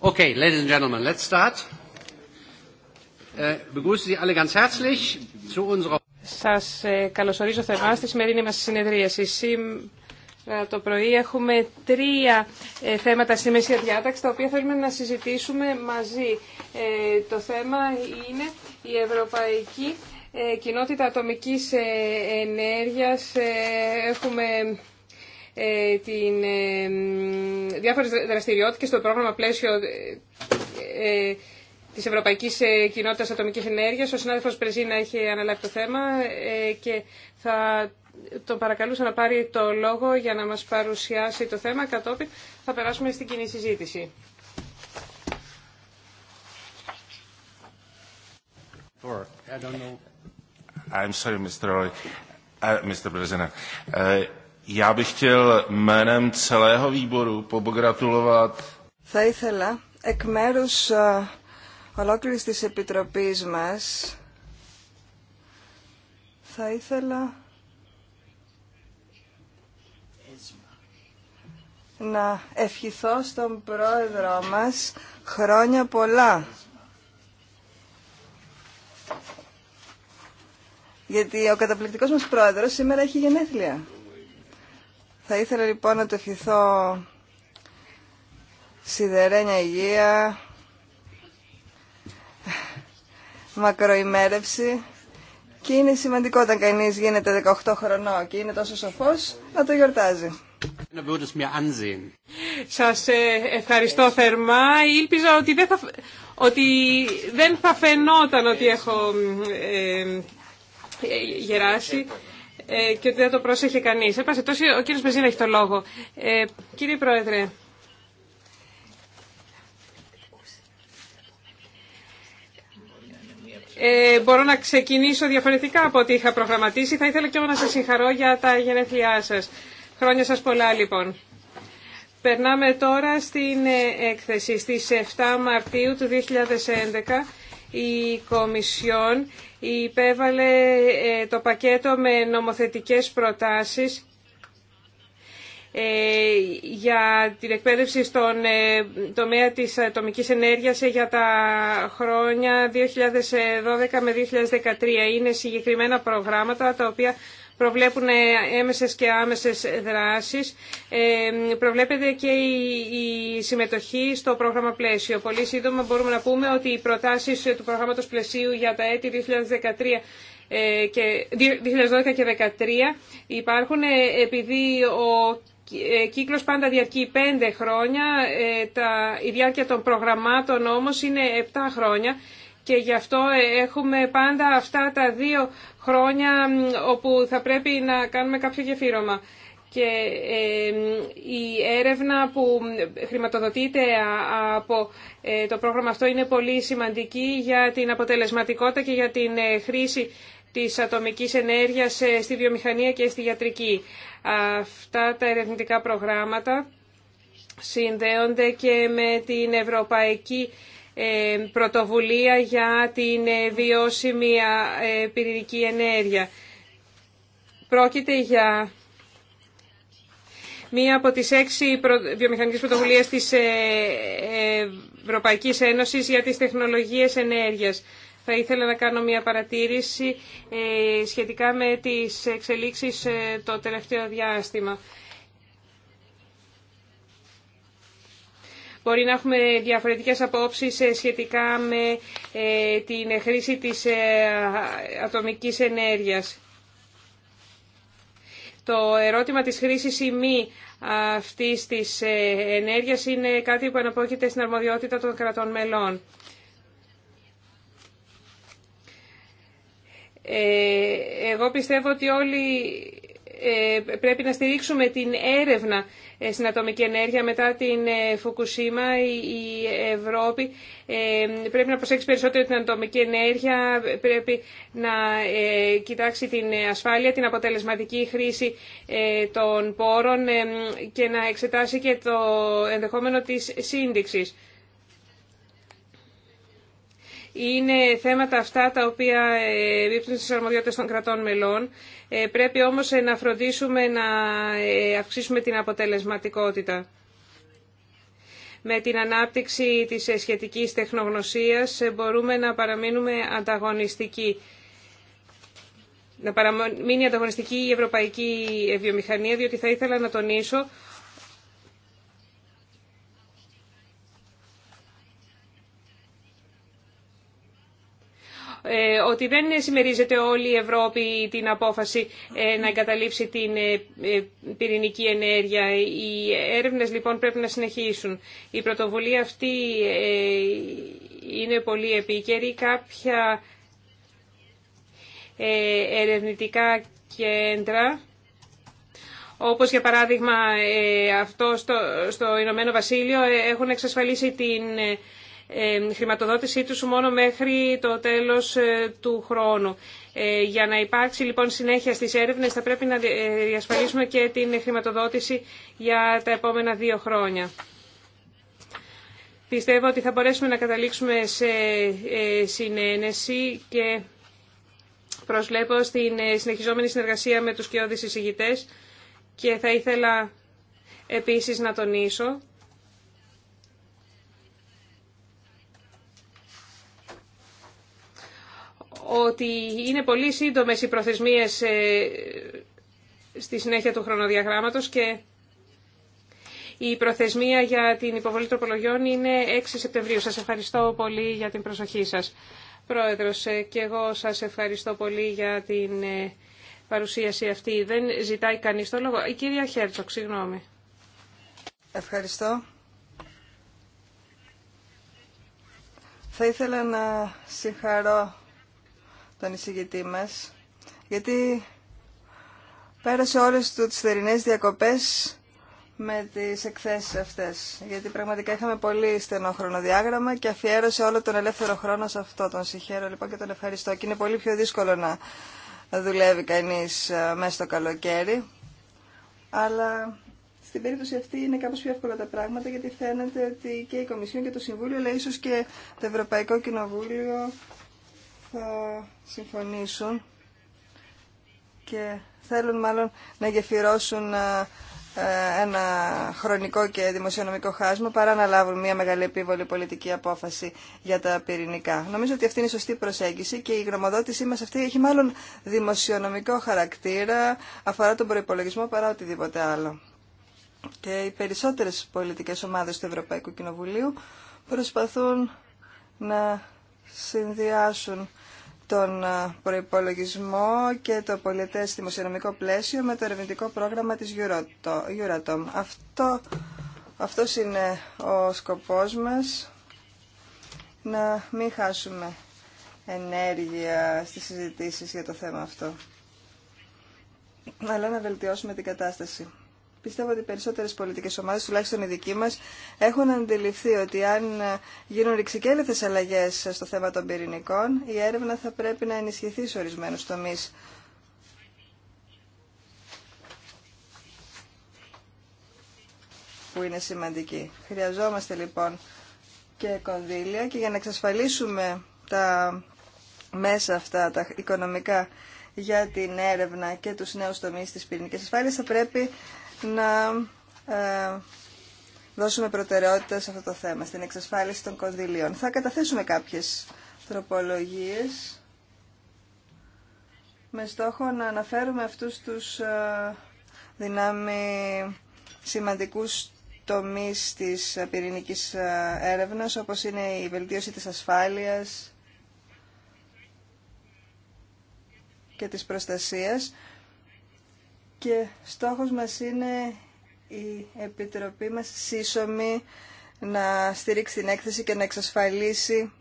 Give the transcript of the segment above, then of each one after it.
Okay, ladies and gentlemen, let's start. Äh, Σας äh, καλωσορίζω θερμά στη σημερινή μας συνεδρίαση. Σήμερα το πρωί έχουμε τρία ε, θέματα στη μεσία διάταξη, τα οποία θέλουμε να συζητήσουμε μαζί. Ε, το θέμα είναι η Ευρωπαϊκή ε, Κοινότητα Ατομικής Ενέργειας. έχουμε ε, την, ε, διάφορες δραστηριότητες στο πρόγραμμα πλαίσιο ε, της Ευρωπαϊκής Κοινότητας Ατομικής Ενέργειας. Ο συνάδελφος Πρεζίνα έχει αναλάβει το θέμα και θα τον παρακαλούσα να πάρει το λόγο για να μας παρουσιάσει το θέμα. Κατόπιν θα περάσουμε στην κοινή συζήτηση. I'm sorry, Mr. Uh, Mr. Já Θα ήθελα εκ μέρου ε, ολόκληρη τη επιτροπή μα, θα ήθελα να ευχηθώ στον πρόεδρό μας χρόνια πολλά. Γιατί ο καταπληκτικός μας πρόεδρος σήμερα έχει γενέθλια. Θα ήθελα λοιπόν να του ευχηθώ σιδερένια υγεία, μακροημέρευση και είναι σημαντικό όταν κανείς γίνεται 18 χρονών και είναι τόσο σοφός να το γιορτάζει. Σας ε, ευχαριστώ θερμά. Ήλπιζα ότι δεν θα, ότι δεν θα φαινόταν ότι έχω ε, ε γεράσει. Ε, και ότι δεν το πρόσεχε κανείς. Έπασε τόσο, ο κύριος Μπεζίνα έχει το λόγο. Ε, κύριε Πρόεδρε, ε, μπορώ να ξεκινήσω διαφορετικά από ό,τι είχα προγραμματίσει. Θα ήθελα και εγώ να σας συγχαρώ για τα γενέθλιά σας. Χρόνια σας πολλά λοιπόν. Περνάμε τώρα στην ε, έκθεση στις 7 Μαρτίου του 2011 η Κομισιόν υπέβαλε ε, το πακέτο με νομοθετικές προτάσεις ε, για την εκπαίδευση στον ε, τομέα της ατομικής ενέργειας για τα χρόνια 2012 με 2013. Είναι συγκεκριμένα προγράμματα τα οποία προβλέπουν ε, έμεσες και άμεσες δράσεις. Ε, προβλέπεται και η συμμετοχή στο πρόγραμμα πλαίσιο. Πολύ σύντομα μπορούμε να πούμε ότι οι προτάσεις του προγράμματος πλαισίου για τα έτη 2013 2012 ε, και 2013 υπάρχουν επειδή ο κύκλος πάντα διαρκεί 5 χρόνια, τα, η διάρκεια των προγραμμάτων όμως είναι 7 χρόνια και γι' αυτό ε, έχουμε πάντα αυτά τα δύο χρόνια όπου θα πρέπει να κάνουμε κάποιο γεφύρωμα. Και ε, η έρευνα που χρηματοδοτείται από ε, το πρόγραμμα αυτό είναι πολύ σημαντική για την αποτελεσματικότητα και για την χρήση της ατομικής ενέργειας στη βιομηχανία και στη γιατρική. Αυτά τα ερευνητικά προγράμματα συνδέονται και με την Ευρωπαϊκή ε, πρωτοβουλία για την ε, βιώσιμη ε, πυρηνική ενέργεια. Πρόκειται για μία από τις έξι βιομηχανικές πρωτοβουλίες της Ευρωπαϊκής Ένωσης για τις τεχνολογίες ενέργειας. Θα ήθελα να κάνω μία παρατήρηση σχετικά με τις εξελίξεις το τελευταίο διάστημα. Μπορεί να έχουμε διαφορετικές απόψεις ε, σχετικά με ε, την χρήση της ε, ατομικής ενέργειας. Το ερώτημα της χρήσης ή μη αυτής της ενέργειας είναι κάτι που αναπόκειται στην αρμοδιότητα των κρατών μελών. Εγώ πιστεύω ότι όλοι πρέπει να στηρίξουμε την έρευνα ε, στην ατομική ενέργεια. Μετά την ε, Φουκουσίμα η Ευρώπη ε, πρέπει να προσέξει περισσότερο την ατομική ενέργεια, πρέπει να κοιτάξει την ασφάλεια, την αποτελεσματική χρήση των πόρων και να εξετάσει και το ενδεχόμενο της σύνδεξης. Είναι θέματα αυτά τα οποία βίπτουν ε, στις αρμοδιότητες των κρατών μελών. Ε, πρέπει όμως ε, να φροντίσουμε να αυξήσουμε την αποτελεσματικότητα. Με την ανάπτυξη της σχετικής τεχνογνωσίας μπορούμε να παραμείνουμε ανταγωνιστικοί. Να παραμείνει ανταγωνιστική η ευρωπαϊκή βιομηχανία, διότι θα ήθελα να τονίσω Ε, ότι δεν συμμερίζεται όλη η Ευρώπη την απόφαση ε, να εγκαταλείψει την ε, πυρηνική ενέργεια. Οι έρευνες λοιπόν πρέπει να συνεχίσουν. Η πρωτοβουλία αυτή είναι πολύ επίκαιρη. Κάποια ερευνητικά κέντρα όπως για παράδειγμα αυτό στο, στο Ηνωμένο Βασίλειο έχουν εξασφαλίσει την ε, χρηματοδότησή τους μόνο μέχρι το τέλος ε, του χρόνου. Ε, για να υπάρξει λοιπόν συνέχεια στις έρευνες θα πρέπει να διασφαλίσουμε και την χρηματοδότηση για τα επόμενα δύο χρόνια. Πιστεύω ότι θα μπορέσουμε να καταλήξουμε σε συνένεση και προσλέπω στην συνεχιζόμενη συνεργασία με τους κοιόδης εισηγητές και θα ήθελα επίσης να τονίσω ότι είναι πολύ σύντομε οι προθεσμίες ε, στη συνέχεια του χρονοδιαγράμματος και η προθεσμία για την υποβολή τροπολογιών είναι 6 Σεπτεμβρίου. Σας ευχαριστώ πολύ για την προσοχή σας. Πρόεδρος, ε, και εγώ σας ευχαριστώ πολύ για την ε, παρουσίαση αυτή. Δεν ζητάει κανεί το λόγο. Η κυρία Χέρτσοκ, συγγνώμη. Ευχαριστώ. Θα ήθελα να συγχαρώ τον εισηγητή μας, γιατί πέρασε όλες του τις θερινές διακοπές με τις εκθέσεις αυτές. Γιατί πραγματικά είχαμε πολύ στενό χρονοδιάγραμμα και αφιέρωσε όλο τον ελεύθερο χρόνο σε αυτό. Τον συγχαίρω λοιπόν και τον ευχαριστώ. Και είναι πολύ πιο δύσκολο να δουλεύει κανείς ε, μέσα στο καλοκαίρι. Αλλά στην περίπτωση αυτή είναι κάπως πιο εύκολα τα πράγματα γιατί φαίνεται ότι και η Κομισιόν και το Συμβούλιο αλλά ίσως και το Ευρωπαϊκό Κοινοβούλιο θα συμφωνήσουν και θέλουν μάλλον να γεφυρώσουν ε, ε, ένα χρονικό και δημοσιονομικό χάσμα παρά να λάβουν μια μεγάλη επίβολη πολιτική απόφαση για τα πυρηνικά. Νομίζω ότι αυτή είναι η σωστή προσέγγιση και η γνωμοδότησή μας αυτή έχει μάλλον δημοσιονομικό χαρακτήρα, αφορά τον προϋπολογισμό παρά οτιδήποτε άλλο. Και οι περισσότερες πολιτικές ομάδες του Ευρωπαϊκού Κοινοβουλίου προσπαθούν να συνδυάσουν τον ε, προϋπολογισμό και το πολιτές δημοσιονομικό πλαίσιο με το ερευνητικό πρόγραμμα της Euratom. Αυτό, αυτός είναι ο σκοπός μας, να μην χάσουμε ενέργεια στις συζητήσεις για το θέμα αυτό, αλλά να βελτιώσουμε την κατάσταση πιστεύω ότι οι περισσότερες πολιτικές ομάδες, τουλάχιστον οι δικοί μας, έχουν αντιληφθεί ότι αν γίνουν ρηξικέλεθες αλλαγές στο θέμα των πυρηνικών, η έρευνα θα πρέπει να ενισχυθεί σε ορισμένους τομείς. που είναι σημαντική. Χρειαζόμαστε λοιπόν και κονδύλια και για να εξασφαλίσουμε τα μέσα αυτά, τα οικονομικά για την έρευνα και τους νέους τομείς της πυρηνικής ασφάλειας θα πρέπει να ε, δώσουμε προτεραιότητα σε αυτό το θέμα, στην εξασφάλιση των κονδυλίων. Θα καταθέσουμε κάποιες τροπολογίες με στόχο να αναφέρουμε αυτούς τους ε, δυνάμει σημαντικούς τομείς της ε, πυρηνικής έρευνας, όπως είναι η βελτίωση της ασφάλειας και της προστασίας, και στόχος μας είναι η Επιτροπή μας σύσσωμη να στηρίξει την έκθεση και να εξασφαλίσει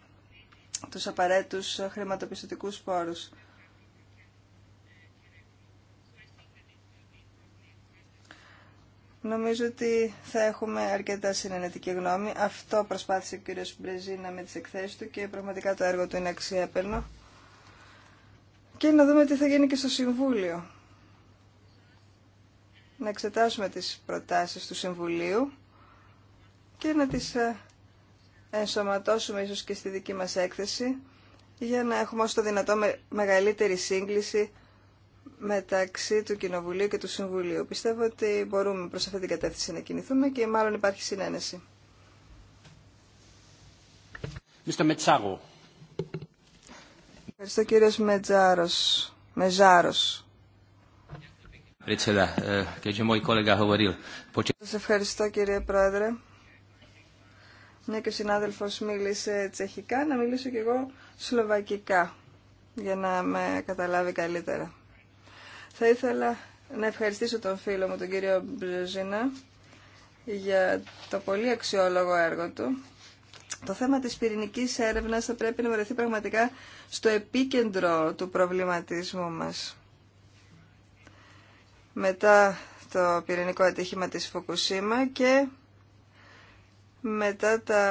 τους απαραίτητους χρηματοπιστωτικούς πόρους. Νομίζω ότι θα έχουμε αρκετά συνενετική γνώμη. Αυτό προσπάθησε ο κύριος Μπρεζίνα με τις εκθέσεις του και πραγματικά το έργο του είναι αξιέπαινο. Και να δούμε τι θα γίνει και στο Συμβούλιο να εξετάσουμε τις προτάσεις του Συμβουλίου και να τις ε, ενσωματώσουμε ίσως και στη δική μας έκθεση για να έχουμε όσο το δυνατό μεγαλύτερη σύγκληση μεταξύ του Κοινοβουλίου και του Συμβουλίου. Πιστεύω ότι μπορούμε προς αυτή την κατεύθυνση να κινηθούμε και μάλλον υπάρχει συνένεση. Ευχαριστώ κύριος Μετζάρος. Eh, Σας ευχαριστώ κύριε Πρόεδρε. Μια και ο συνάδελφος μίλησε τσεχικά, να μιλήσω κι εγώ σλοβακικά για να με καταλάβει καλύτερα. Θα ήθελα να ευχαριστήσω τον φίλο μου, τον κύριο Μπρεζίνα, για το πολύ αξιόλογο έργο του. Το θέμα της πυρηνικής έρευνας θα πρέπει να βρεθεί πραγματικά στο επίκεντρο του προβληματισμού μας μετά το πυρηνικό ατύχημα της Φουκουσίμα και μετά τα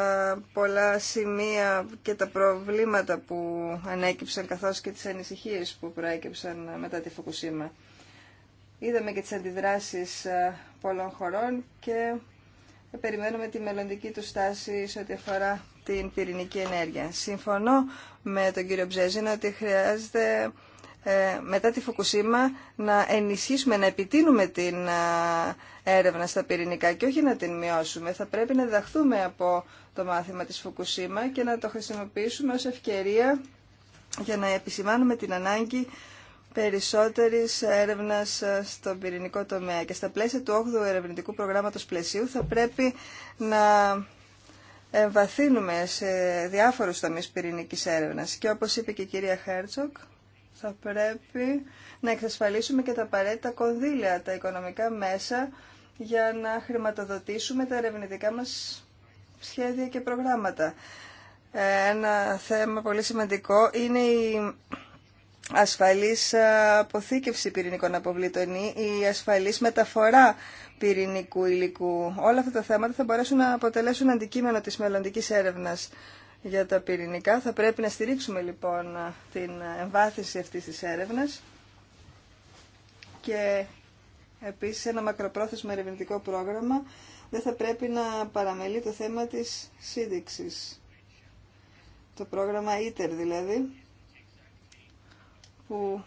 πολλά σημεία και τα προβλήματα που ανέκυψαν καθώς και τις ανησυχίες που προέκυψαν μετά τη Φουκουσίμα. Είδαμε και τις αντιδράσεις ε, πολλών χωρών και περιμένουμε τη μελλοντική του στάση σε ό,τι αφορά την πυρηνική ενέργεια. Συμφωνώ με τον κύριο Ψέζινα ότι χρειάζεται ε, μετά τη Φουκουσίμα να ενισχύσουμε, να επιτείνουμε την ε, έρευνα στα πυρηνικά και όχι να την μειώσουμε. Θα πρέπει να διδαχθούμε από το μάθημα της Φουκουσίμα και να το χρησιμοποιήσουμε ως ευκαιρία για να επισημάνουμε την ανάγκη περισσότερης έρευνας ε, στον πυρηνικό τομέα. Και στα πλαίσια του 8ου ερευνητικού προγράμματος πλαισίου θα πρέπει να εμβαθύνουμε σε διάφορους τομείς πυρηνικής έρευνας. Και όπως είπε και η κυρία Χέρτσοκ, θα πρέπει να εξασφαλίσουμε και τα απαραίτητα κονδύλια, τα οικονομικά μέσα για να χρηματοδοτήσουμε τα ερευνητικά μας σχέδια και προγράμματα. Ε, ένα θέμα πολύ σημαντικό είναι η ασφαλής ε, αποθήκευση πυρηνικών αποβλήτων ή η ασφαλής μεταφορά πυρηνικού υλικού. Όλα αυτά τα θέματα θα μπορέσουν να αποτελέσουν αντικείμενο της μελλοντική έρευνας για τα πυρηνικά. Θα πρέπει να στηρίξουμε λοιπόν την εμβάθυνση αυτής της έρευνας και επίσης ένα μακροπρόθεσμο ερευνητικό πρόγραμμα δεν θα πρέπει να παραμελεί το θέμα της σύνδεξης. Το πρόγραμμα ITER δηλαδή, που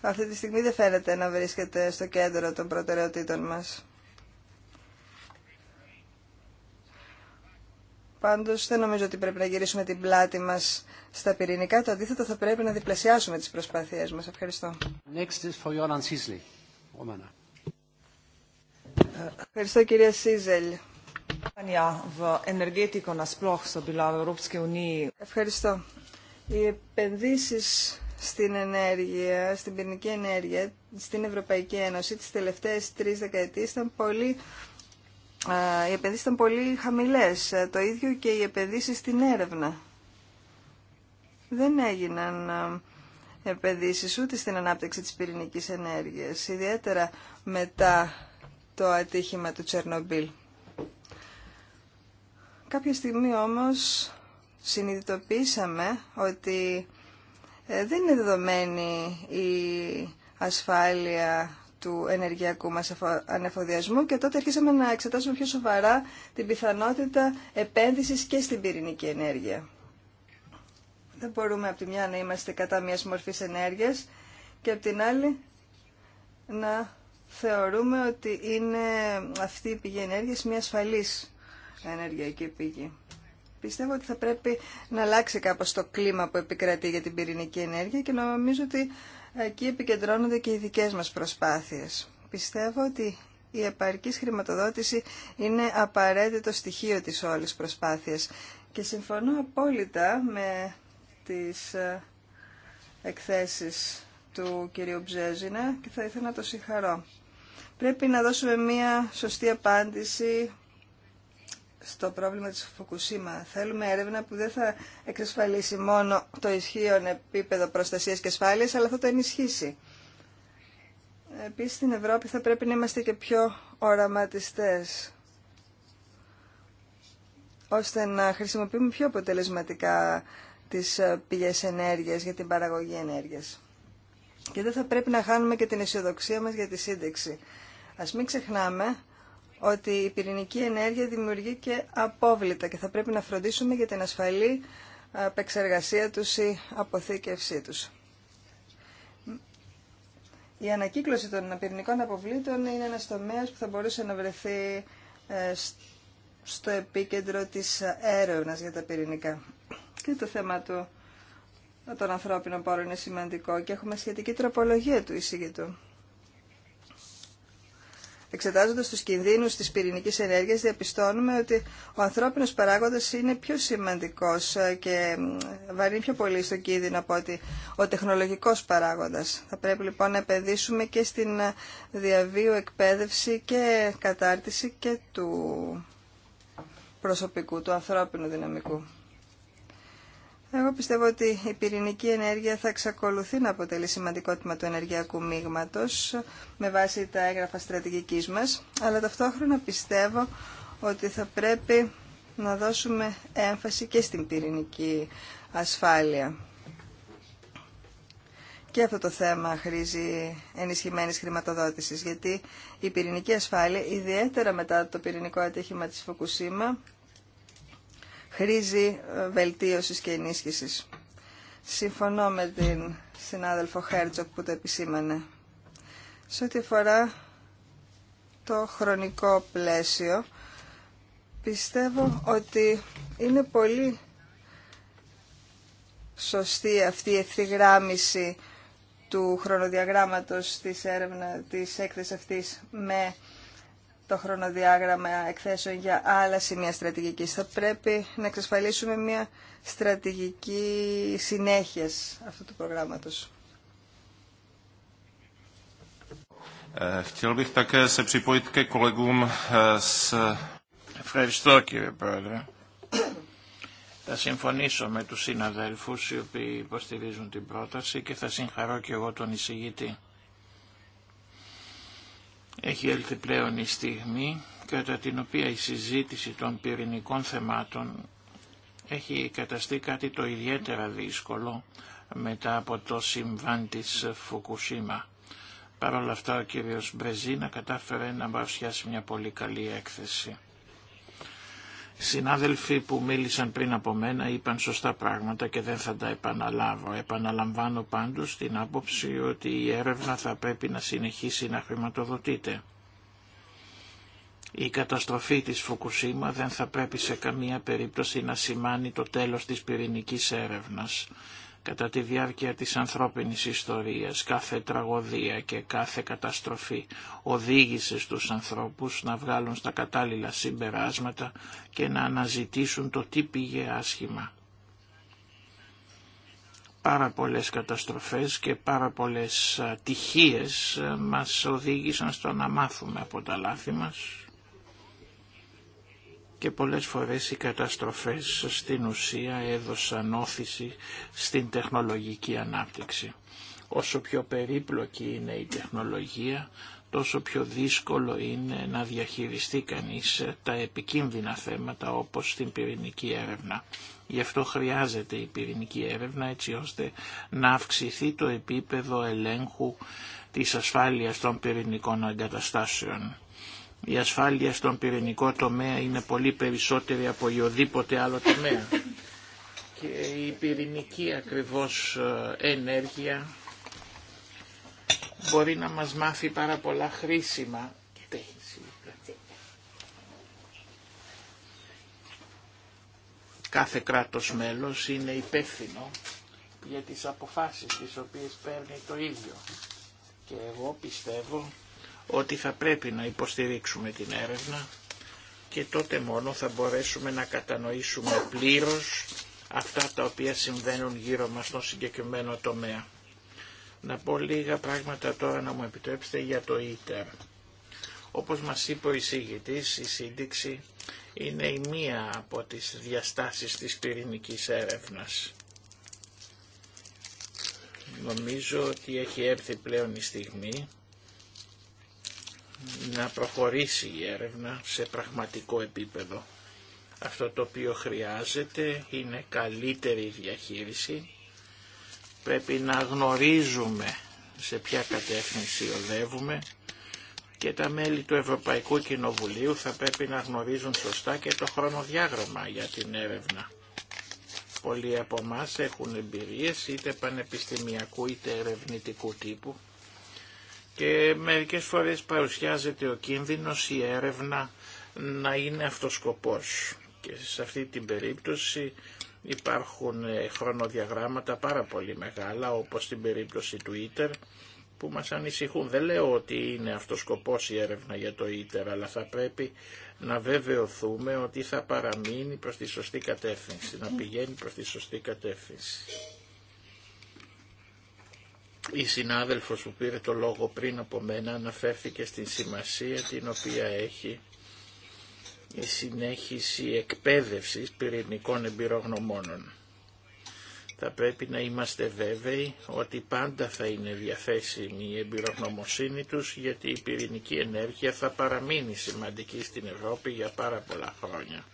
αυτή τη στιγμή δεν φαίνεται να βρίσκεται στο κέντρο των προτεραιοτήτων μας. Πάντω, δεν νομίζω ότι πρέπει να γυρίσουμε την πλάτη μα στα πυρηνικά. Το αντίθετο θα πρέπει να διπλασιάσουμε τι προσπάθειε μα. Ευχαριστώ. Ευχαριστώ κυρία Σίζελ. Ευχαριστώ. Οι επενδύσει στην ενέργεια, στην πυρηνική ενέργεια, στην Ευρωπαϊκή Ένωση τι τελευταίε τρει δεκαετίε ήταν πολύ οι επενδύσεις ήταν πολύ χαμηλές. Ε, το ίδιο και οι επενδύσεις στην έρευνα. Δεν έγιναν επενδύσεις ούτε στην ανάπτυξη της πυρηνικής ενέργειας, ιδιαίτερα μετά το ατύχημα του Τσερνομπίλ. Κάποια στιγμή όμως συνειδητοποίησαμε ότι ε, δεν είναι δεδομένη η ασφάλεια του ενεργειακού μας ανεφοδιασμού και τότε αρχίσαμε να εξετάσουμε πιο σοβαρά την πιθανότητα επένδυσης και στην πυρηνική ενέργεια. Δεν μπορούμε από τη μια να είμαστε κατά μιας μορφής ενέργειας και από την άλλη να θεωρούμε ότι είναι αυτή η πηγή ενέργειας μια ασφαλής ενεργειακή πηγή. Πιστεύω ότι θα πρέπει να αλλάξει κάπως το κλίμα που επικρατεί για την πυρηνική ενέργεια και νομίζω ότι Εκεί επικεντρώνονται και οι δικές μας προσπάθειες. Πιστεύω ότι η επαρκής χρηματοδότηση είναι απαραίτητο στοιχείο της όλης προσπάθειας και συμφωνώ απόλυτα με τις ε, εκθέσεις του κυρίου Ψέζινα και θα ήθελα να το συγχαρώ. Πρέπει να δώσουμε μία σωστή απάντηση στο πρόβλημα της Φουκουσίμα. Θέλουμε έρευνα που δεν θα εξασφαλίσει μόνο το ισχύον επίπεδο προστασίας και ασφάλειας, αλλά θα το ενισχύσει. Επίσης, στην Ευρώπη θα πρέπει να είμαστε και πιο οραματιστές, ώστε να χρησιμοποιούμε πιο αποτελεσματικά τις πηγές ενέργειας για την παραγωγή ενέργειας. Και δεν θα πρέπει να χάνουμε και την αισιοδοξία μας για τη σύνδεξη. Ας μην ξεχνάμε ότι η πυρηνική ενέργεια δημιουργεί και απόβλητα και θα πρέπει να φροντίσουμε για την ασφαλή επεξεργασία τους ή αποθήκευσή τους. Η ανακύκλωση των πυρηνικών αποβλήτων είναι ένας τομέας που θα μπορούσε να βρεθεί ε, στο επίκεντρο της έρευνας για τα πυρηνικά. Και το θέμα του των ανθρώπινων πόρων είναι σημαντικό και έχουμε σχετική τροπολογία του εισηγητού. Εξετάζοντας τους κινδύνου τη πυρηνική ενέργεια, διαπιστώνουμε ότι ο ανθρώπινος παράγοντας είναι πιο σημαντικός ε, και βαρύνει πιο πολύ στον κίνδυνο από ότι ο τεχνολογικός παράγοντας. Θα πρέπει λοιπόν να επενδύσουμε και στην ε, διαβίου εκπαίδευση και κατάρτιση και του προσωπικού, του ανθρώπινου δυναμικού. Εγώ πιστεύω ότι η πυρηνική ενέργεια θα εξακολουθεί να αποτελεί σημαντικό του ενεργειακού μείγματο με βάση τα έγγραφα στρατηγικής μας, αλλά ταυτόχρονα πιστεύω ότι θα πρέπει να δώσουμε έμφαση και στην πυρηνική ασφάλεια. Και αυτό το θέμα χρήζει ενισχυμένης χρηματοδότησης, γιατί η πυρηνική ασφάλεια, ιδιαίτερα μετά το πυρηνικό ατύχημα της Φουκουσίμα, χρήζει ε, βελτίωσης και ενίσχυσης. Συμφωνώ με την συνάδελφο Χέρτσοκ που το επισήμανε. Σε ό,τι αφορά το χρονικό πλαίσιο, πιστεύω ότι είναι πολύ σωστή αυτή η ευθυγράμμιση του χρονοδιαγράμματος της έρευνα της έκθεσης αυτής με το χρονοδιάγραμμα εκθέσεων για άλλα σημεία στρατηγικής. Θα πρέπει να εξασφαλίσουμε μια στρατηγική συνέχεια αυτού του προγράμματος. Ε, ε, Ευχαριστώ κύριε Πρόεδρε. Θα συμφωνήσω με τους συναδέλφους οι οποίοι υποστηρίζουν την πρόταση και θα συγχαρώ και εγώ τον εισηγητή. Έχει έλθει πλέον η στιγμή κατά την οποία η συζήτηση των πυρηνικών θεμάτων έχει καταστεί κάτι το ιδιαίτερα δύσκολο μετά από το συμβάν της Φουκουσίμα. Παρ' όλα αυτά ο κύριος Μπρεζίνα κατάφερε να παρουσιάσει μια πολύ καλή έκθεση. Συνάδελφοι που μίλησαν πριν από μένα είπαν σωστά πράγματα και δεν θα τα επαναλάβω. Επαναλαμβάνω πάντως την άποψη ότι η έρευνα θα πρέπει να συνεχίσει να χρηματοδοτείται. Η καταστροφή της Φουκουσίμα δεν θα πρέπει σε καμία περίπτωση να σημάνει το τέλος της πυρηνικής έρευνας. Κατά τη διάρκεια της ανθρώπινης ιστορίας κάθε τραγωδία και κάθε καταστροφή οδήγησε στους ανθρώπους να βγάλουν στα κατάλληλα συμπεράσματα και να αναζητήσουν το τι πήγε άσχημα. Πάρα πολλές καταστροφές και πάρα πολλές τυχίες ε, μας οδήγησαν στο να μάθουμε από τα λάθη μας και πολλές φορές οι καταστροφές στην ουσία έδωσαν όθηση στην τεχνολογική ανάπτυξη. Όσο πιο περίπλοκη είναι η τεχνολογία, τόσο πιο δύσκολο είναι να διαχειριστεί κανείς τα επικίνδυνα θέματα όπως την πυρηνική έρευνα. Γι' αυτό χρειάζεται η πυρηνική έρευνα έτσι ώστε να αυξηθεί το επίπεδο ελέγχου της ασφάλειας των πυρηνικών εγκαταστάσεων. Η ασφάλεια στον πυρηνικό τομέα είναι πολύ περισσότερη από οποιοδήποτε άλλο τομέα. Και η πυρηνική ακριβώς ε, ενέργεια μπορεί να μας μάθει πάρα πολλά χρήσιμα. Κάθε κράτος μέλος είναι υπεύθυνο για τις αποφάσεις τις οποίες παίρνει το ίδιο. Και εγώ πιστεύω ότι θα πρέπει να υποστηρίξουμε την έρευνα και τότε μόνο θα μπορέσουμε να κατανοήσουμε πλήρως αυτά τα οποία συμβαίνουν γύρω μας στον συγκεκριμένο τομέα. Να πω λίγα πράγματα τώρα να μου επιτρέψετε για το ΙΤΕΡ. Όπως μας είπε ο εισήγητής, η σύνδεξη είναι η μία από τις διαστάσεις της πυρηνικής έρευνας. Νομίζω ότι έχει έρθει πλέον η στιγμή να προχωρήσει η έρευνα σε πραγματικό επίπεδο. Αυτό το οποίο χρειάζεται είναι καλύτερη διαχείριση. Πρέπει να γνωρίζουμε σε ποια κατεύθυνση οδεύουμε και τα μέλη του Ευρωπαϊκού Κοινοβουλίου θα πρέπει να γνωρίζουν σωστά και το χρονοδιάγραμμα για την έρευνα. Πολλοί από εμά έχουν εμπειρίες είτε πανεπιστημιακού είτε ερευνητικού τύπου και μερικές φορές παρουσιάζεται ο κίνδυνος η έρευνα να είναι αυτός Και σε αυτή την περίπτωση υπάρχουν ε, χρονοδιαγράμματα πάρα πολύ μεγάλα όπως στην περίπτωση του Ίτερ, που μας ανησυχούν. Δεν λέω ότι είναι αυτός η έρευνα για το Ίτερ, αλλά θα πρέπει να βεβαιωθούμε ότι θα παραμείνει προς τη σωστή κατεύθυνση, να πηγαίνει προς τη σωστή κατεύθυνση. Η συνάδελφος που πήρε το λόγο πριν από μένα αναφέρθηκε στην σημασία την οποία έχει η συνέχιση εκπαίδευσης πυρηνικών εμπειρογνωμόνων. Θα πρέπει να είμαστε βέβαιοι ότι πάντα θα είναι διαθέσιμη η εμπειρογνωμοσύνη τους γιατί η πυρηνική ενέργεια θα παραμείνει σημαντική στην Ευρώπη για πάρα πολλά χρόνια.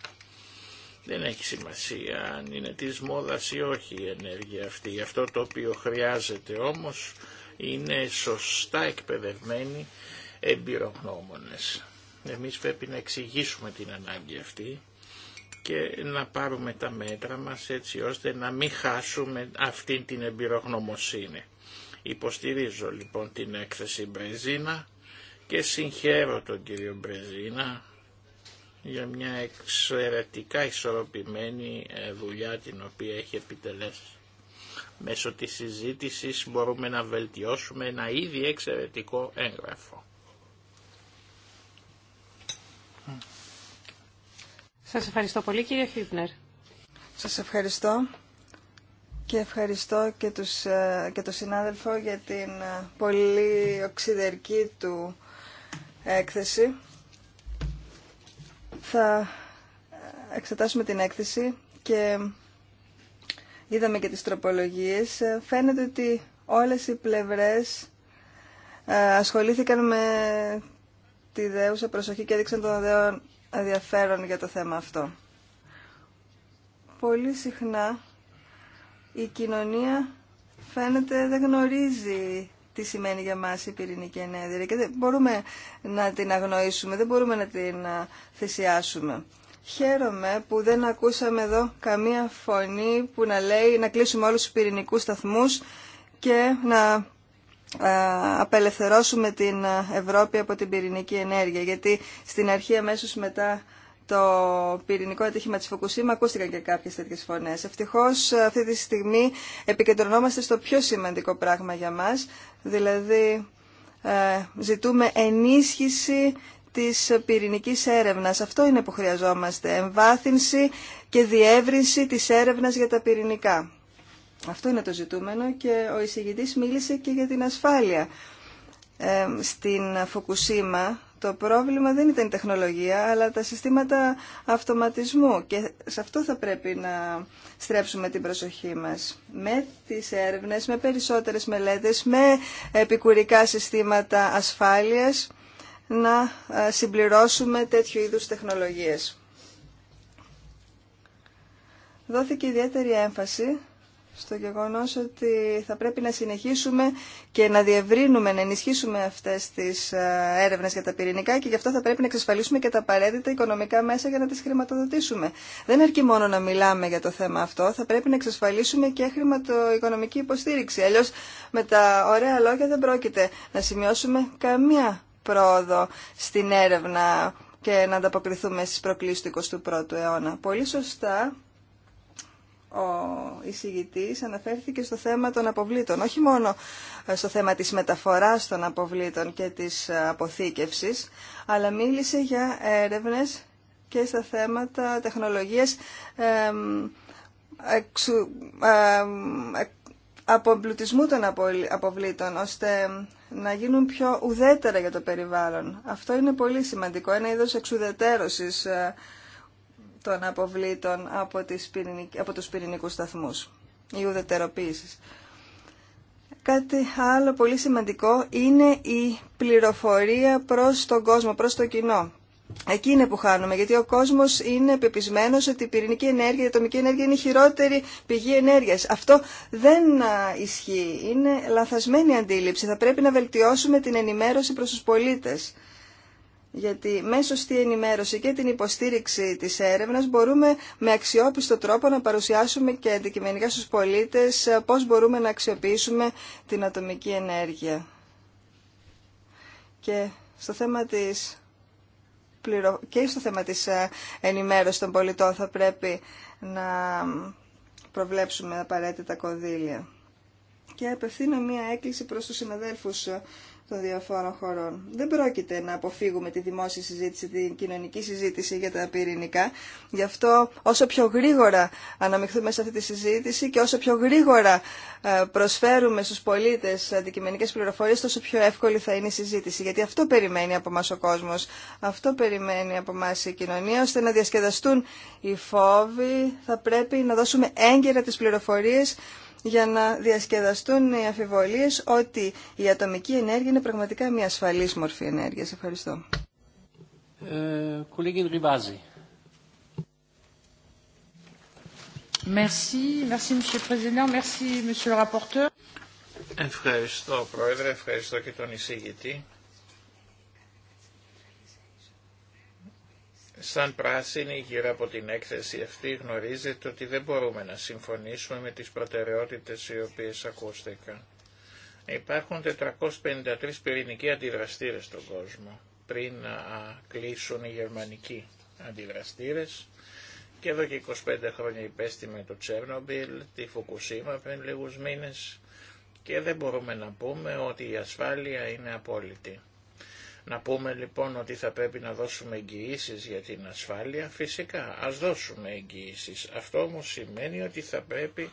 Δεν έχει σημασία αν είναι της μόδας ή όχι η ενέργεια αυτή. Αυτό το οποίο χρειάζεται όμως είναι σωστά εκπαιδευμένοι εμπειρογνώμονες. Εμείς πρέπει να εξηγήσουμε την ανάγκη αυτή και να πάρουμε τα μέτρα μας έτσι ώστε να μην χάσουμε αυτή την εμπειρογνωμοσύνη. Υποστηρίζω λοιπόν την έκθεση Μπρεζίνα και συγχαίρω τον κύριο Μπρεζίνα για μια εξαιρετικά ισορροπημένη ε, δουλειά την οποία έχει επιτελέσει. Μέσω της συζήτησης μπορούμε να βελτιώσουμε ένα ήδη εξαιρετικό έγγραφο. Σας ευχαριστώ πολύ κύριε Χίπνερ. Σας ευχαριστώ και ευχαριστώ και, τους, ε, και τον συνάδελφο για την ε, πολύ οξυδερκή του έκθεση θα εξετάσουμε την έκθεση και είδαμε και τις τροπολογίες. Φαίνεται ότι όλες οι πλευρές ε, ασχολήθηκαν με τη δέουσα προσοχή και έδειξαν τον ΔΕΟ ενδιαφέρον για το θέμα αυτό. Πολύ συχνά η κοινωνία φαίνεται δεν γνωρίζει τι σημαίνει για μας η πυρηνική ενέργεια και δεν μπορούμε να την αγνοήσουμε, δεν μπορούμε να την θυσιάσουμε. Χαίρομαι που δεν ακούσαμε εδώ καμία φωνή που να λέει να κλείσουμε όλους τους πυρηνικούς σταθμούς και να απελευθερώσουμε την Ευρώπη από την πυρηνική ενέργεια. Γιατί στην αρχή αμέσως μετά το πυρηνικό ατύχημα της Φουκουσίμα ακούστηκαν και κάποιες τέτοιες φωνές. Ευτυχώς αυτή τη στιγμή επικεντρωνόμαστε στο πιο σημαντικό πράγμα για μας, δηλαδή ε, ζητούμε ενίσχυση της πυρηνικής έρευνας. Αυτό είναι που χρειαζόμαστε, εμβάθυνση και διεύρυνση της έρευνας για τα πυρηνικά. Αυτό είναι το ζητούμενο και ο εισηγητής μίλησε και για την ασφάλεια. Ε, στην Φουκουσίμα το πρόβλημα δεν ήταν η τεχνολογία, αλλά τα συστήματα αυτοματισμού και σε αυτό θα πρέπει να στρέψουμε την προσοχή μας. Με τις έρευνες, με περισσότερες μελέτες, με επικουρικά συστήματα ασφάλειας, να ε, συμπληρώσουμε τέτοιου είδους τεχνολογίες. Δόθηκε ιδιαίτερη έμφαση στο γεγονός ότι θα πρέπει να συνεχίσουμε και να διευρύνουμε, να ενισχύσουμε αυτές τις ε, έρευνες για τα πυρηνικά και γι' αυτό θα πρέπει να εξασφαλίσουμε και τα απαραίτητα οικονομικά μέσα για να τις χρηματοδοτήσουμε. Δεν αρκεί μόνο να μιλάμε για το θέμα αυτό, θα πρέπει να εξασφαλίσουμε και χρηματοοικονομική υποστήριξη. Αλλιώς με τα ωραία λόγια δεν πρόκειται να σημειώσουμε καμία πρόοδο στην έρευνα και να ανταποκριθούμε στις προκλήσεις του 21ου αιώνα. Πολύ σωστά ο εισηγητής αναφέρθηκε στο θέμα των αποβλήτων, όχι μόνο ε, στο θέμα της μεταφοράς των αποβλήτων και της ε, αποθήκευσης, αλλά μίλησε για έρευνες και στα θέματα τεχνολογίας απομπλουτισμού των αποβλήτων, ώστε να γίνουν πιο ουδέτερα για το περιβάλλον. Αυτό είναι πολύ σημαντικό, ένα είδος εξουδετερώσης ε, των αποβλήτων από, τις πυρηνικ... από τους πυρηνικούς σταθμούς ή ουδετεροποίησης. Κάτι άλλο πολύ σημαντικό είναι η πληροφορία προς τον κόσμο, προς το κοινό. Εκεί είναι που χάνουμε, γιατί ο κόσμο είναι πεπισμένο ότι η πυρηνική ενέργεια, η ατομική ενέργεια είναι η χειρότερη πηγή ενέργεια. Αυτό δεν ισχύει. Είναι λαθασμένη αντίληψη. Θα πρέπει να βελτιώσουμε την ενημέρωση προ του πολίτε γιατί μέσω στη ενημέρωση και την υποστήριξη της έρευνας μπορούμε με αξιόπιστο τρόπο να παρουσιάσουμε και αντικειμενικά στους πολίτες ε, πώς μπορούμε να αξιοποιήσουμε την ατομική ενέργεια. Και στο θέμα της και στο θέμα της ε, ενημέρωσης των πολιτών θα πρέπει να προβλέψουμε απαραίτητα κονδύλια. Και απευθύνω μία έκκληση προς τους συναδέλφους ε, των διαφόρων χωρών. Δεν πρόκειται να αποφύγουμε τη δημόσια συζήτηση, την κοινωνική συζήτηση για τα πυρηνικά. Γι' αυτό όσο πιο γρήγορα αναμειχθούμε σε αυτή τη συζήτηση και όσο πιο γρήγορα ε, προσφέρουμε στους πολίτες αντικειμενικές πληροφορίες, τόσο πιο εύκολη θα είναι η συζήτηση. Γιατί αυτό περιμένει από μας ο κόσμος, αυτό περιμένει από μας η κοινωνία, ώστε να διασκεδαστούν οι φόβοι. Θα πρέπει να δώσουμε έγκαιρα τις πληροφορίες για να διασκεδαστούν οι αφιβολίες ότι η ατομική ενέργεια είναι πραγματικά μια ασφαλής μορφή ενέργειας. Ευχαριστώ. Ευχαριστώ Πρόεδρε, ευχαριστώ και τον εισηγητή. Σαν πράσινη γύρω από την έκθεση αυτή γνωρίζετε ότι δεν μπορούμε να συμφωνήσουμε με τις προτεραιότητες οι οποίες ακούστηκαν. Υπάρχουν 453 πυρηνικοί αντιδραστήρες στον κόσμο πριν να κλείσουν οι γερμανικοί αντιδραστήρες και εδώ και 25 χρόνια υπέστη με το Τσέρνομπιλ, τη Φουκουσίμα πριν λίγους μήνες και δεν μπορούμε να πούμε ότι η ασφάλεια είναι απόλυτη. Να πούμε λοιπόν ότι θα πρέπει να δώσουμε εγγυήσει για την ασφάλεια, φυσικά ας δώσουμε εγγυήσει. Αυτό όμως σημαίνει ότι θα πρέπει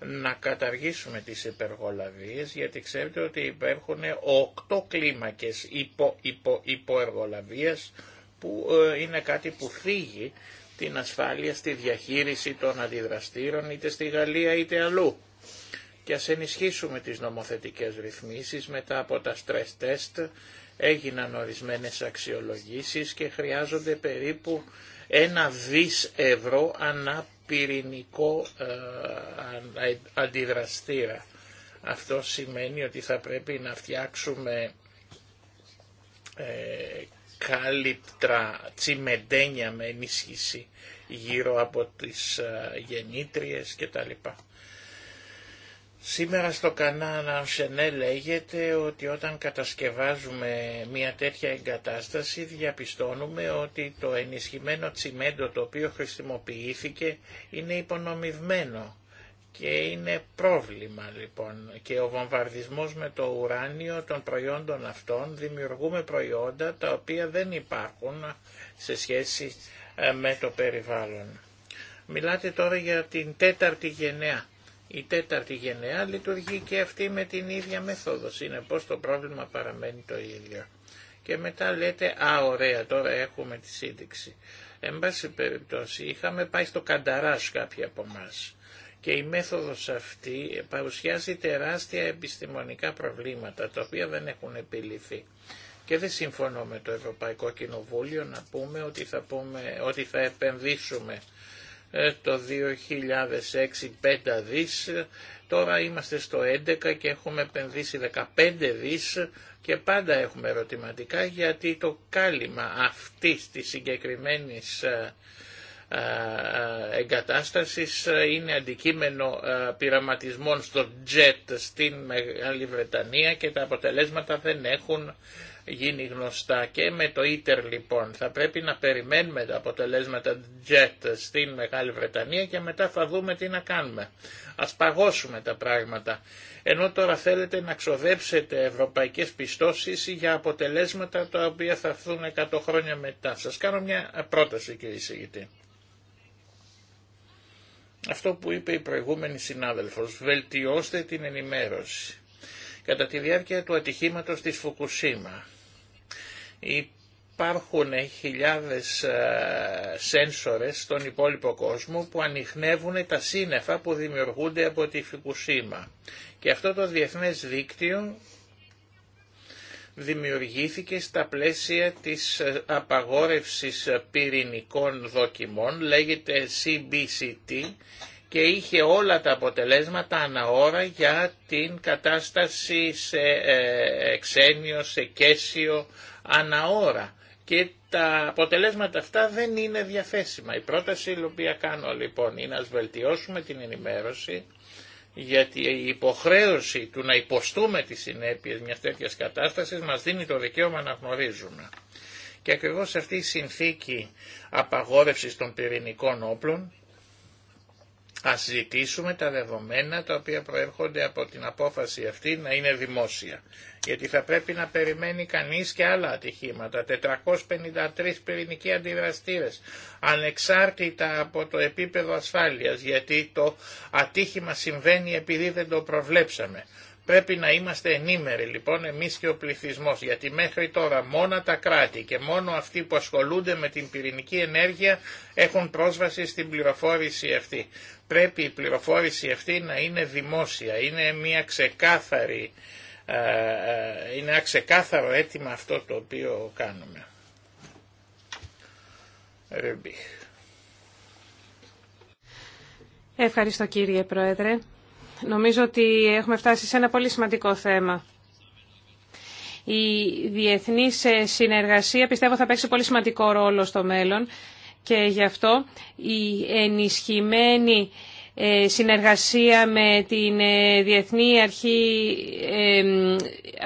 να καταργήσουμε τις υπεργολαβίες γιατί ξέρετε ότι υπάρχουν οκτώ κλίμακες υπο, υπο, υποεργολαβίας που ε, είναι κάτι που φύγει την ασφάλεια στη διαχείριση των αντιδραστήρων είτε στη Γαλλία είτε αλλού. Και ας ενισχύσουμε τις νομοθετικές ρυθμίσεις μετά από τα stress test έγιναν ορισμένες αξιολογήσεις και χρειάζονται περίπου ένα δις ευρώ ανά πυρηνικό ε, αντιδραστήρα. Αυτό σημαίνει ότι θα πρέπει να φτιάξουμε ε, κάλυπτρα τσιμεντένια με ενίσχυση γύρω από τις ε, γεννήτριες κτλ. Σήμερα στο κανάλι Ανσενέ λέγεται ότι όταν κατασκευάζουμε μια τέτοια εγκατάσταση διαπιστώνουμε ότι το ενισχυμένο τσιμέντο το οποίο χρησιμοποιήθηκε είναι υπονομιβμένο και είναι πρόβλημα λοιπόν και ο βομβαρδισμός με το ουράνιο των προϊόντων αυτών δημιουργούμε προϊόντα τα οποία δεν υπάρχουν σε σχέση ε, με το περιβάλλον. Μιλάτε τώρα για την τέταρτη γενναία η τέταρτη γενεά λειτουργεί και αυτή με την ίδια μέθοδο, πως το πρόβλημα παραμένει το ίδιο. Και μετά λέτε, α ωραία τώρα έχουμε τη σύνδεξη. Εν πάση περιπτώσει είχαμε πάει στο Κανταράς κάποιοι από εμά. Και η μέθοδος αυτή παρουσιάζει τεράστια επιστημονικά προβλήματα, τα οποία δεν έχουν επιληθεί. Και δεν συμφωνώ με το Ευρωπαϊκό Κοινοβούλιο να πούμε ότι θα, πούμε, ότι θα επενδύσουμε ε, το 2006 5 δις, τώρα είμαστε στο 11 και έχουμε επενδύσει 15 δις και πάντα έχουμε ερωτηματικά γιατί το κάλυμα αυτή της συγκεκριμένης ε, ε, εγκατάστασης είναι αντικείμενο πειραματισμών στο JET στην Μεγάλη Βρετανία και τα αποτελέσματα δεν έχουν γίνει γνωστά και με το ITER λοιπόν θα πρέπει να περιμένουμε τα αποτελέσματα JET στην Μεγάλη Βρετανία και μετά θα δούμε τι να κάνουμε. Ας παγώσουμε τα πράγματα. Ενώ τώρα θέλετε να ξοδέψετε ευρωπαϊκές πιστώσεις για αποτελέσματα τα οποία θα έρθουν 100 χρόνια μετά. Σας κάνω μια πρόταση κύριε Σιγητή. Αυτό που είπε η προηγούμενη συνάδελφος, βελτιώστε την ενημέρωση. Κατά τη διάρκεια του ατυχήματος της Φουκουσίμα, Υπάρχουν χιλιάδες ε, σένσορες στον υπόλοιπο κόσμο που ανοιχνεύουν τα σύννεφα που δημιουργούνται από τη Φικουσίμα. Και αυτό το διεθνές δίκτυο δημιουργήθηκε στα πλαίσια της ε, απαγόρευσης πυρηνικών δοκιμών, λέγεται CBCT και είχε όλα τα αποτελέσματα αναώρα για την κατάσταση σε ε, εξένιο, σε κέσιο, αναώρα και τα αποτελέσματα αυτά δεν είναι διαθέσιμα. Η πρόταση η οποία κάνω λοιπόν είναι να βελτιώσουμε την ενημέρωση γιατί η υποχρέωση του να υποστούμε τις συνέπειες μιας τέτοιας κατάστασης μας δίνει το δικαίωμα να γνωρίζουμε. Και ακριβώς αυτή η συνθήκη απαγόρευσης των πυρηνικών όπλων Ας ζητήσουμε τα δεδομένα τα οποία προέρχονται από την απόφαση αυτή να είναι δημόσια. Γιατί θα πρέπει να περιμένει κανείς και άλλα ατυχήματα. 453 πυρηνικοί αντιδραστήρες, ανεξάρτητα από το επίπεδο ασφάλειας, γιατί το ατύχημα συμβαίνει επειδή δεν το προβλέψαμε. Πρέπει να είμαστε ενήμεροι λοιπόν εμείς και ο πληθυσμός, γιατί μέχρι τώρα μόνο τα κράτη και μόνο αυτοί που ασχολούνται με την πυρηνική ενέργεια έχουν πρόσβαση στην πληροφόρηση αυτή. Πρέπει η πληροφόρηση αυτή να είναι δημόσια, είναι μια ξεκάθαρη, ε, ε, είναι ένα ξεκάθαρο αίτημα αυτό το οποίο κάνουμε. Ευχαριστώ κύριε Πρόεδρε. Νομίζω ότι έχουμε φτάσει σε ένα πολύ σημαντικό θέμα. Η διεθνής ε, συνεργασία πιστεύω θα παίξει πολύ σημαντικό ρόλο στο μέλλον και γι' αυτό η ενισχυμένη ε, συνεργασία με την ε, Διεθνή Αρχή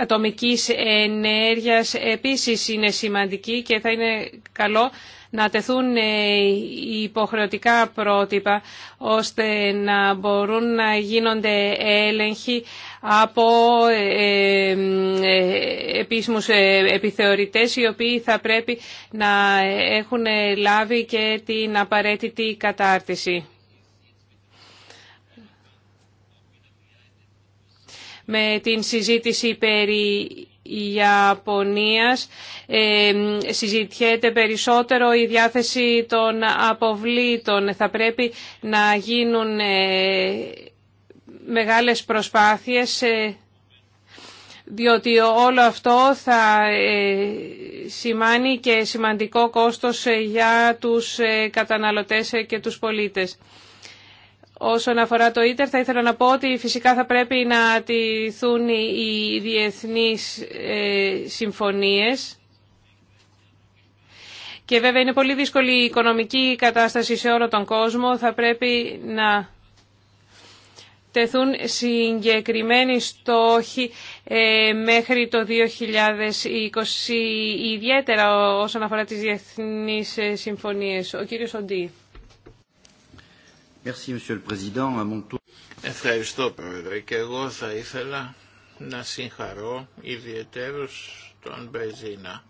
Ατομικής Ενέργειας επίσης είναι σημαντική και θα είναι καλό να τεθούν ε, υποχρεωτικά πρότυπα ώστε να μπορούν να γίνονται έλεγχοι από ε, ε, επίσημους επιθεωρητές οι οποίοι θα πρέπει να έχουν λάβει και την απαραίτητη κατάρτιση. Με την συζήτηση περί Ιαπωνίας ε, συζητιέται περισσότερο η διάθεση των αποβλήτων. Θα πρέπει να γίνουν ε, μεγάλες προσπάθειες ε, διότι όλο αυτό θα σημάνει και σημαντικό κόστος για τους καταναλωτές και τους πολίτες. Όσον αφορά το ίτερ, θα ήθελα να πω ότι φυσικά θα πρέπει να τηθούν οι διεθνείς ε, συμφωνίες. Και βέβαια είναι πολύ δύσκολη η οικονομική κατάσταση σε όλο τον κόσμο. Θα πρέπει να τεθούν συγκεκριμένοι στόχοι ε, μέχρι το 2020, ιδιαίτερα όσον αφορά τις διεθνείς ε, συμφωνίες. Ο κύριος Οντή. Ευχαριστώ Πρόεδρε και εγώ θα ήθελα να συγχαρώ ιδιαιτέρως τον Μπεζίνα.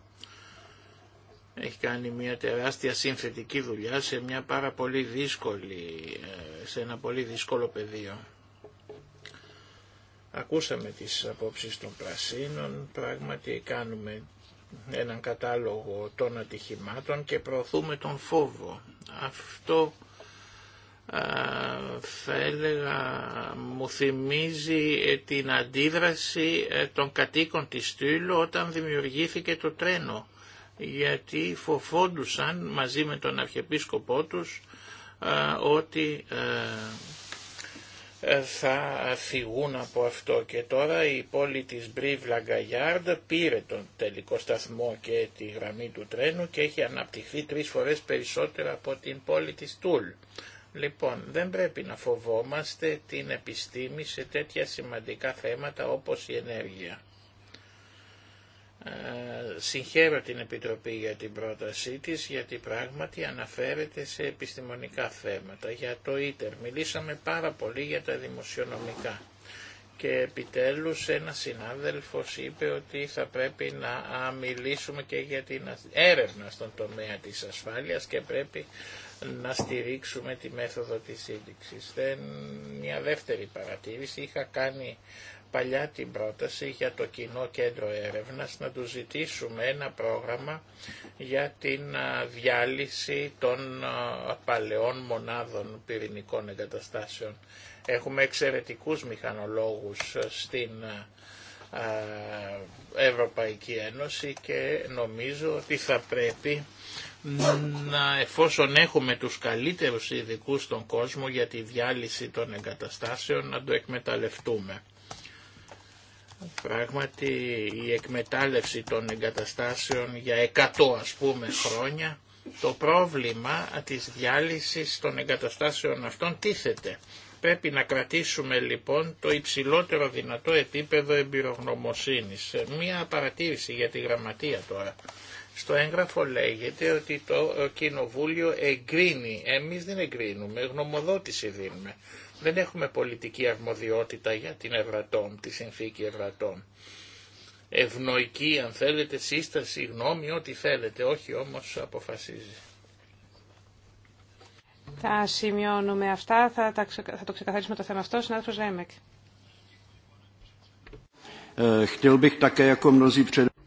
Έχει κάνει μια τεράστια συνθετική δουλειά σε μια πάρα πολύ δύσκολη, ε, σε ένα πολύ δύσκολο πεδίο. Ακούσαμε τις απόψεις των πρασίνων, πράγματι κάνουμε έναν κατάλογο των ατυχημάτων και προωθούμε τον φόβο. Αυτό θα έλεγα μου θυμίζει ε, την αντίδραση ε, των κατοίκων της Στύλου όταν δημιουργήθηκε το τρένο γιατί φοβόντουσαν μαζί με τον Αρχιεπίσκοπό τους ότι ε, θα φυγούν από αυτό και τώρα η πόλη της Μπρίβ Λαγκαγιάρντ πήρε τον τελικό σταθμό και τη γραμμή του τρένου και έχει αναπτυχθεί τρεις φορές περισσότερα από την πόλη της Τούλ. Λοιπόν, δεν πρέπει να φοβόμαστε την επιστήμη σε τέτοια σημαντικά θέματα όπως η ενέργεια. Ε, συγχαίρω την Επιτροπή για την πρότασή της, γιατί πράγματι αναφέρεται σε επιστημονικά θέματα. Για το ίτερ μιλήσαμε πάρα πολύ για τα δημοσιονομικά και επιτέλους ένα συνάδελφος είπε ότι θα πρέπει να μιλήσουμε και για την έρευνα στον τομέα της ασφάλειας και πρέπει να στηρίξουμε τη μέθοδο της σύνδεξης. Δεν, μια δεύτερη παρατήρηση, είχα κάνει παλιά την πρόταση για το κοινό κέντρο έρευνας να του ζητήσουμε ένα πρόγραμμα για την διάλυση των παλαιών μονάδων πυρηνικών εγκαταστάσεων. Έχουμε εξαιρετικούς μηχανολόγους στην Ευρωπαϊκή Ένωση και νομίζω ότι θα πρέπει να εφόσον έχουμε τους καλύτερους ειδικού στον κόσμο για τη διάλυση των εγκαταστάσεων να το εκμεταλλευτούμε. Πράγματι η εκμετάλλευση των εγκαταστάσεων για 100 ας πούμε χρόνια το πρόβλημα της διάλυσης των εγκαταστάσεων αυτών τίθεται. Πρέπει να κρατήσουμε λοιπόν το υψηλότερο δυνατό επίπεδο εμπειρογνωμοσύνης. Μία παρατήρηση για τη γραμματεία τώρα. Στο έγγραφο λέγεται ότι το Κοινοβούλιο εγκρίνει. Εμείς δεν εγκρίνουμε, γνωμοδότηση δίνουμε. Δεν έχουμε πολιτική αρμοδιότητα για την Ευρατών, τη συνθήκη Ευρατών. Ευνοϊκή, αν θέλετε, σύσταση, γνώμη, ό,τι θέλετε. Όχι όμως αποφασίζει. Θα σημειώνουμε αυτά, θα, θα το ξεκαθαρίσουμε το θέμα αυτό. Συνάδελφος Ρέμεκ.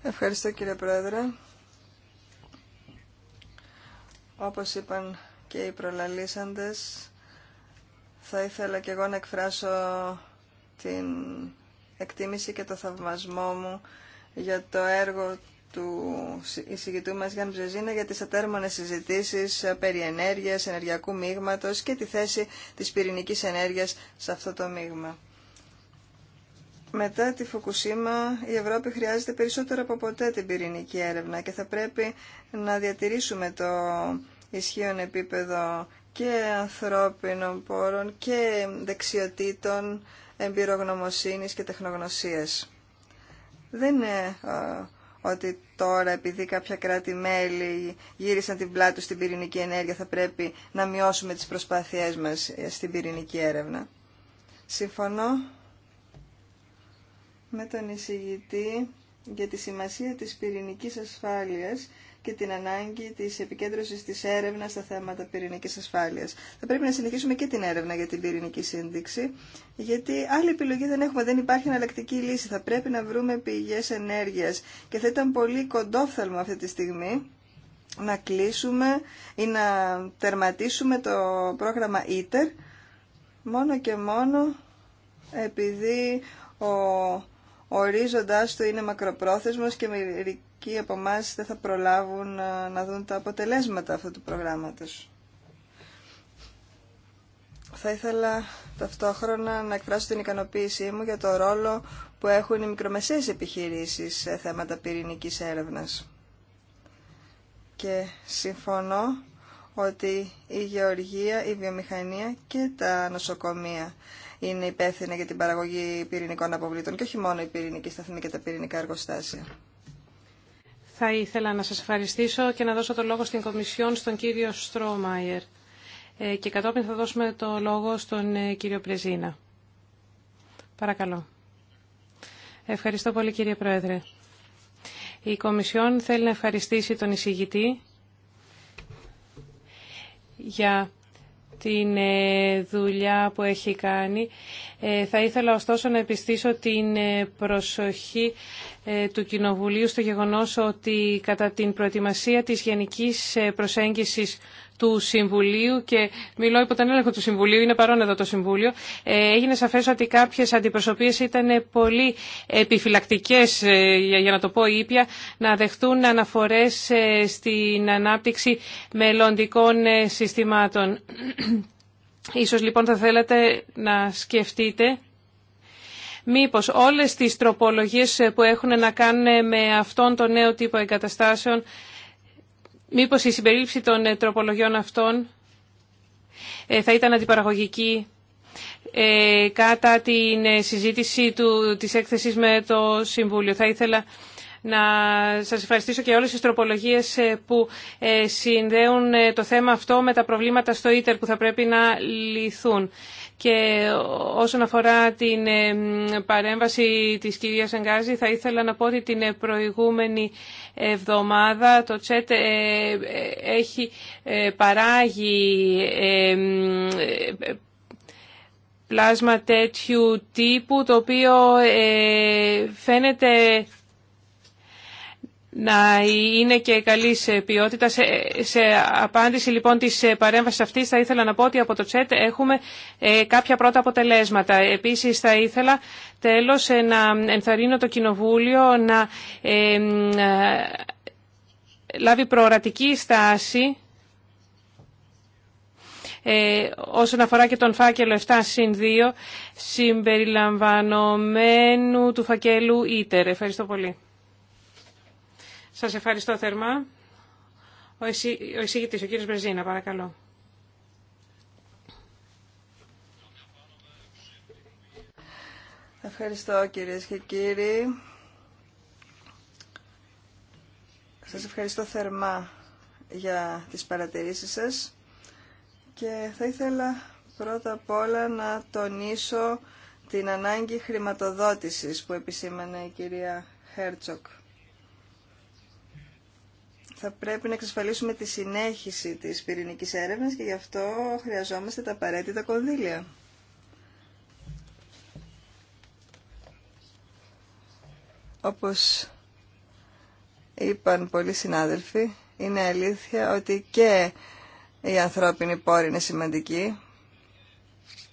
Ευχαριστώ κύριε Πρόεδρε. Όπως είπαν και οι προλαλήσαντες, θα ήθελα και εγώ να εκφράσω την εκτίμηση και το θαυμασμό μου για το έργο του εισηγητού μας Γιάννη Ψεζίνα για τις ατέρμονες συζητήσεις περί ενέργειας, ενεργειακού μείγματος και τη θέση της πυρηνικής ενέργειας σε αυτό το μείγμα. Μετά τη Φουκουσίμα η Ευρώπη χρειάζεται περισσότερο από ποτέ την πυρηνική έρευνα και θα πρέπει να διατηρήσουμε το ισχύων επίπεδο και ανθρώπινων πόρων και δεξιοτήτων εμπειρογνωμοσύνης και τεχνογνωσίας. Δεν είναι ότι τώρα επειδή κάποια κράτη-μέλη γύρισαν την πλάτη στην πυρηνική ενέργεια θα πρέπει να μειώσουμε τις προσπάθειές μας στην πυρηνική έρευνα. Συμφωνώ με τον εισηγητή για τη σημασία της πυρηνικής ασφάλειας και την ανάγκη της επικέντρωσης της έρευνας στα θέματα πυρηνικής ασφάλειας. Θα πρέπει να συνεχίσουμε και την έρευνα για την πυρηνική σύνδεξη, γιατί άλλη επιλογή δεν έχουμε, δεν υπάρχει εναλλακτική λύση. Θα πρέπει να βρούμε πηγές ενέργειας και θα ήταν πολύ κοντόφθαλμο αυτή τη στιγμή να κλείσουμε ή να τερματίσουμε το πρόγραμμα ITER μόνο και μόνο επειδή ο ορίζοντάς του είναι μακροπρόθεσμος και μερικοί από εμά δεν θα προλάβουν ε, να δουν τα αποτελέσματα αυτού του προγράμματος. Θα ήθελα ταυτόχρονα να εκφράσω την ικανοποίησή μου για το ρόλο που έχουν οι μικρομεσαίες επιχειρήσεις σε θέματα πυρηνικής έρευνας. Και συμφωνώ ότι η γεωργία, η βιομηχανία και τα νοσοκομεία είναι υπεύθυνα για την παραγωγή πυρηνικών αποβλήτων και όχι μόνο η πυρηνική σταθμή και τα πυρηνικά εργοστάσια. Θα ήθελα να σας ευχαριστήσω και να δώσω το λόγο στην Κομισιόν στον κύριο Στρόμαϊερ ε, και κατόπιν θα δώσουμε το λόγο στον ε, κύριο Πρεζίνα. Παρακαλώ. Ευχαριστώ πολύ κύριε Πρόεδρε. Η Κομισιόν θέλει να ευχαριστήσει τον εισηγητή για την ε, δουλειά που έχει κάνει. Ε, θα ήθελα ωστόσο να επιστήσω την ε, προσοχή του Κοινοβουλίου στο γεγονός ότι κατά την προετοιμασία της γενικής προσέγγισης του Συμβουλίου και μιλώ υπό τον έλεγχο του Συμβουλίου, είναι παρόν εδώ το Συμβούλιο, ε, έγινε σαφές ότι κάποιες αντιπροσωπείες ήταν πολύ επιφυλακτικές, ε, για να το πω ήπια, να δεχτούν αναφορές ε, στην ανάπτυξη μελλοντικών συστημάτων. Ίσως λοιπόν θα θέλατε να σκεφτείτε μήπως όλες τις τροπολογίες που έχουν να κάνουν με αυτόν τον νέο τύπο εγκαταστάσεων Μήπως η συμπερίληψη των ε, τροπολογιών αυτών ε, θα ήταν αντιπαραγωγική ε, κατά την συζήτηση του, της έκθεσης με το Συμβούλιο. Θα ήθελα να σας ευχαριστήσω και όλες τις τροπολογίες που συνδέουν το θέμα αυτό με τα προβλήματα στο ίτερ που θα πρέπει να λυθούν. Και όσον αφορά την ε, παρέμβαση της κυρίας Αγκάζη, θα ήθελα να πω ότι την ε, προηγούμενη εβδομάδα το ΤΣΕΤ ε, έχει παράγει πλάσμα τέτοιου τύπου, το οποίο φαίνεται να είναι και καλή ποιότητα. Σε, σε απάντηση λοιπόν της παρέμβασης αυτής θα ήθελα να πω ότι από το ΤΣΕΤ έχουμε ε, κάποια πρώτα αποτελέσματα. Επίσης θα ήθελα τέλος ε, να ενθαρρύνω το Κοινοβούλιο να ε, ε λάβει προορατική στάση όσον αφορά και τον φάκελο 7 συν 2 συμπεριλαμβανομένου του φακέλου ΙΤΕΡ. Ευχαριστώ πολύ. Σας ευχαριστώ θερμά. Ο, εισή, ο εισηγητής, ο κύριος Μπρεζίνα, παρακαλώ. Ευχαριστώ κύριε και κύριοι. Σας ευχαριστώ θερμά για τις παρατηρήσεις σας και θα ήθελα πρώτα απ' όλα να τονίσω την ανάγκη χρηματοδότησης που επισήμανε η κυρία Χέρτσοκ θα πρέπει να εξασφαλίσουμε τη συνέχιση της πυρηνικής έρευνας και γι' αυτό χρειαζόμαστε τα απαραίτητα κονδύλια. Όπως είπαν πολλοί συνάδελφοι, είναι αλήθεια ότι και η ανθρώπινη πόρη είναι σημαντική.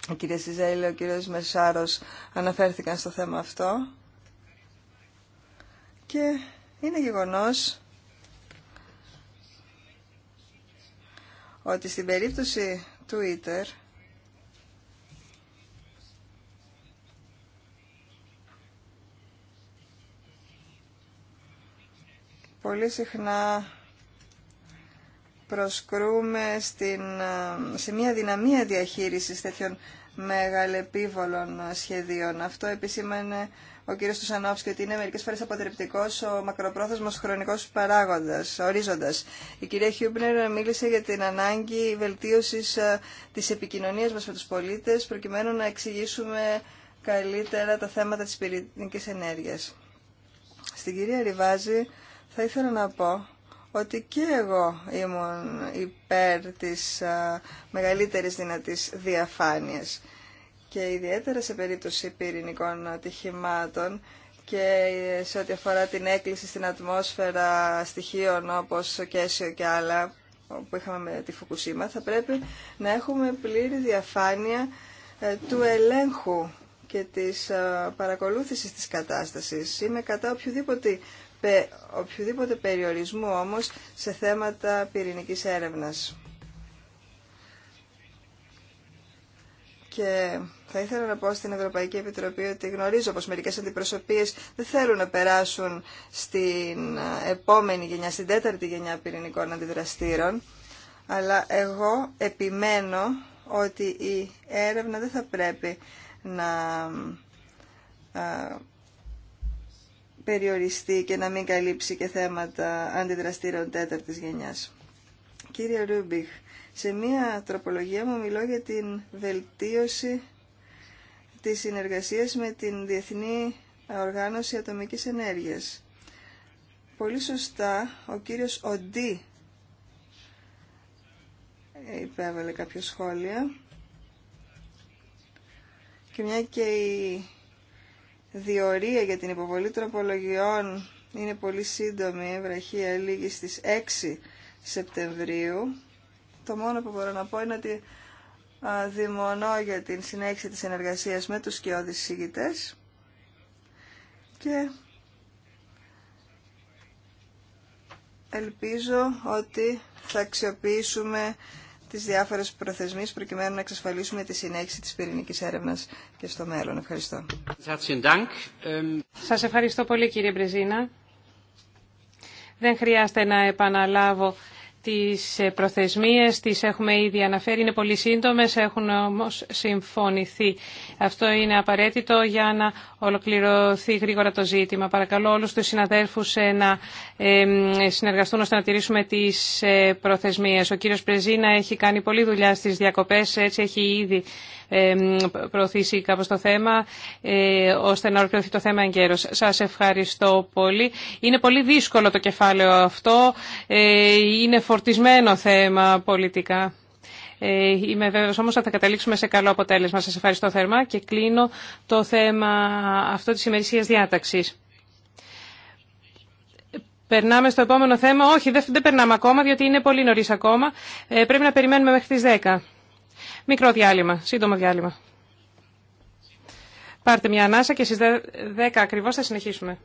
Ο κυρία Σιζέλη, ο κύριος Μεσάρος αναφέρθηκαν στο θέμα αυτό. Και είναι γεγονός ότι στην περίπτωση Twitter πολύ συχνά προσκρούμε στην, ε, σε μια δυναμία διαχείρισης τέτοιων μεγαλεπίβολων σχεδίων. Αυτό επισήμανε ο κύριος και ότι είναι μερικές φορές αποτρεπτικός ο μακροπρόθεσμος χρονικός παράγοντας, ορίζοντας. Η κυρία Χιούμπνερ μίλησε για την ανάγκη βελτίωσης ε, της επικοινωνίας μας με τους πολίτες προκειμένου να εξηγήσουμε καλύτερα τα θέματα της πυρηνικής ενέργειας. Στην κυρία Ριβάζη θα ήθελα να πω ότι και εγώ ήμουν υπέρ της α, μεγαλύτερης δυνατής διαφάνειας και ιδιαίτερα σε περίπτωση πυρηνικών ατυχημάτων και σε ό,τι αφορά την έκκληση στην ατμόσφαιρα στοιχείων όπως ο Κέσιο και άλλα που είχαμε με τη Φουκουσίμα θα πρέπει να έχουμε πλήρη διαφάνεια ε, του ελέγχου και της ε, παρακολούθησης της κατάστασης. Είμαι κατά οποιοδήποτε οποιοδήποτε περιορισμού όμως σε θέματα πυρηνικής έρευνας. Και θα ήθελα να πω στην Ευρωπαϊκή Επιτροπή ότι γνωρίζω πως μερικές αντιπροσωπείες δεν θέλουν να περάσουν στην επόμενη γενιά, στην τέταρτη γενιά πυρηνικών αντιδραστήρων, αλλά εγώ επιμένω ότι η έρευνα δεν θα πρέπει να περιοριστεί και να μην καλύψει και θέματα αντιδραστήρων τέταρτης γενιάς. Κύριε Ρούμπιχ, σε μία τροπολογία μου μιλώ για την βελτίωση της συνεργασίας με την Διεθνή Οργάνωση Ατομικής Ενέργειας. Πολύ σωστά ο κύριος Οντί υπέβαλε κάποια σχόλια και μια και η διορία για την υποβολή τροπολογιών είναι πολύ σύντομη, βραχία λίγη στις 6 Σεπτεμβρίου. Το μόνο που μπορώ να πω είναι ότι δημονώ για την συνέχιση της συνεργασίας με τους σκιώδεις σύγητες και ελπίζω ότι θα αξιοποιήσουμε τις διάφορες προθεσμίες προκειμένου να εξασφαλίσουμε τη συνέχιση τη πυρηνική έρευνα και στο μέλλον. Ευχαριστώ. Ähm, Σα ευχαριστώ πολύ κύριε Μπρεζίνα. Δεν χρειάζεται να επαναλάβω Τις ε, προθεσμίες τις έχουμε ήδη αναφέρει, είναι πολύ σύντομες, έχουν όμως συμφωνηθεί. Αυτό είναι απαραίτητο για να ολοκληρωθεί γρήγορα το ζήτημα. Παρακαλώ όλους τους συναδέλφους ε, να συνεργαστούν ώστε να τηρήσουμε τις ε, προθεσμίες. Ο κύριος Πρεζίνα έχει κάνει πολλή δουλειά στις διακοπές, έτσι έχει ήδη προωθήσει κάπως το θέμα, ε, ώστε να ολοκληρωθεί το θέμα εγκαίρως. Σας ευχαριστώ πολύ. Είναι πολύ δύσκολο το κεφάλαιο αυτό. Ε, είναι φορτισμένο θέμα πολιτικά. Ε, είμαι βέβαιος όμως ότι θα καταλήξουμε σε καλό αποτέλεσμα. Σας ευχαριστώ θερμά και κλείνω το θέμα αυτό της ημερησίας διάταξης. Περνάμε στο επόμενο θέμα. Όχι, δεν περνάμε ακόμα, διότι είναι πολύ νωρίς ακόμα. Πρέπει να περιμένουμε μέχρι τις 10. Μικρό διάλειμμα, σύντομο διάλειμμα. Πάρτε μια ανάσα και στις 10 ακριβώς θα συνεχίσουμε.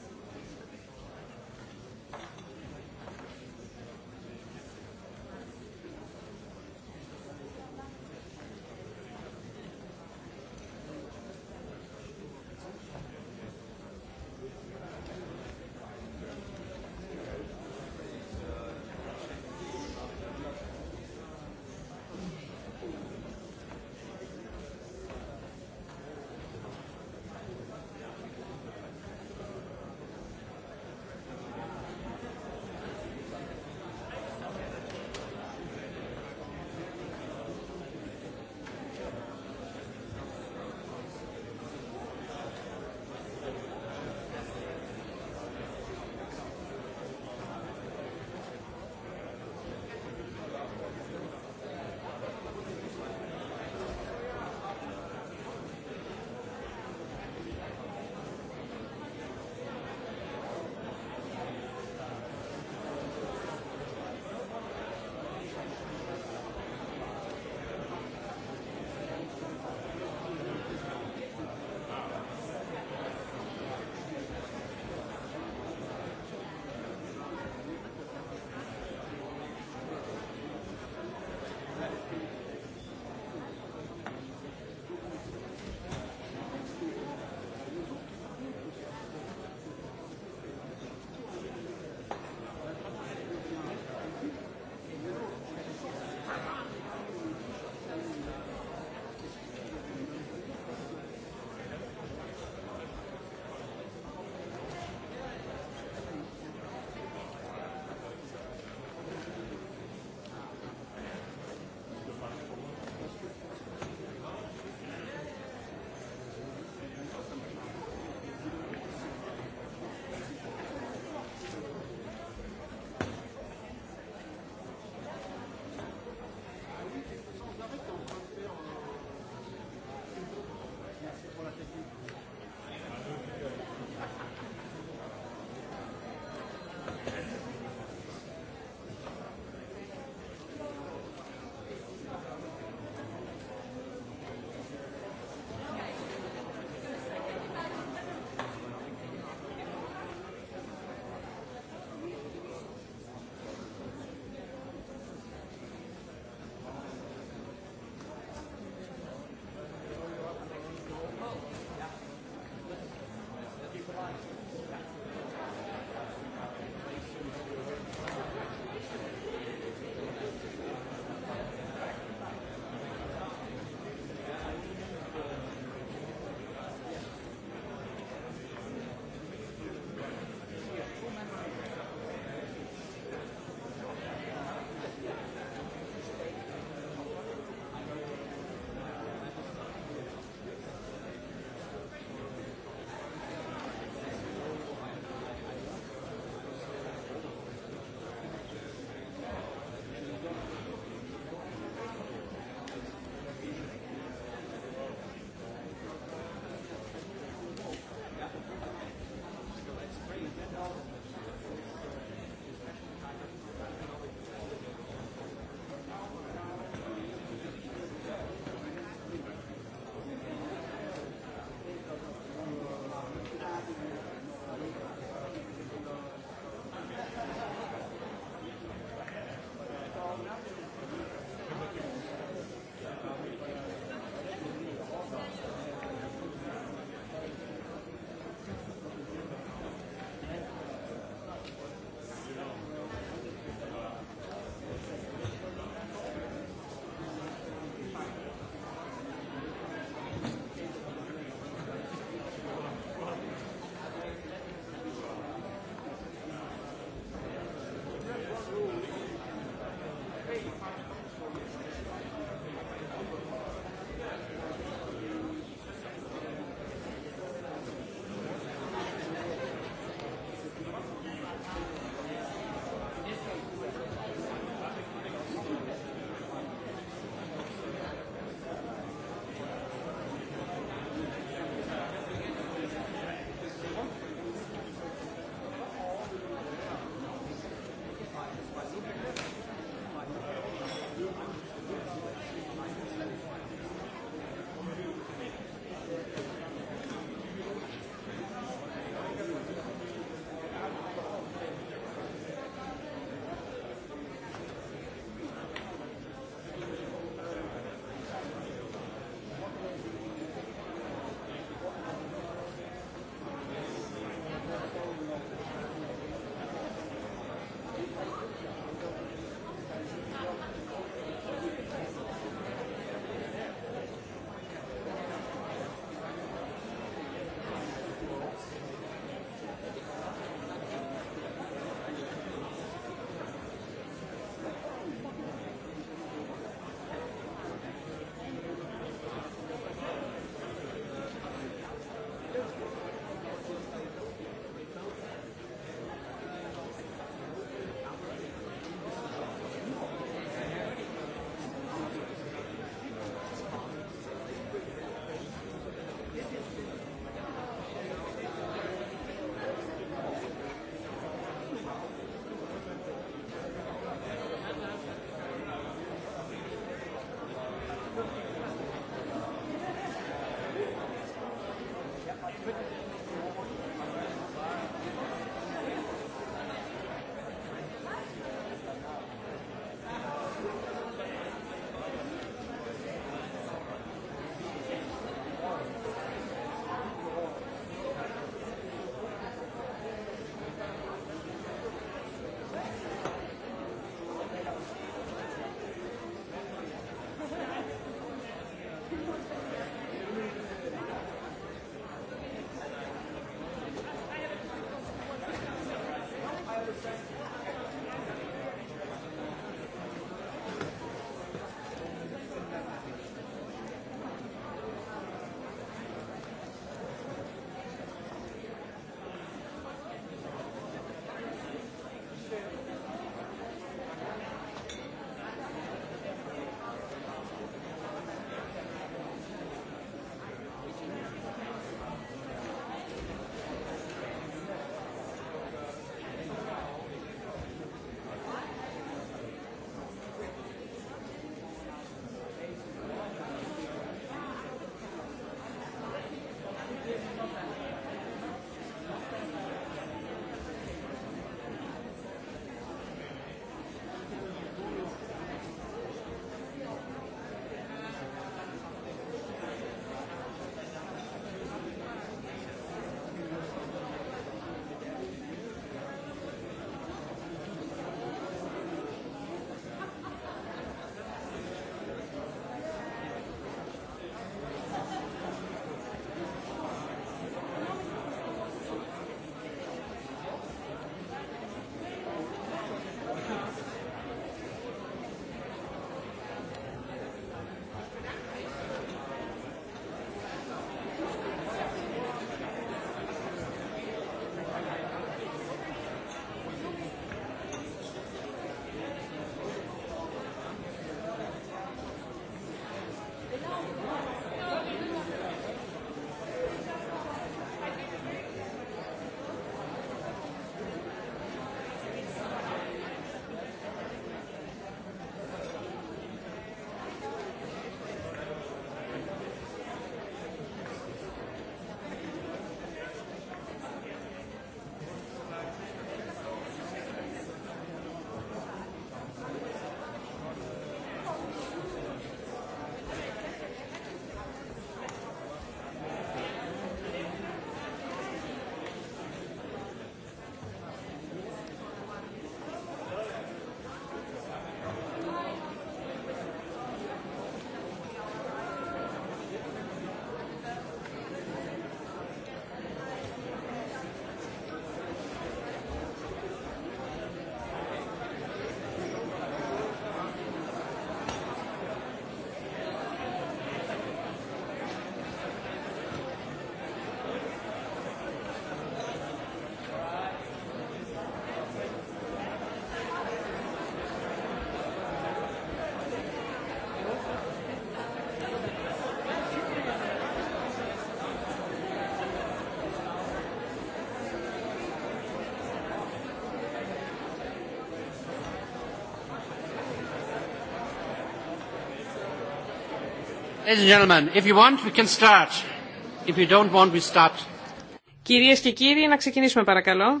Κυρίες και κύριοι, να ξεκινήσουμε παρακαλώ.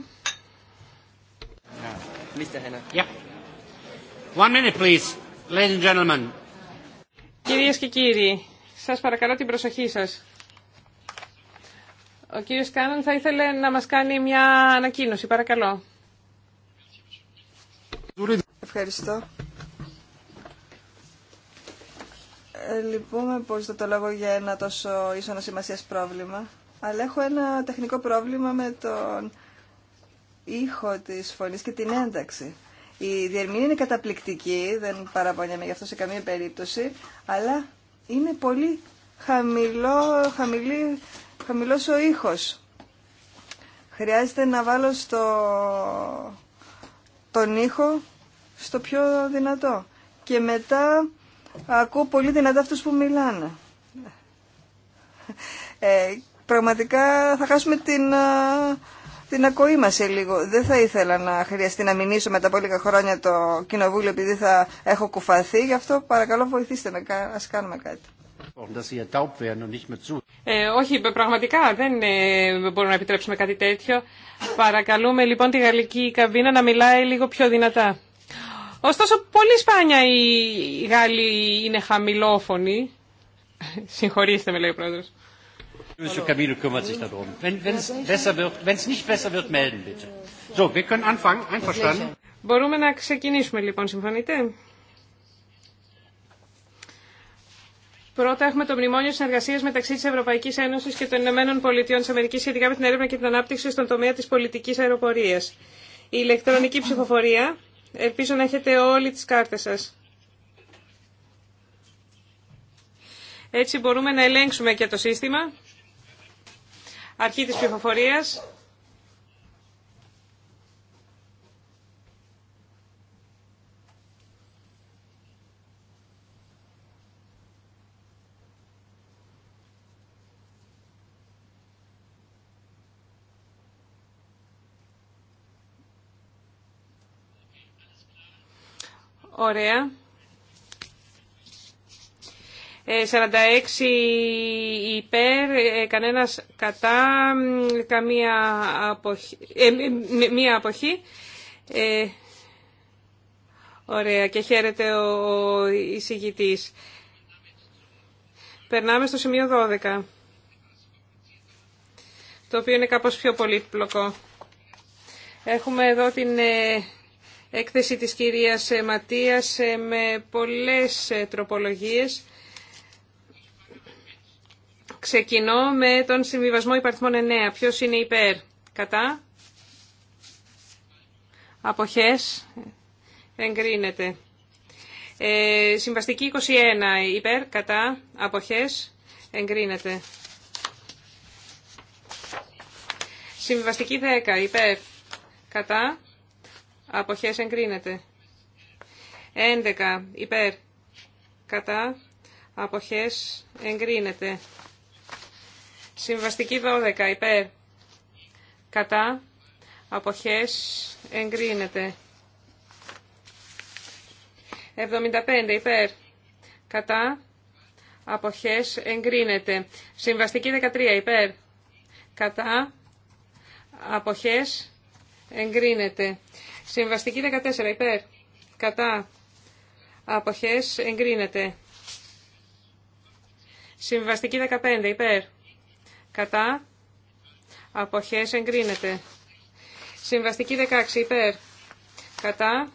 Yeah. Κυρίες και κύριοι, σας παρακαλώ την προσοχή σας. Ο κύριος Κάνον θα ήθελε να μας κάνει μια ανακοίνωση, παρακαλώ. Ευχαριστώ. λυπούμε πω το λόγο για ένα τόσο ίσονο σημασία πρόβλημα, αλλά έχω ένα τεχνικό πρόβλημα με τον ήχο της φωνής και την ένταξη. Η διερμηνία είναι καταπληκτική, δεν παραπονιέμαι γι' αυτό σε καμία περίπτωση, αλλά είναι πολύ χαμηλό, χαμηλή, χαμηλός ο ήχος. Χρειάζεται να βάλω στο, τον ήχο στο πιο δυνατό. Και μετά ακούω πολύ δυνατά αυτούς που μιλάνε. Ε, πραγματικά θα χάσουμε την, ε, την ακοή μας σε λίγο. Δεν θα ήθελα να χρειαστεί να μηνύσω μετά από λίγα χρόνια το κοινοβούλιο επειδή θα έχω κουφαθεί. Γι' αυτό παρακαλώ βοηθήστε με, ας κάνουμε κάτι. Ε, όχι, πραγματικά δεν ε, μπορούμε να επιτρέψουμε κάτι τέτοιο. Παρακαλούμε λοιπόν τη γαλλική καμπίνα να μιλάει λίγο πιο δυνατά. Ωστόσο, πολύ σπάνια οι Γάλλοι είναι χαμηλόφωνοι. Συγχωρήστε με, λέει ο πρόεδρο. Μπορούμε να ξεκινήσουμε λοιπόν, συμφωνείτε. Πρώτα έχουμε το Μνημόνιο Συνεργασία μεταξύ τη Ευρωπαϊκή Ένωση και των Ηνωμένων Πολιτειών τη Αμερική σχετικά με την έρευνα και την ανάπτυξη στον τομέα τη πολιτική αεροπορία. Η ηλεκτρονική ψηφοφορία. Ελπίζω να έχετε όλοι τις κάρτες σας. Έτσι μπορούμε να ελέγξουμε και το σύστημα. Αρχή της ψηφοφορίας. Ωραία. 46 ε, υπέρ, ε, κανένας κατά, καμία αποχή, ε, μία αποχή. Ε, ωραία και χαίρεται ο εισηγητής. Περνάμε στο σημείο 12, το οποίο είναι κάπως πιο πολύπλοκο. Έχουμε εδώ την έκθεση της κυρίας ε, Ματίας ε, με πολλές ε, τροπολογίες. Ξεκινώ με τον συμβιβασμό υπαριθμών 9. Ποιος είναι υπέρ. Κατά. Αποχές. Εγκρίνεται. Ε, συμβαστική 21. Υπέρ. Κατά. Αποχές. Εγκρίνεται. Συμβιβαστική 10. Υπέρ. Κατά. Αποχές εγκρίνεται. 11 υπέρ. Κατά. Αποχές εγκρίνεται. Συμβαστική 12 υπέρ. Κατά. Αποχές εγκρίνεται. 75 υπέρ. Κατά. Αποχές εγκρίνεται. Συμβαστική 13 υπέρ. Κατά. Αποχές εγκρίνεται. Συμβαστική 14 υπέρ. Κατά. Αποχές εγκρίνεται. Συμβαστική 15 υπέρ. Κατά. Αποχές εγκρίνεται. Συμβαστική 16 υπέρ. Κατά.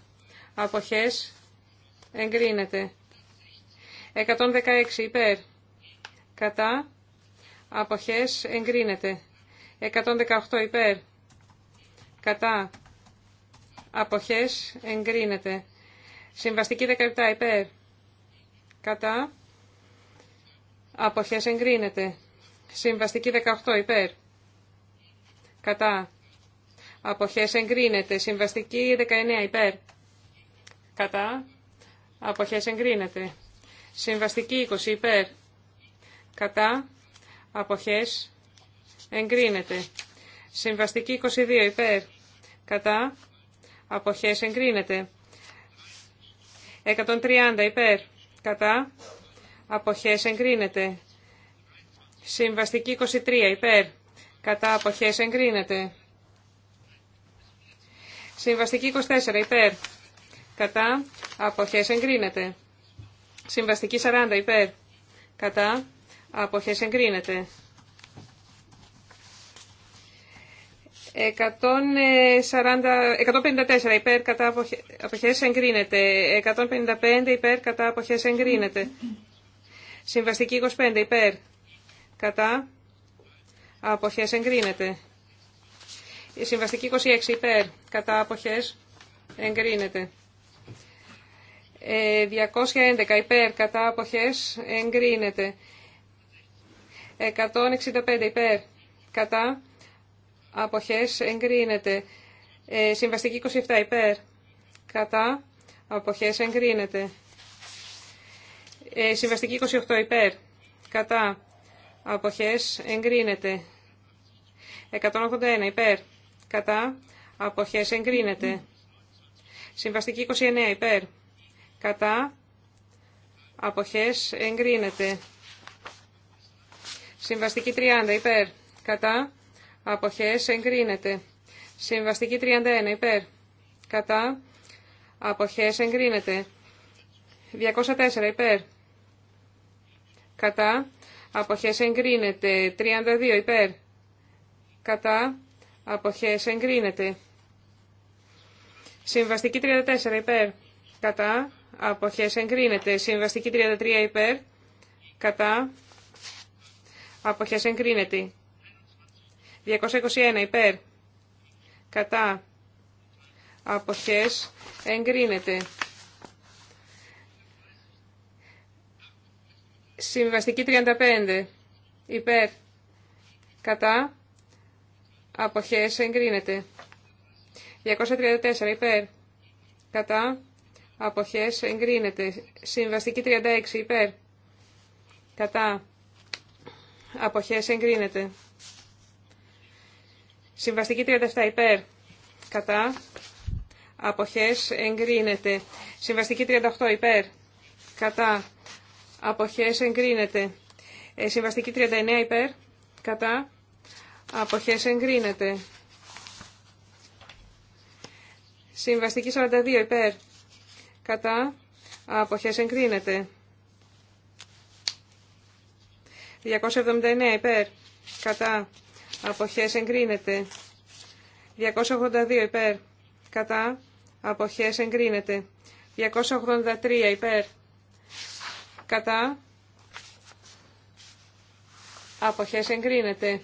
Αποχές εγκρίνεται. 116 υπέρ. Κατά. Αποχές εγκρίνεται. 118 υπέρ κατά αποχές εγκρίνεται. Συμβαστική 17 υπέρ κατά αποχές εγκρίνεται. Συμβαστική 18 υπέρ κατά αποχές εγκρίνεται. Συμβαστική 19 υπέρ κατά αποχές εγκρίνεται. Συμβαστική 20 υπέρ κατά αποχές εγκρίνεται. Συμβαστική 22 υπέρ κατά, αποχές εγκρίνεται. 130 υπέρ, κατά, αποχές εγκρίνεται. Συμβαστική 23 υπέρ, κατά, αποχές εγκρίνεται. Συμβαστική 24 υπέρ, κατά, αποχές εγκρίνεται. Συμβαστική 40 υπέρ, κατά, αποχές εγκρίνεται. 154 ε, υπέρ κατά αποχές εγκρίνεται. 155 υπέρ κατά αποχές εγκρίνεται. Συμβαστική 25 υπέρ κατά αποχές εγκρίνεται. Η συμβαστική 26 υπέρ κατά αποχές εγκρίνεται. 211 ε, υπέρ κατά αποχές εγκρίνεται. 165 υπέρ κατά αποχές εγκρίνεται. Ε, συμβαστική 27 υπέρ. Κατά. Αποχές εγκρίνεται. Ε, συμβαστική 28 υπέρ. Κατά. Αποχές εγκρίνεται. 181 υπέρ. Κατά. Αποχές εγκρίνεται. Συμβαστική 29 υπέρ. Κατά. Αποχές εγκρίνεται. Συμβαστική 30 υπέρ. Κατά αποχές εγκρίνεται. Συμβαστική 31 υπέρ, κατά, αποχές εγκρίνεται. 204 υπέρ, κατά, αποχές εγκρίνεται. 32 υπέρ, κατά, αποχές εγκρίνεται. Συμβαστική 34 υπέρ, κατά, αποχές εγκρίνεται. Συμβαστική 33 υπέρ, κατά, αποχές εγκρίνεται. 221 υπέρ. Κατά. Αποχές. Εγκρίνεται. Συμβαστική 35. Υπέρ. Κατά. Αποχές. Εγκρίνεται. 234 υπέρ. Κατά. Αποχές. Εγκρίνεται. Συμβαστική 36 υπέρ. Κατά. Αποχές εγκρίνεται. Συμβαστική 37 υπέρ. Κατά. Αποχές εγκρίνεται. Συμβαστική 38 ε, υπέρ. Κατά. Αποχές εγκρίνεται. συμβαστική 39 υπέρ. Κατά. Αποχές εγκρίνεται. Συμβαστική 42 υπέρ. Κατά. Αποχές εγκρίνεται. 279 υπέρ. Κατά αποχές εγκρίνεται. 282 υπέρ, κατά, αποχές εγκρίνεται. 283 υπέρ, κατά, αποχές εγκρίνεται.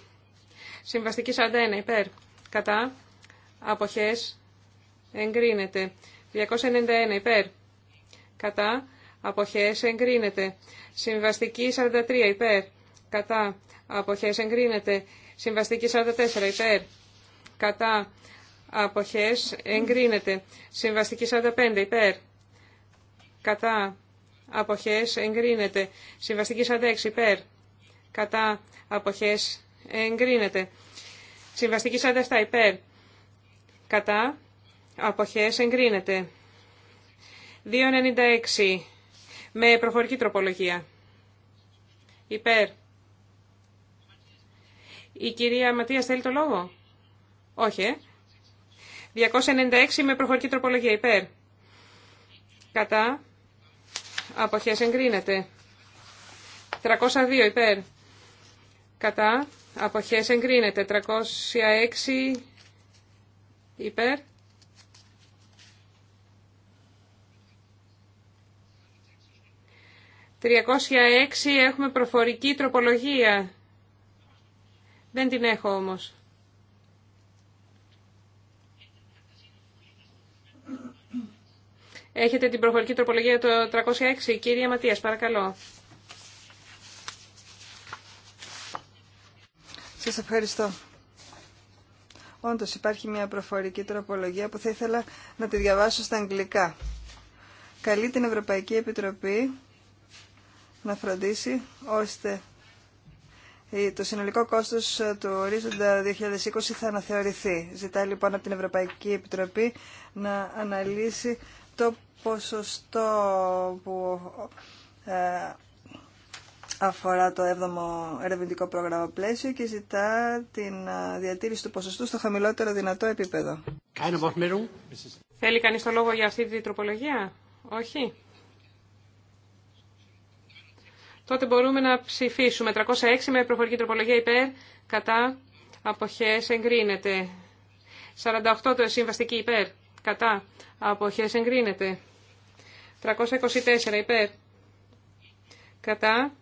Συμβαστική 41 υπέρ, κατά, αποχές εγκρίνεται. 291 υπέρ, κατά, αποχές εγκρίνεται. Συμβαστική 43 υπέρ, κατά, αποχές εγκρίνεται. Συμβαστική 44 υπέρ. Κατά. Αποχές εγκρίνεται. Συμβαστική 45 υπέρ. Κατά. Αποχές εγκρίνεται. Συμβαστική 46 υπέρ. Κατά. Αποχές εγκρίνεται. Συμβαστική 47 υπέρ. Κατά. Αποχές εγκρίνεται. 2.96 με προφορική τροπολογία. Υπέρ. Η κυρία Ματία θέλει το λόγο. Όχι. 296 ε. με προφορική τροπολογία υπέρ. Κατά. Αποχές εγκρίνεται. 302 υπέρ. Κατά. Αποχές εγκρίνεται. 306 υπέρ. «306 έχουμε προφορική τροπολογία». Δεν την έχω όμως. Έχετε την προφορική τροπολογία το 306. Κύριε Ματίας, παρακαλώ. Σας ευχαριστώ. Όντως υπάρχει μια προφορική τροπολογία που θα ήθελα να τη διαβάσω στα αγγλικά. Καλεί την Ευρωπαϊκή Επιτροπή να φροντίσει ώστε ε, το συνολικό κόστος ε, του ορίζοντα 2020 θα αναθεωρηθεί. Ζητάει λοιπόν από την Ευρωπαϊκή Επιτροπή να αναλύσει το ποσοστό που ε, αφορά το 7ο ερευνητικό πρόγραμμα πλαίσιο και ζητά την διατήρηση του ποσοστού στο χαμηλότερο δυνατό επίπεδο. Θέλει κανείς το λόγο για αυτή την τροπολογία? Όχι. Τότε μπορούμε να ψηφίσουμε 306 με προφορική τροπολογία υπέρ, κατά, αποχές εγκρίνεται. 48 το συμβαστική υπέρ, κατά, αποχές εγκρίνεται. 324 υπέρ, κατά,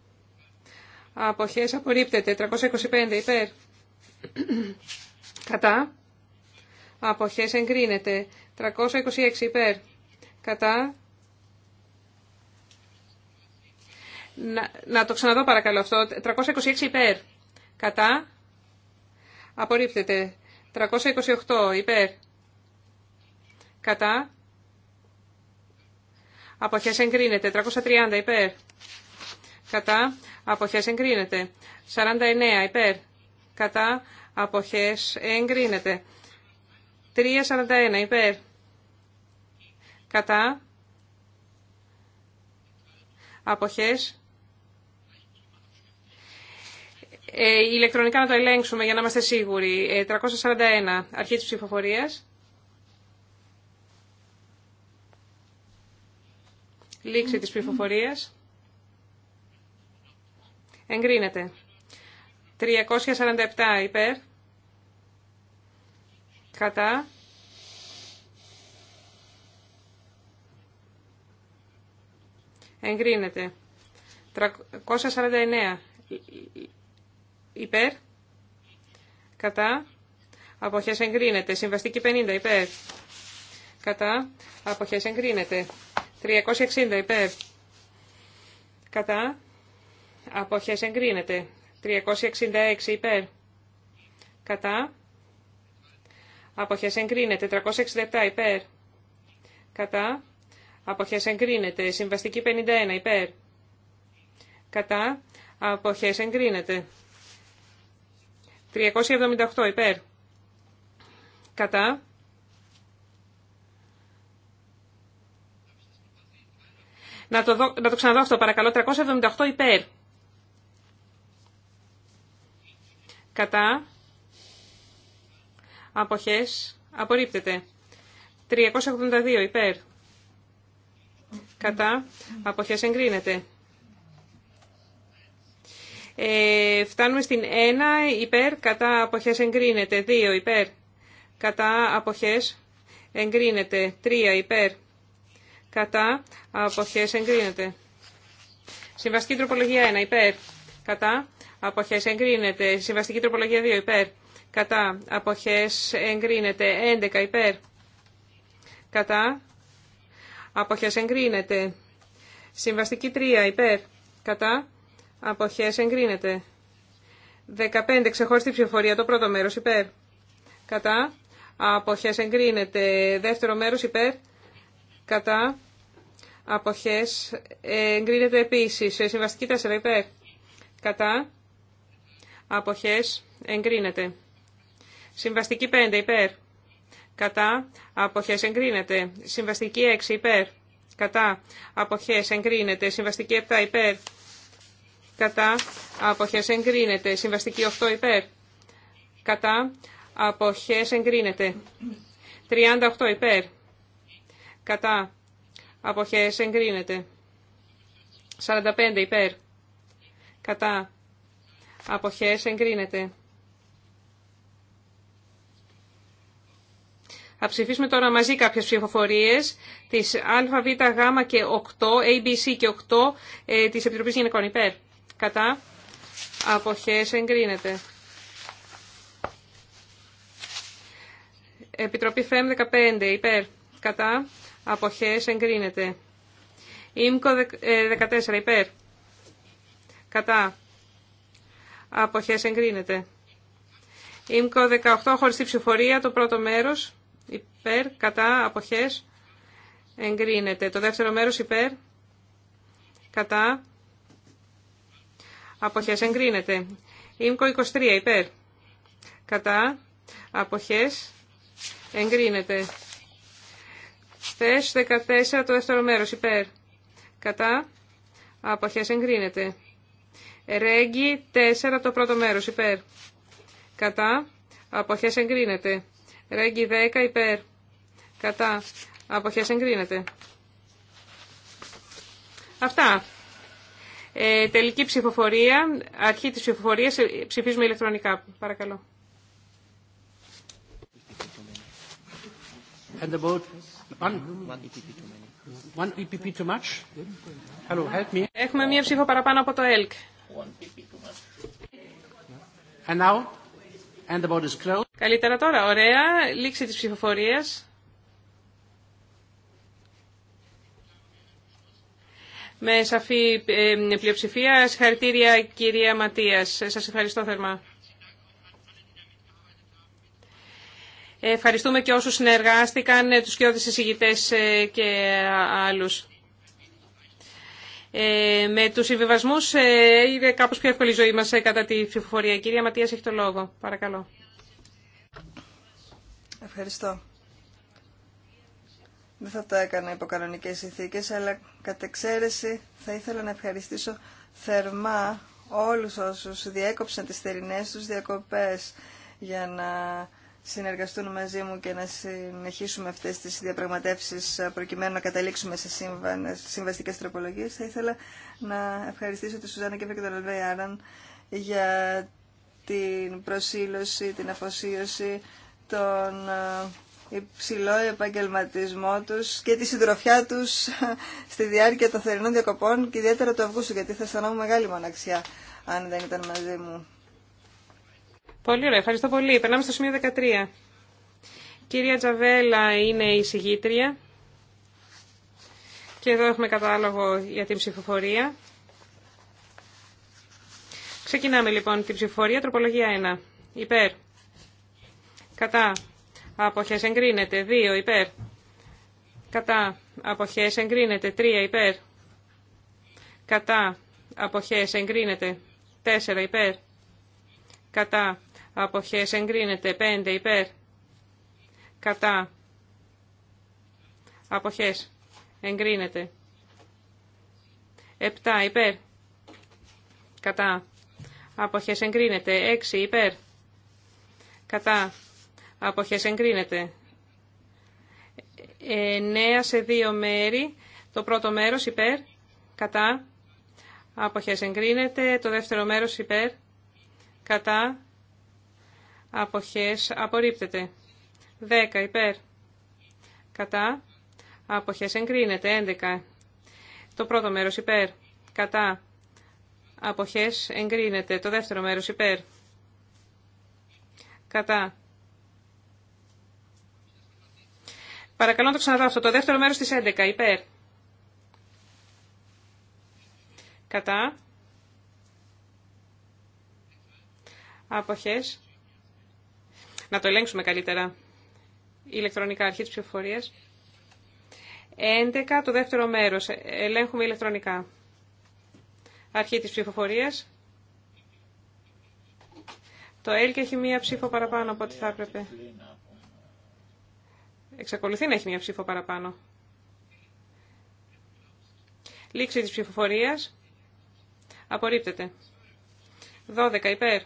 αποχές απορρίπτεται. 325 υπέρ, κατά, αποχές εγκρίνεται. 326 υπέρ, κατά, Να, να το ξαναδώ παρακαλώ αυτό. 326 υπέρ. Κατά. Απορρίπτεται. 328 υπέρ. Κατά. Αποχές εγκρίνεται. 330 υπέρ. Κατά. Αποχές εγκρίνεται. 49 υπέρ. Κατά. Αποχές εγκρίνεται. 341 υπέρ. Κατά. Αποχές ε, ηλεκτρονικά να το ελέγξουμε για να είμαστε σίγουροι. 341, ε, αρχή της ψηφοφορίας. Λήξη της ψηφοφορίας. Εγκρίνεται. 347 υπέρ. Κατά. Εγκρίνεται. 349 υπέρ, κατά, Αποχέ εγκρίνεται. Συμβαστική 50 υπέρ, κατά, Αποχέ εγκρίνεται. 360 υπέρ, κατά, Αποχέ εγκρίνεται. 366 υπέρ, κατά, Αποχέ εγκρίνεται. 367 υπέρ, κατά, Αποχέ εγκρίνεται. Συμβαστική 51 υπέρ, κατά, Αποχέ εγκρίνεται. 378 υπέρ. Κατά. Να το, δω, να το ξαναδώ αυτό παρακαλώ. 378 υπέρ. Κατά. Αποχές. Απορρίπτεται. 382 υπέρ. Κατά. Αποχές εγκρίνεται. Ε, φτάνουμε στην 1 υπέρ κατά αποχές εγκρίνεται, 2 υπέρ κατά αποχές εγκρίνεται, 3 υπέρ κατά αποχές εγκρίνεται. Συμβαστική τροπολογία 1 υπέρ κατά αποχές εγκρίνεται, συμβαστική τροπολογία 2 υπέρ κατά αποχές εγκρίνεται, 11 υπέρ κατά αποχές εγκρίνεται. Συμβαστική 3 υπέρ κατά Αποχές εγκρίνεται. 15. Ξεχωριστή ψηφοφορία. Το πρώτο μέρος υπέρ. Κατά. Αποχές εγκρίνεται. Δεύτερο μέρος υπέρ. Κατά. Αποχές εγκρίνεται επίσης. Συμβαστική 4 υπέρ. Κατά. Αποχές εγκρίνεται. Συμβαστική 5 υπέρ. Κατά. Αποχές εγκρίνεται. Συμβαστική 6 υπέρ. Κατά. Αποχές εγκρίνεται. Συμβαστική 7 υπέρ κατά αποχές εγκρίνεται. Συμβαστική 8 υπέρ, κατά αποχές εγκρίνεται. 38 υπέρ, κατά αποχές εγκρίνεται. 45 υπέρ, κατά αποχές εγκρίνεται. Θα ψηφίσουμε τώρα μαζί κάποιες ψηφοφορίες της ΑΒΓ και 8, ABC και 8 ε, της Επιτροπής Γυναικών υπέρ κατά αποχές εγκρίνεται. Επιτροπή ΦΕΜ 15 υπέρ κατά αποχές εγκρίνεται. ΙΜΚΟ 14 ε, υπέρ κατά αποχές εγκρίνεται. ΙΜΚΟ 18 χωριστή ψηφορία το πρώτο μέρος υπέρ κατά αποχές εγκρίνεται. Το δεύτερο μέρος υπέρ κατά Αποχές εγκρίνεται. Ήμκο 23 υπέρ. Κατά. Αποχές εγκρίνεται. Θες 14 το δεύτερο μέρος υπέρ. Κατά. Αποχές εγκρίνεται. Ρέγγι 4 το πρώτο μέρος υπέρ. Κατά. Αποχές εγκρίνεται. Ρέγγι 10 υπέρ. Κατά. Αποχές εγκρίνεται. Αυτά. Ε, τελική ψηφοφορία, αρχή της ψηφοφορίας, ε, ψηφίζουμε ηλεκτρονικά. Παρακαλώ. And the vote. One. One EPP too many. One EPP too much. Hello, help me. Έχουμε μία ψήφο παραπάνω από το ΕΛΚ. And now, and the vote is closed. Καλύτερα τώρα, ωραία, λήξη της ψηφοφορίας. με σαφή ε, πλειοψηφία. Συγχαρητήρια κυρία Ματίας. Σας ευχαριστώ θερμά. Ευχαριστούμε και όσους συνεργάστηκαν, ε, τους κοιόδης εισηγητές ε, και άλλους. με τους συμβιβασμούς είναι κάπως πιο εύκολη η ζωή μας κατά τη ψηφοφορία. Κυρία Ματίας έχει το λόγο. Παρακαλώ. Ευχαριστώ. Δεν θα τα έκανα υπό κανονικέ συνθήκε, αλλά κατ' εξαίρεση θα ήθελα να ευχαριστήσω θερμά όλους όσους διέκοψαν τις θερινές τους διακοπές για να συνεργαστούν μαζί μου και να συνεχίσουμε αυτές τις διαπραγματεύσεις προκειμένου να καταλήξουμε σε συμβαστικές τροπολογίες. Θα ήθελα να ευχαριστήσω τη Σουζάννα και τον Αλβέη Άραν για την προσήλωση, την αφοσίωση, τον ε, υψηλό επαγγελματισμό του και τη συντροφιά τους στη διάρκεια των θερινών διακοπών και ιδιαίτερα του Αυγούστου, γιατί θα αισθανόμουν μεγάλη μοναξιά αν δεν ήταν μαζί μου. Πολύ ωραία, ευχαριστώ πολύ. Περνάμε στο σημείο 13. Κυρία Τζαβέλα είναι η συγγήτρια και εδώ έχουμε κατάλογο για την ψηφοφορία. Ξεκινάμε λοιπόν την ψηφοφορία, τροπολογία 1. Υπέρ. Κατά αποχές εγκρίνεται 2 υπέρ κατά αποχές εγκρίνεται 3 υπέρ κατά αποχές εγκρίνεται 4 υπέρ κατά αποχές εγκρίνεται 5 υπέρ κατά αποχές εγκρίνεται 7 υπέρ κατά αποχές εγκρίνεται 6 υπέρ κατά αποχές εγκρίνεται. 9 ε, σε δύο μέρη, το πρώτο μέρος υπέρ, κατά, αποχές εγκρίνεται, το δεύτερο μέρος υπέρ, κατά, αποχές απορρίπτεται. 10 υπέρ, κατά, αποχές εγκρίνεται, 11. Το πρώτο μέρος υπέρ, κατά, αποχές εγκρίνεται, το δεύτερο μέρος υπέρ, κατά, Παρακαλώ να το ξαναδώ αυτό. Το δεύτερο μέρος της 11. Υπέρ. Κατά. Αποχές. Να το ελέγξουμε καλύτερα. ηλεκτρονικά αρχή της ψηφοφορίας. 11. Το δεύτερο μέρος. Ε, ελέγχουμε ηλεκτρονικά. Αρχή της ψηφοφορίας. Το ΕΛΚ έχει μία ψήφο παραπάνω από ό,τι θα έπρεπε. Εξακολουθεί να έχει μία ψήφο παραπάνω. Λήξη της ψηφοφορίας. Απορρίπτεται. 12 υπέρ.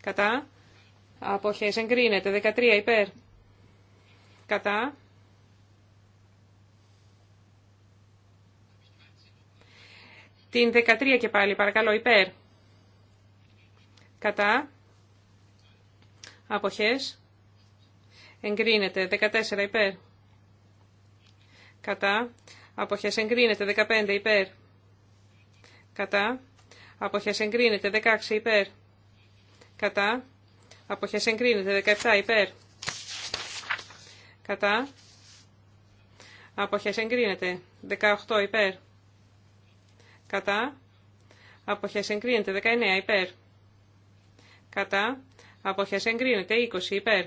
Κατά. Αποχές εγκρίνεται. 13 υπέρ. Κατά. Την 13 και πάλι παρακαλώ υπέρ. Κατά. Αποχές εγκρίνεται. 14 υπέρ. Κατά. Αποχές εγκρίνεται. 15 υπέρ. Κατά. Αποχές εγκρίνεται. 16 υπέρ. Κατά. Αποχές εγκρίνεται. 17 υπέρ. Κατά. Αποχές εγκρίνεται. 18 υπέρ. Κατά. Αποχές εγκρίνεται. 19 υπέρ. Κατά. Αποχές εγκρίνεται. 20 υπέρ.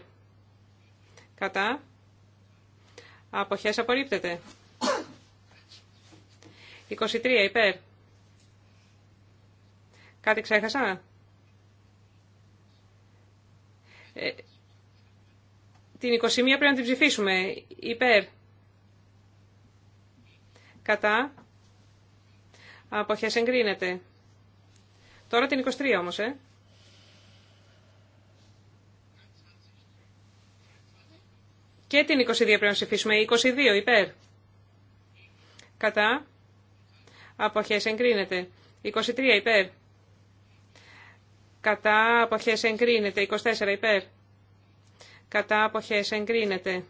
Κατά. Αποχές απορρίπτεται. 23 υπέρ. Κάτι ξέχασα. Ε, την 21 πρέπει να την ψηφίσουμε. Υπέρ. Κατά. Αποχές εγκρίνεται. Τώρα την 23 όμως, ε. Και την 22 πρέπει να ψηφίσουμε. 22 υπέρ. Κατά. Αποχές εγκρίνεται. 23 υπέρ. Κατά αποχές εγκρίνεται. 24 υπέρ. Κατά αποχές εγκρίνεται.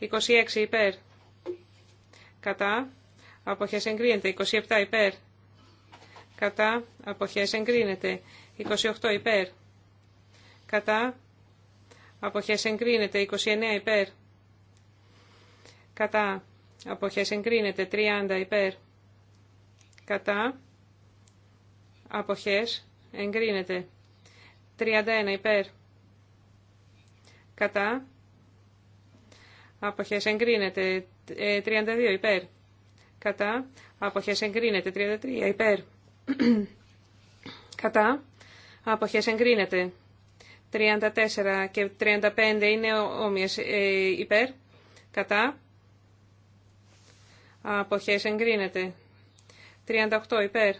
26 υπέρ. Κατά αποχές εγκρίνεται. 27 υπέρ. Κατά αποχές εγκρίνεται. 28 υπέρ. Κατά Αποχές εγκρίνεται 29 υπέρ. Κατά. Αποχές εγκρίνεται 30 υπέρ. Κατά. Αποχές εγκρίνεται 31 υπέρ. Κατά. Αποχές εγκρίνεται 32 ε, υπέρ. Κατά. Αποχές εγκρίνεται 33 υπέρ. Κατά. Αποχές εγκρίνεται 34 και 35 είναι όμοιες ε, υπέρ, κατά, αποχές εγκρίνεται. 38 υπέρ.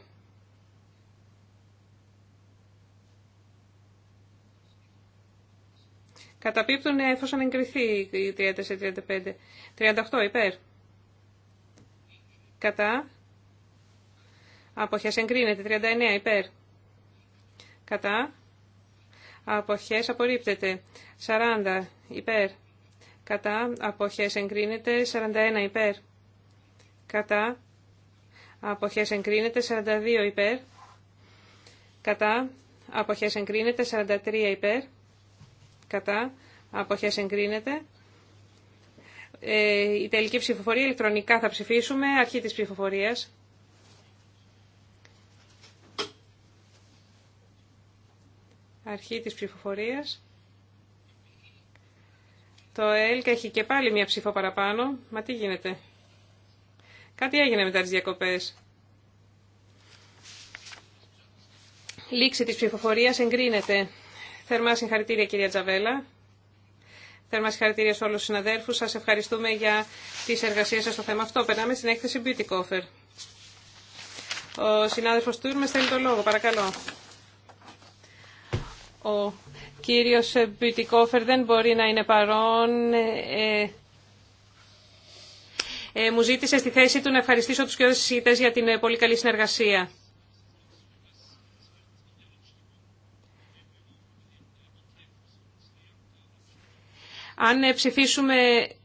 Καταπίπτουν εφόσον εγκριθεί η 34-35. 38 υπέρ. Κατά. Αποχές εγκρίνεται. 39 υπέρ. Κατά αποχές απορρίπτεται. 40 υπέρ. Κατά αποχές εγκρίνεται. 41 υπέρ. Κατά αποχές εγκρίνεται. 42 υπέρ. Κατά αποχές εγκρίνεται. 43 υπέρ. Κατά αποχές εγκρίνεται. Ε, η τελική ψηφοφορία ηλεκτρονικά θα ψηφίσουμε. Αρχή της ψηφοφορίας. Αρχή της ψηφοφορίας. Το ΕΛΚ έχει και πάλι μια ψήφο παραπάνω. Μα τι γίνεται. Κάτι έγινε μετά τις διακοπές. Λήξη της ψηφοφορίας εγκρίνεται. Θερμά συγχαρητήρια κυρία Τζαβέλα. Θερμά συγχαρητήρια σε όλους τους συναδέρφους. Σας ευχαριστούμε για τις εργασίες σας στο θέμα αυτό. Περνάμε στην έκθεση Beauty Coffer. Ο συνάδελφος Τούρμες θέλει το λόγο. Παρακαλώ. Ο κύριος Μπιτικόφερ δεν μπορεί να είναι παρόν. Ε, ε, ε μου ζήτησε στη θέση του να ευχαριστήσω τους κύριους συζητές για την ε, πολύ καλή συνεργασία. Αν ψηφίσουμε,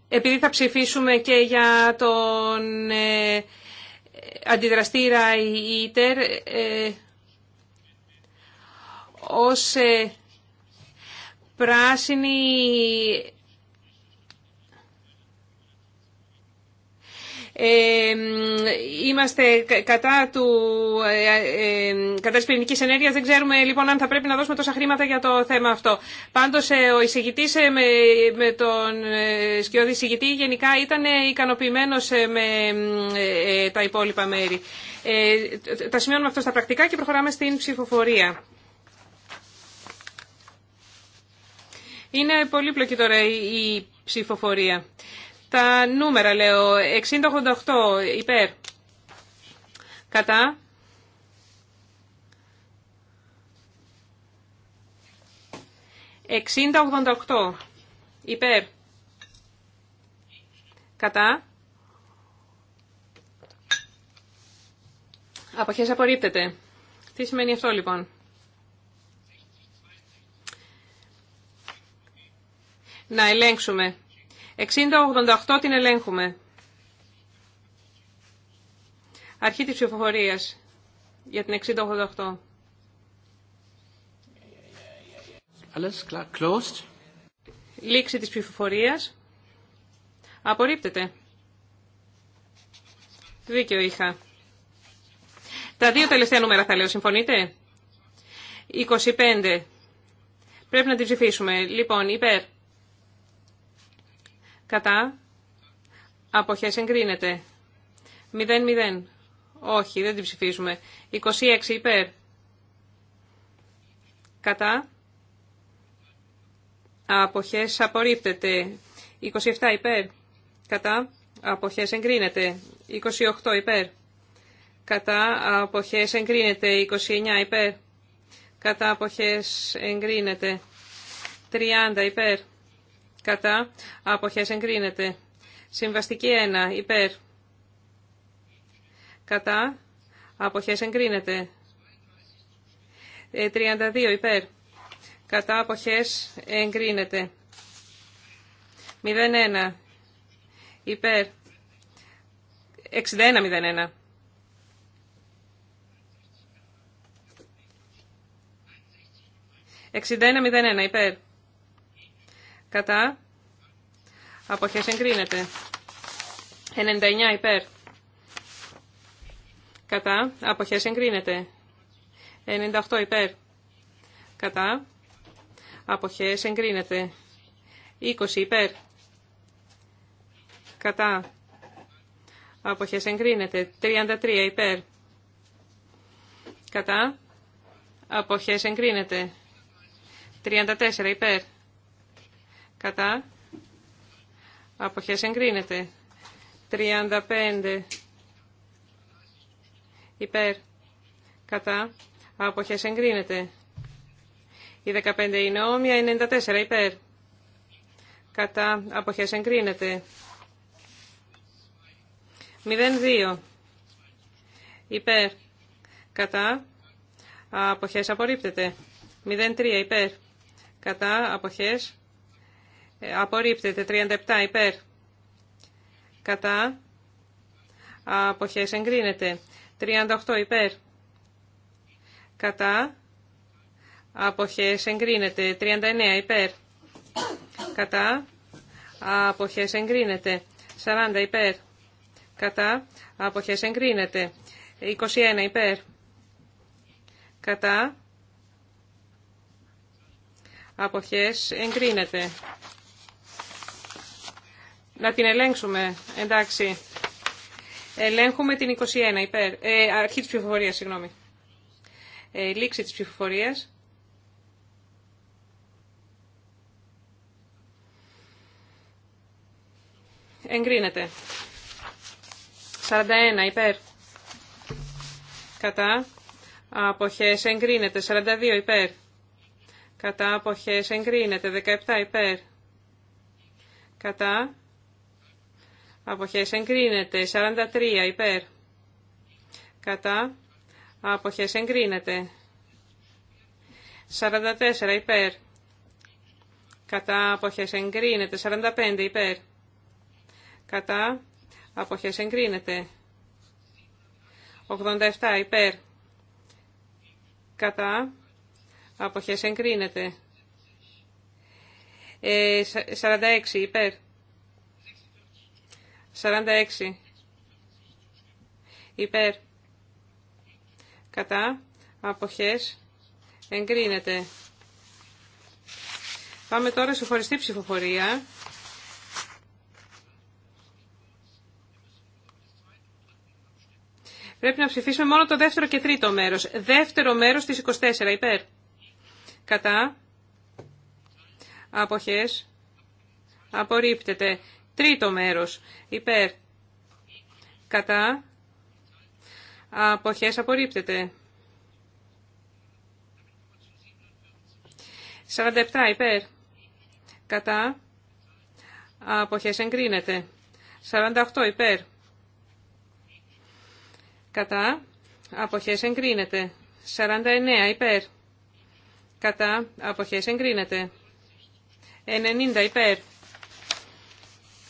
επειδή θα ψηφίσουμε και για τον ε, αντιδραστήρα ΙΤΕΡ, ως ε, πράσινη ε, είμαστε κατά, του, ε, κατά της πυρηνικής ενέργειας. Δεν ξέρουμε λοιπόν αν θα πρέπει να δώσουμε τόσα χρήματα για το θέμα αυτό. Πάντως ο εισηγητής με, με τον σκιώδη εισηγητή γενικά ήταν ικανοποιημένος με τα υπόλοιπα μέρη. τα σημειώνουμε αυτό στα πρακτικά και προχωράμε στην ψηφοφορία. Είναι πλοκή τώρα η ψηφοφορία. Τα νούμερα λέω. υπέρ. Κατά. 6088 υπέρ κατά αποχές απορρίπτεται. Τι σημαίνει αυτό λοιπόν. Να ελέγξουμε. 60-88 την ελέγχουμε. Αρχή της ψηφοφορίας για την 60 Λήξη της ψηφοφορίας. Απορρίπτεται. Δίκιο είχα. Τα δύο τελευταία νούμερα θα λέω, συμφωνείτε. 25. Πρέπει να την ψηφίσουμε. Λοιπόν, υπέρ κατα Αποχέ Αποχές εγκρίνεται. 0-0. Όχι, δεν την ψηφίζουμε. 26 υπέρ. Κατά. Αποχές απορρίπτεται. 27 υπέρ. Κατά. απόχέ εγκρίνεται. 28 υπέρ. Κατά. απόχέ εγκρίνεται. 29 υπέρ. Κατά. απόχέ εγκρίνεται. 30 υπέρ κατά, αποχές εγκρίνεται. Συμβαστική 1, υπέρ, κατά, αποχές εγκρίνεται. 32, ε, υπέρ, κατά, αποχές εγκρίνεται. 01, υπέρ, 61, 01. μηδέν ένα υπέρ. Κατά. Αποχές εγκρίνεται. 99 υπέρ. Κατά. Αποχές εγκρίνεται. 98 υπέρ. Κατά. Αποχέ εγκρίνεται. 20 υπέρ. Κατά. Αποχές εγκρίνεται. 33 υπέρ. Κατά. Αποχές εγκρίνεται. 34 υπέρ κατά αποχές εγκρίνεται 35 υπέρ κατά αποχές εγκρίνεται η 15 είναι όμοια 94 υπέρ κατά αποχές εγκρίνεται 02 υπέρ κατά αποχές απορρίπτεται 03 υπέρ κατά αποχές ε, απορρίπτεται. 37 υπέρ. Κατά. Αποχές εγκρίνεται. 38 υπέρ. Κατά. Αποχές εγκρίνεται. 39 υπέρ. Κατά. Αποχές εγκρίνεται. 40 υπέρ. Κατά. Αποχές εγκρίνεται. 21 υπέρ. Κατά. Αποχές εγκρίνεται. Να την ελέγξουμε. Εντάξει. Ελέγχουμε την 21. Υπέρ. Ε, αρχή της ψηφοφορίας, συγγνώμη. Ε, λήξη της ψηφοφορίας. Εγκρίνεται. 41. Υπέρ. Κατά. Αποχές εγκρίνεται. 42. Υπέρ. Κατά. Αποχές εγκρίνεται. 17. Υπέρ. Κατά. Αποχές εγκρίνεται. 43 υπέρ. Κατά. Αποχές εγκρίνεται. 44 υπέρ. Κατά. Αποχές εγκρίνεται. 45 υπέρ. Κατά. Αποχές εγκρίνεται. 87 υπέρ. Κατά. Αποχές εγκρίνεται. 46 ε, υπέρ. 46 υπέρ κατά αποχές εγκρίνεται. Πάμε τώρα σε χωριστή ψηφοφορία. Πρέπει να ψηφίσουμε μόνο το δεύτερο και τρίτο μέρος. Δεύτερο μέρος της 24, υπέρ. Κατά. Αποχές. Απορρίπτεται. Τρίτο μέρος. Υπέρ. Κατά. Αποχές απορρίπτεται. 47 υπέρ. Κατά. Αποχές εγκρίνεται. 48 υπέρ. Κατά. Αποχές εγκρίνεται. 49 υπέρ. Κατά. Αποχές εγκρίνεται. 90 υπέρ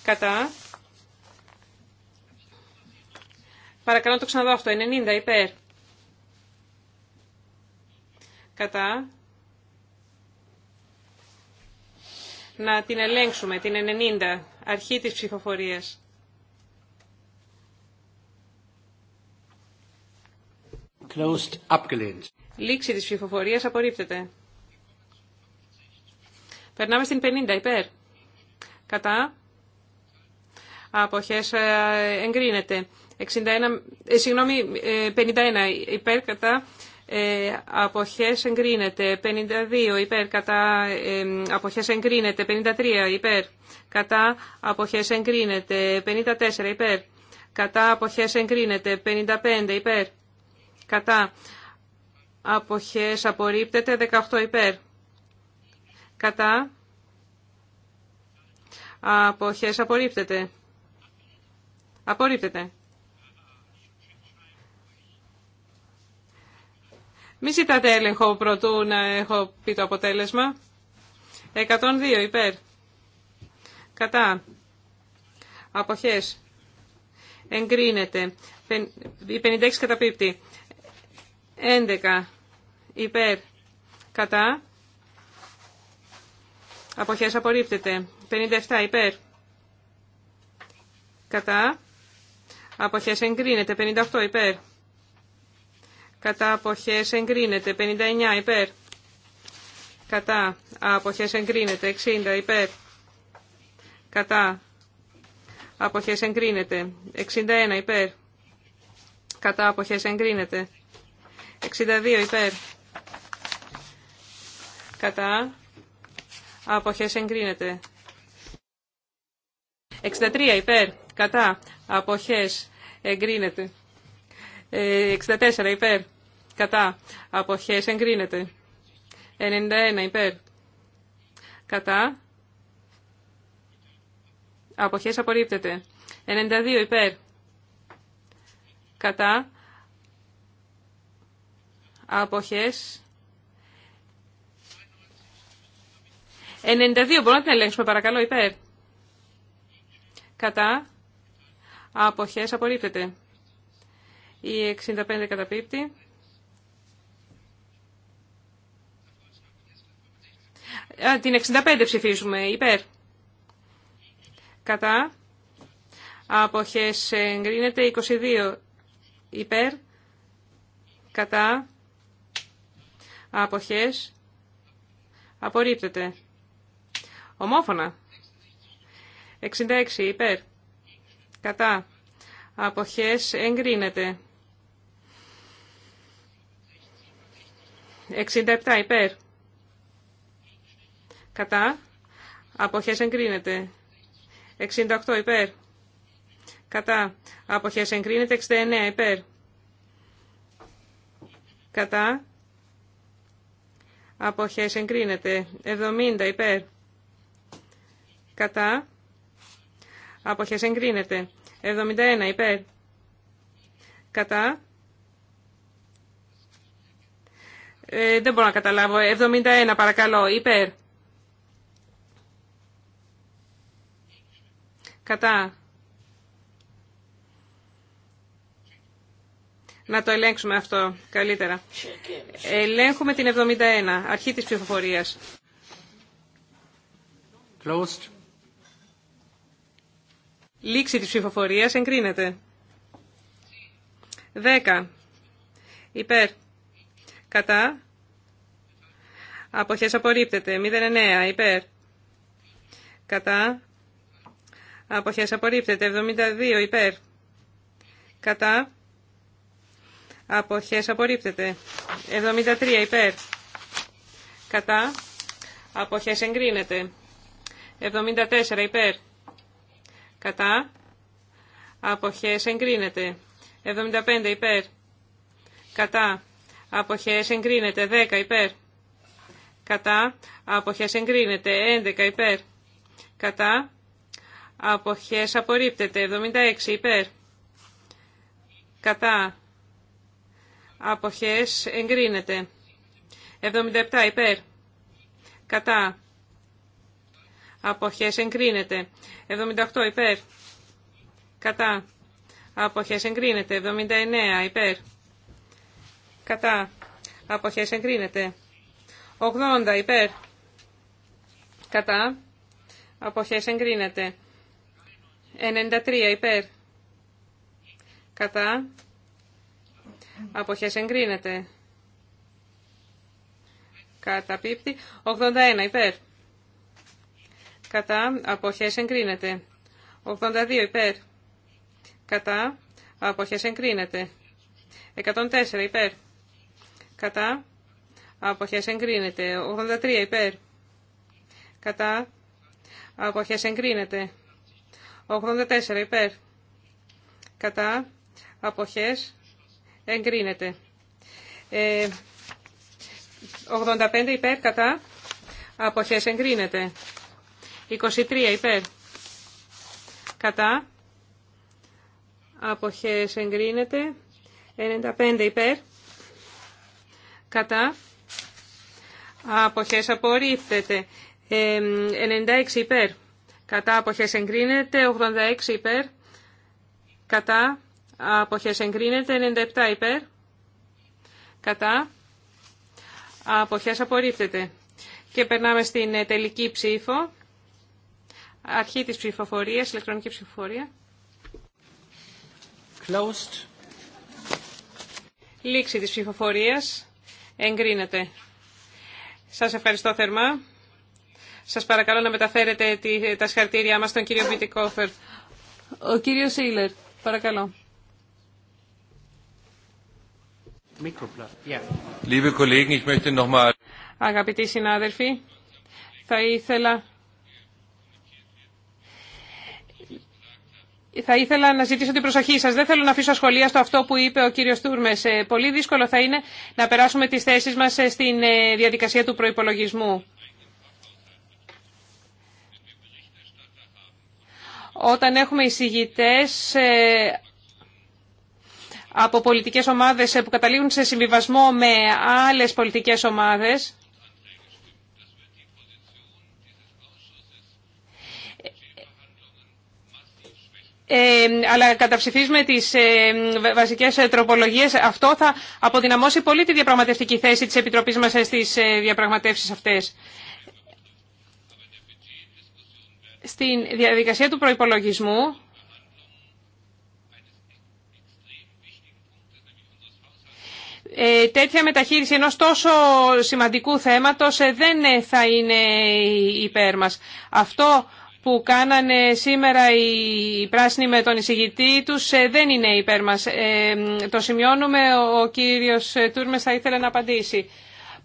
κατά. Παρακαλώ το ξαναδώ αυτό, 90 υπέρ. Κατά. Να την ελέγξουμε, την 90, αρχή της ψηφοφορίας. Closed, abgelehnt. Λήξη της ψηφοφορίας απορρίπτεται. Περνάμε στην 50, υπέρ. Κατά αποχές εγκρίνεται. 61, συγγνώμη, 51 υπέρκατα κατά ε, αποχές εγκρίνεται. 52 υπέρ κατά αποχές εγκρίνεται. 53 υπέρ κατά αποχές εγκρίνεται. 54 υπέρ κατά αποχές εγκρίνεται. 55 υπέρ κατά αποχές απορρίπτεται. 18 υπέρ κατά αποχές απορρίπτεται. Απορρίπτεται. Μη ζητάτε έλεγχο προτού να έχω πει το αποτέλεσμα. 102 υπέρ. Κατά. Αποχές. Εγκρίνεται. Η 56 καταπίπτει. 11 υπέρ. Κατά. Αποχές απορρίπτεται. 57 υπέρ. Κατά. Αποχές εγκρίνεται 58 υπέρ. Κατά αποχές εγκρίνεται 59 υπέρ. Κατά αποχές εγκρίνεται 60 υπέρ. Κατά αποχές εγκρίνεται 61 υπέρ. Κατά αποχές εγκρίνεται 62 υπέρ. Κατά αποχές εγκρίνεται 63 υπέρ κατά, αποχές, εγκρίνεται. 64 ε, υπέρ, κατά, αποχές, εγκρίνεται. 91 υπέρ, κατά, αποχές, απορρίπτεται. 92 υπέρ, κατά, αποχές, 92, μπορούμε να την ελέγξουμε παρακαλώ, υπέρ. Κατά. Αποχές απορρίπτεται. Η 65 καταπίπτει. την 65 ψηφίζουμε. Υπέρ. Κατά. Αποχές εγκρίνεται. 22 υπέρ. Κατά. Αποχές. Απορρίπτεται. Ομόφωνα. 66 υπέρ. Κατά. Αποχές εγκρίνεται. 67 υπέρ. Κατά. Αποχές εγκρίνεται. 68 υπέρ. Κατά. Αποχές εγκρίνεται. 69 υπέρ. Κατά. Αποχές εγκρίνεται. 70 υπέρ. Κατά. Αποχές εγκρίνεται. 71 υπέρ. Κατά. Ε, δεν μπορώ να καταλάβω. 71 παρακαλώ. Υπέρ. Κατά. Να το ελέγξουμε αυτό καλύτερα. Ελέγχουμε την 71. Αρχή της ψηφοφορίας. Closed. Λήξη της ψηφοφορίας εγκρίνεται. 10. Υπέρ. Κατά. Αποχές απορρίπτεται. 09. Υπέρ. Κατά. Αποχές απορρίπτεται. 72. Υπέρ. Κατά. Αποχές απορρίπτεται. 73. Υπέρ. Κατά. Αποχές εγκρίνεται. 74. Υπέρ κατά, αποχές εγκρίνεται. 75 υπέρ, κατά, αποχές εγκρίνεται. 10 υπέρ, κατά, αποχές εγκρίνεται. 11 υπέρ, κατά, αποχές απορρίπτεται. 76 υπέρ, κατά, αποχές εγκρίνεται. 77 υπέρ, κατά, Αποχές εγκρίνεται. 78 υπέρ. Κατά. Αποχές εγκρίνεται. 79 υπέρ. Κατά. Αποχές εγκρίνεται. 80 υπέρ. Κατά. Αποχές εγκρίνεται. 93 υπέρ. Κατά. Αποχές εγκρίνεται. Καταπίπτει. 81 υπέρ κατά αποχές εγκρίνεται. 82 υπέρ κατά αποχές εγκρίνεται. 104 υπέρ κατά αποχές εγκρίνεται. 83 υπέρ κατά αποχές εγκρίνεται. 84 υπέρ κατά αποχές εγκρίνεται. 85 ε, υπέρ κατά αποχές εγκρίνεται. 23 υπέρ. Κατά. Αποχές εγκρίνεται. 95 υπέρ. Κατά. Αποχές απορρίπτεται. 96 υπέρ. Κατά αποχές εγκρίνεται. 86 υπέρ. Κατά αποχές εγκρίνεται. 97 υπέρ. Κατά αποχές απορρίπτεται. Και περνάμε στην ε, τελική ψήφο. Αρχή της ψηφοφορίας, ηλεκτρονική ψηφοφορία. Closed. Λήξη της ψηφοφορίας. Εγκρίνεται. Σας ευχαριστώ θερμά. Σας παρακαλώ να μεταφέρετε τα συγχαρητήριά μας στον κύριο Μπιτικόφερ. Ο κύριος Σίλερ, παρακαλώ. Αγαπητοί συνάδελφοι, θα ήθελα θα ήθελα να ζητήσω την προσοχή σας. Δεν θέλω να αφήσω ασχολία στο αυτό που είπε ο κύριος Τούρμες. Ε, πολύ δύσκολο θα είναι να περάσουμε τις θέσεις μας ε, στην ε, διαδικασία του προπολογισμού. Όταν έχουμε εισηγητές από πολιτικές ομάδες που καταλήγουν σε συμβιβασμό με άλλες πολιτικές ομάδες, Ε, αλλά καταψηφίζουμε τις ε, βασικές ε, τροπολογίε. Αυτό θα αποδυναμώσει πολύ τη διαπραγματευτική θέση της Επιτροπής μας στις διαπραγματεύσεις αυτές. Στην διαδικασία του προϋπολογισμού τέτοια μεταχείριση ενός τόσο σημαντικού θέματος δεν θα είναι υπέρ μας. Αυτό που κάνανε σήμερα οι πράσινοι με τον εισηγητή τους ε, δεν είναι υπέρ μας. Ε, το σημειώνουμε, ο κύριος Τούρμες θα ήθελε να απαντήσει.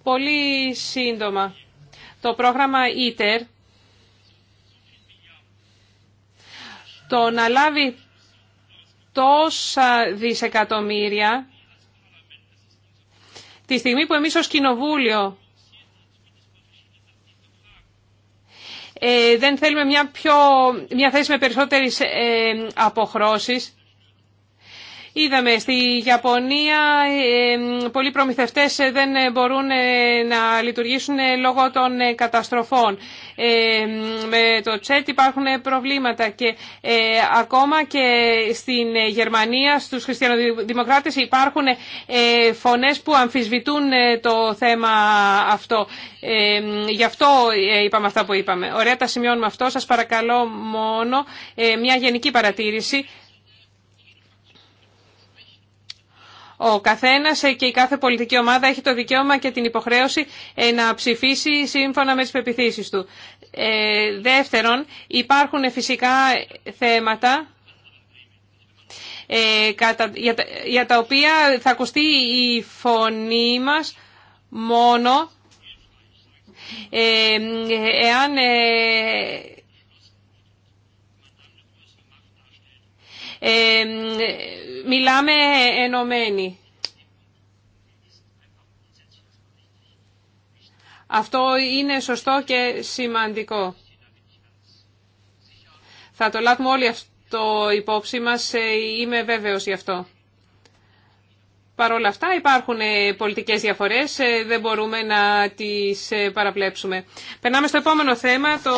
Πολύ σύντομα. Το πρόγραμμα ITER, το να λάβει τόσα δισεκατομμύρια, τη στιγμή που εμείς ως Κοινοβούλιο Ε, δεν θέλουμε μια, πιο, μια θέση με περισσότερες ε, αποχρώσεις. Είδαμε στη Ιαπωνία πολλοί προμηθευτές ε, δεν ε, μπορούν ε, να λειτουργήσουν λόγω των καταστροφών. Με το τσέτ υπάρχουν προβλήματα και ακόμα και στην Γερμανία στους χριστιανοδημοκράτες υπάρχουν φωνές που αμφισβητούν το θέμα αυτό. Γι' αυτό είπαμε αυτά που είπαμε. Ωραία, τα σημειώνουμε αυτό. Σας παρακαλώ μόνο μια γενική παρατήρηση. Ο καθένας ε, και η κάθε πολιτική ομάδα έχει το δικαίωμα και την υποχρέωση ε, να ψηφίσει σύμφωνα με τις πεπιθήσεις του. Ε, δεύτερον, υπάρχουν φυσικά θέματα για τα οποία θα ακουστεί η φωνή μας μόνο εάν Ε, μιλάμε ενωμένοι. Αυτό είναι σωστό και σημαντικό. Θα το λάβουμε όλοι αυτό υπόψη μας, ε, είμαι βέβαιος γι' αυτό. Παρ' όλα αυτά υπάρχουν ε, πολιτικές διαφορές, ε, δεν μπορούμε να τις ε, παραπλέψουμε. Περνάμε στο επόμενο θέμα, το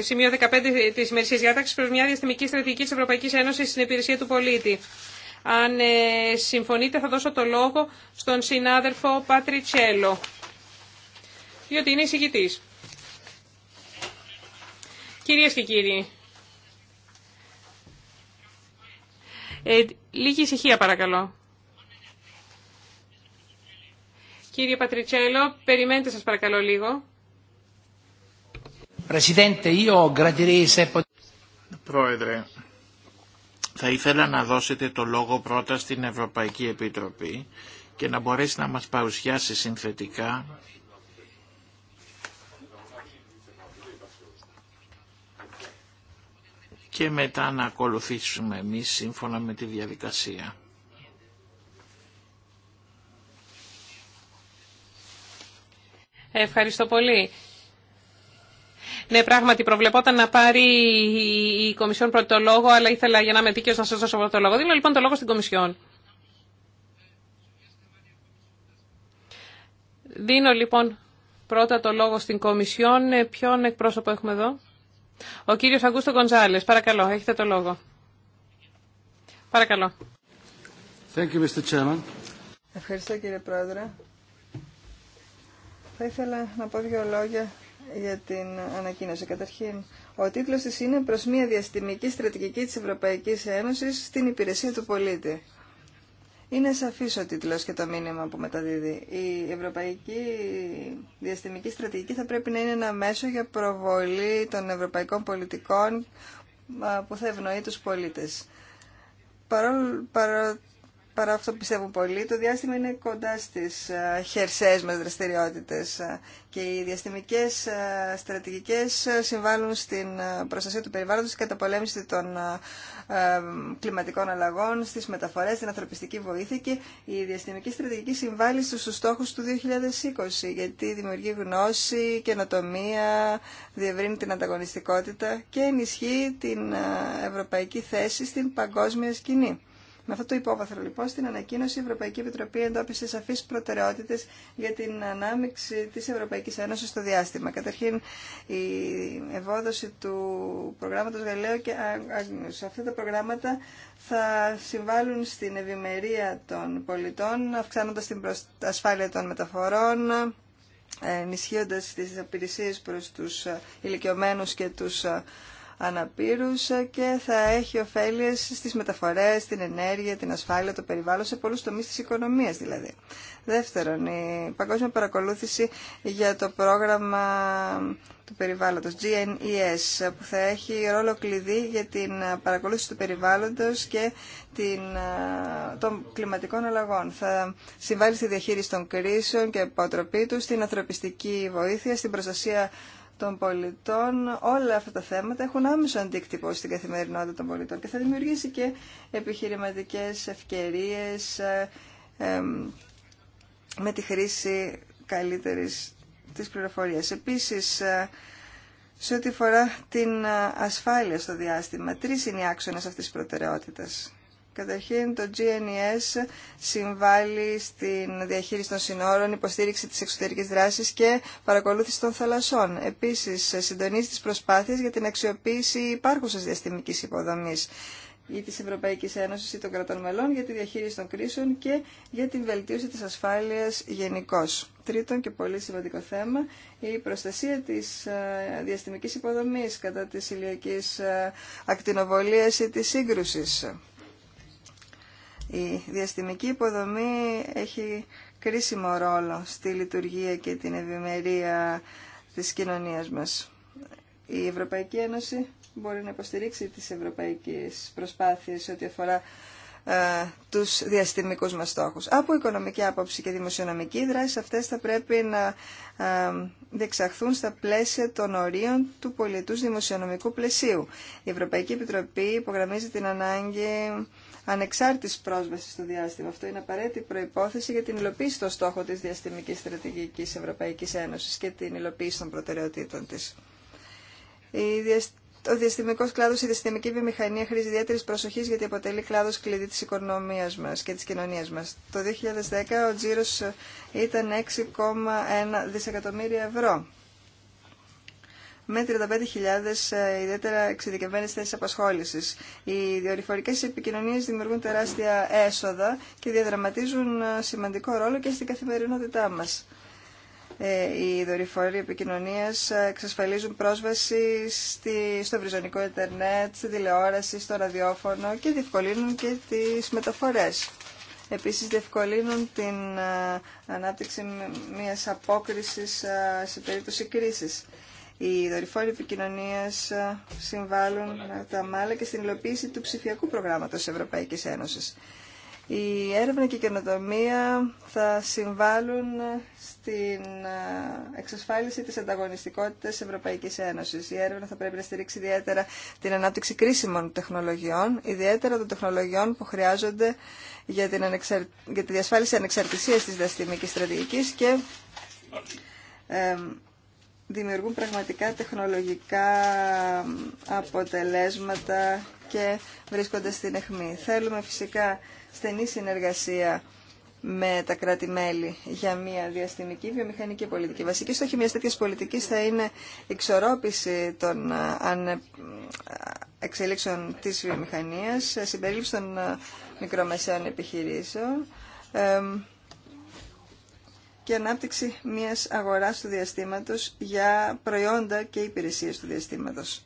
σημείο 15 της ημερησίας διάταξης προς μια διαστημική στρατηγική της Ευρωπαϊκής Ένωσης στην υπηρεσία του πολίτη. Αν συμφωνείτε θα δώσω το λόγο στον συνάδελφο Πατριτσέλο, διότι είναι εισηγητής. Κυρίες και κύριοι, λίγη ησυχία παρακαλώ. Κύριε Πατριτσέλο, περιμένετε σας παρακαλώ λίγο. Πρόεδρε, θα ήθελα να δώσετε το λόγο πρώτα στην Ευρωπαϊκή Επιτροπή και να μπορέσει να μας παρουσιάσει συνθετικά και μετά να ακολουθήσουμε εμείς σύμφωνα με τη διαδικασία. Ευχαριστώ πολύ. Ναι, πράγματι, προβλεπόταν να πάρει η Κομισιόν πρώτο λόγο, αλλά ήθελα για να είμαι δίκαιο να σα δώσω πρώτο λόγο. Δίνω λοιπόν το λόγο στην Κομισιόν. Δίνω λοιπόν πρώτα το λόγο στην Κομισιόν. Ε, ποιον εκπρόσωπο έχουμε εδώ. Ο κύριο Αγκούστο Γκοντζάλε. Παρακαλώ, έχετε το λόγο. Παρακαλώ. Ευχαριστώ κύριε Πρόεδρε. Θα ήθελα να πω δύο λόγια για την ανακοίνωση. Καταρχήν, ο τίτλος της είναι «Προς μια διαστημική στρατηγική της Ευρωπαϊκής Ένωσης στην υπηρεσία του πολίτη». Είναι σαφής ο τίτλος και το μήνυμα που μεταδίδει. Η Ευρωπαϊκή Διαστημική Στρατηγική θα πρέπει να είναι ένα μέσο για προβολή των ευρωπαϊκών πολιτικών που θα ευνοεί τους πολίτες παρά αυτό που πιστεύουν πολλοί, το διάστημα είναι κοντά στις ε, χερσαίες μας δραστηριότητες ε, και οι διαστημικές ε, στρατηγικές συμβάλλουν στην προστασία του περιβάλλοντος, στην καταπολέμηση των κλιματικών αλλαγών, στις μεταφορές, στην ανθρωπιστική βοήθεια και η διαστημική στρατηγική συμβάλλει στους στόχους του 2020 γιατί δημιουργεί γνώση, καινοτομία, διευρύνει την ανταγωνιστικότητα και ενισχύει την ευρωπαϊκή θέση στην παγκόσμια σκηνή. Με αυτό το υπόβαθρο λοιπόν στην ανακοίνωση η Ευρωπαϊκή Επιτροπή εντόπισε σαφεί προτεραιότητες για την ανάμειξη τη Ευρωπαϊκή Ένωση στο διάστημα. Καταρχήν η ευόδοση του προγράμματο Γαλλέο και σε αυτά τα προγράμματα θα συμβάλλουν στην ευημερία των πολιτών αυξάνοντα την ασφάλεια των μεταφορών, ενισχύοντα τι υπηρεσίε προ του ε, ηλικιωμένου και του. Ε, αναπήρουσα και θα έχει ωφέλειε στις μεταφορές, την ενέργεια, την ασφάλεια, το περιβάλλον, σε πολλού τομεί τη οικονομίας δηλαδή. Δεύτερον, η παγκόσμια παρακολούθηση για το πρόγραμμα του περιβάλλοντος, GNES, που θα έχει ρόλο κλειδί για την παρακολούθηση του περιβάλλοντος και την, των κλιματικών αλλαγών. Θα συμβάλλει στη διαχείριση των κρίσεων και υποτροπή του, στην ανθρωπιστική βοήθεια, στην προστασία των πολιτών, όλα αυτά τα θέματα έχουν άμεσο αντίκτυπο στην καθημερινότητα των πολιτών και θα δημιουργήσει και επιχειρηματικές ευκαιρίες ε, με τη χρήση καλύτερης της πληροφορίας. Επίσης, ε, σε ό,τι φορά την ε, ασφάλεια στο διάστημα, τρεις είναι οι άξονες αυτής της προτεραιότητας. Καταρχήν το GNES συμβάλλει στην διαχείριση των συνόρων, υποστήριξη της εξωτερικής δράσης και παρακολούθηση των θαλασσών. Επίσης συντονίζει τις προσπάθειες για την αξιοποίηση υπάρχουσας διαστημικής υποδομής ή της Ευρωπαϊκής Ένωσης ή των κρατών μελών για τη διαχείριση των κρίσεων και για την βελτίωση της ασφάλειας γενικώ. Τρίτον και πολύ σημαντικό θέμα, η προστασία της ε, διαστημικής υποδομής κατά της ηλιακής ε, ακτινοβολίας ή της σύγκρουσης. Η διαστημική υποδομή έχει κρίσιμο ρόλο στη λειτουργία και την ευημερία της κοινωνίας μας. Η Ευρωπαϊκή Ένωση μπορεί να υποστηρίξει τις ευρωπαϊκές προσπάθειες ό,τι αφορά ε, τους διαστημικούς μας στόχους. Από οικονομική άποψη και δημοσιονομική δράση αυτές θα πρέπει να ε, διεξαχθούν στα πλαίσια των ορίων του πολιτούς δημοσιονομικού πλαισίου. Η Ευρωπαϊκή Επιτροπή υπογραμμίζει την ανάγκη ανεξάρτητη πρόσβαση στο διάστημα. Αυτό είναι απαραίτητη προϋπόθεση για την υλοποίηση των στόχων τη Διαστημική Στρατηγική Ευρωπαϊκή Ένωση και την υλοποίηση των προτεραιοτήτων τη. Ο διαστημικό κλάδο, η διαστημική βιομηχανία χρήζει ιδιαίτερη προσοχή γιατί αποτελεί κλάδο κλειδί τη οικονομία μα και τη κοινωνία μα. Το 2010 ο τζίρο ήταν 6,1 δισεκατομμύρια ευρώ με 35.000 ε, ιδιαίτερα εξειδικευμένε θέσει απασχόληση. Οι διορυφορικέ επικοινωνίε δημιουργούν τεράστια έσοδα και διαδραματίζουν ε, σημαντικό ρόλο και στην καθημερινότητά μας. Ε, οι δορυφόροι επικοινωνία εξασφαλίζουν πρόσβαση στο βριζονικό ίντερνετ, στη τηλεόραση, στο ραδιόφωνο και διευκολύνουν και τι μεταφορέ. Επίσης διευκολύνουν την ανάπτυξη μιας απόκριση σε περίπτωση κρίση. Οι δορυφόροι επικοινωνία ε, συμβάλλουν ε, τα μάλα και στην υλοποίηση του ψηφιακού προγράμματο Ευρωπαϊκή Ένωση. Η έρευνα και η καινοτομία θα συμβάλλουν ε, στην εξασφάλιση της ανταγωνιστικότητας Ευρωπαϊκής Ένωσης. Η έρευνα θα πρέπει να στηρίξει ιδιαίτερα την ανάπτυξη κρίσιμων τεχνολογιών, ιδιαίτερα των τεχνολογιών που χρειάζονται για, την ανεξαρ... για τη διασφάλιση ανεξαρτησίας της δαστημικής στρατηγικής και δημιουργούν πραγματικά τεχνολογικά αποτελέσματα και βρίσκονται στην αιχμή. Θέλουμε φυσικά στενή συνεργασία με τα κράτη-μέλη για μια διαστημική βιομηχανική πολιτική. Βασική στόχη μια τέτοια πολιτική θα είναι εξορρόπηση των εξελίξεων τη βιομηχανία, συμπερίληψη των μικρομεσαίων επιχειρήσεων, και ανάπτυξη μιας αγοράς του διαστήματος για προϊόντα και υπηρεσίες του διαστήματος.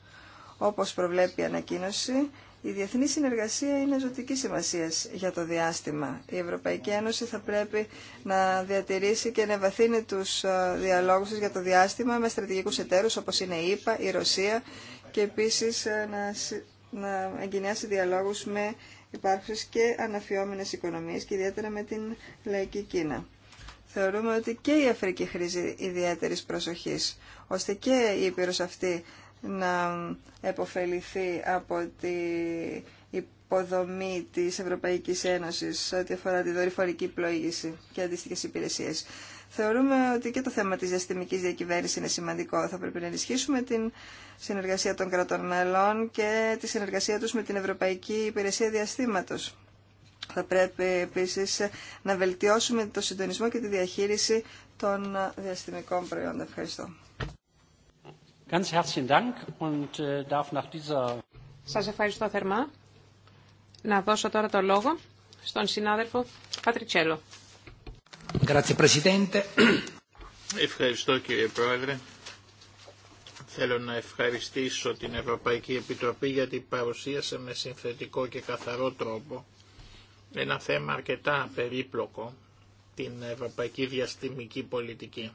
Όπως προβλέπει η ανακοίνωση, η διεθνή συνεργασία είναι ζωτική σημασία για το διάστημα. Η Ευρωπαϊκή Ένωση θα πρέπει να διατηρήσει και να ευαθύνει του ε, διαλόγου για το διάστημα με στρατηγικού εταίρου όπω είναι η ΕΠΑ, η Ρωσία και επίση ε, να, να εγκαινιάσει διαλόγου με υπάρχουσε και αναφιόμενε οικονομίε και ιδιαίτερα με την λαϊκή Κίνα θεωρούμε ότι και η Αφρική χρήζει ιδιαίτερης προσοχής, ώστε και η ήπειρο αυτή να επωφεληθεί από τη υποδομή της Ευρωπαϊκής Ένωσης ό,τι αφορά τη δορυφορική πλοήγηση και αντίστοιχε υπηρεσίες. Θεωρούμε ότι και το θέμα της διαστημικής διακυβέρνησης είναι σημαντικό. Θα πρέπει να ενισχύσουμε την συνεργασία των κρατών μελών και τη συνεργασία τους με την Ευρωπαϊκή Υπηρεσία Διαστήματος θα πρέπει επίσης να βελτιώσουμε το συντονισμό και τη διαχείριση των διαστημικών προϊόντων. Ευχαριστώ. Äh, Σας ευχαριστώ θερμά. Να δώσω τώρα το λόγο στον συνάδελφο Πατριτσέλο. Ευχαριστώ κύριε Πρόεδρε. Θέλω να ευχαριστήσω την Ευρωπαϊκή Επιτροπή γιατί παρουσίασε με συνθετικό και καθαρό τρόπο ένα θέμα αρκετά περίπλοκο, την ευρωπαϊκή διαστημική πολιτική.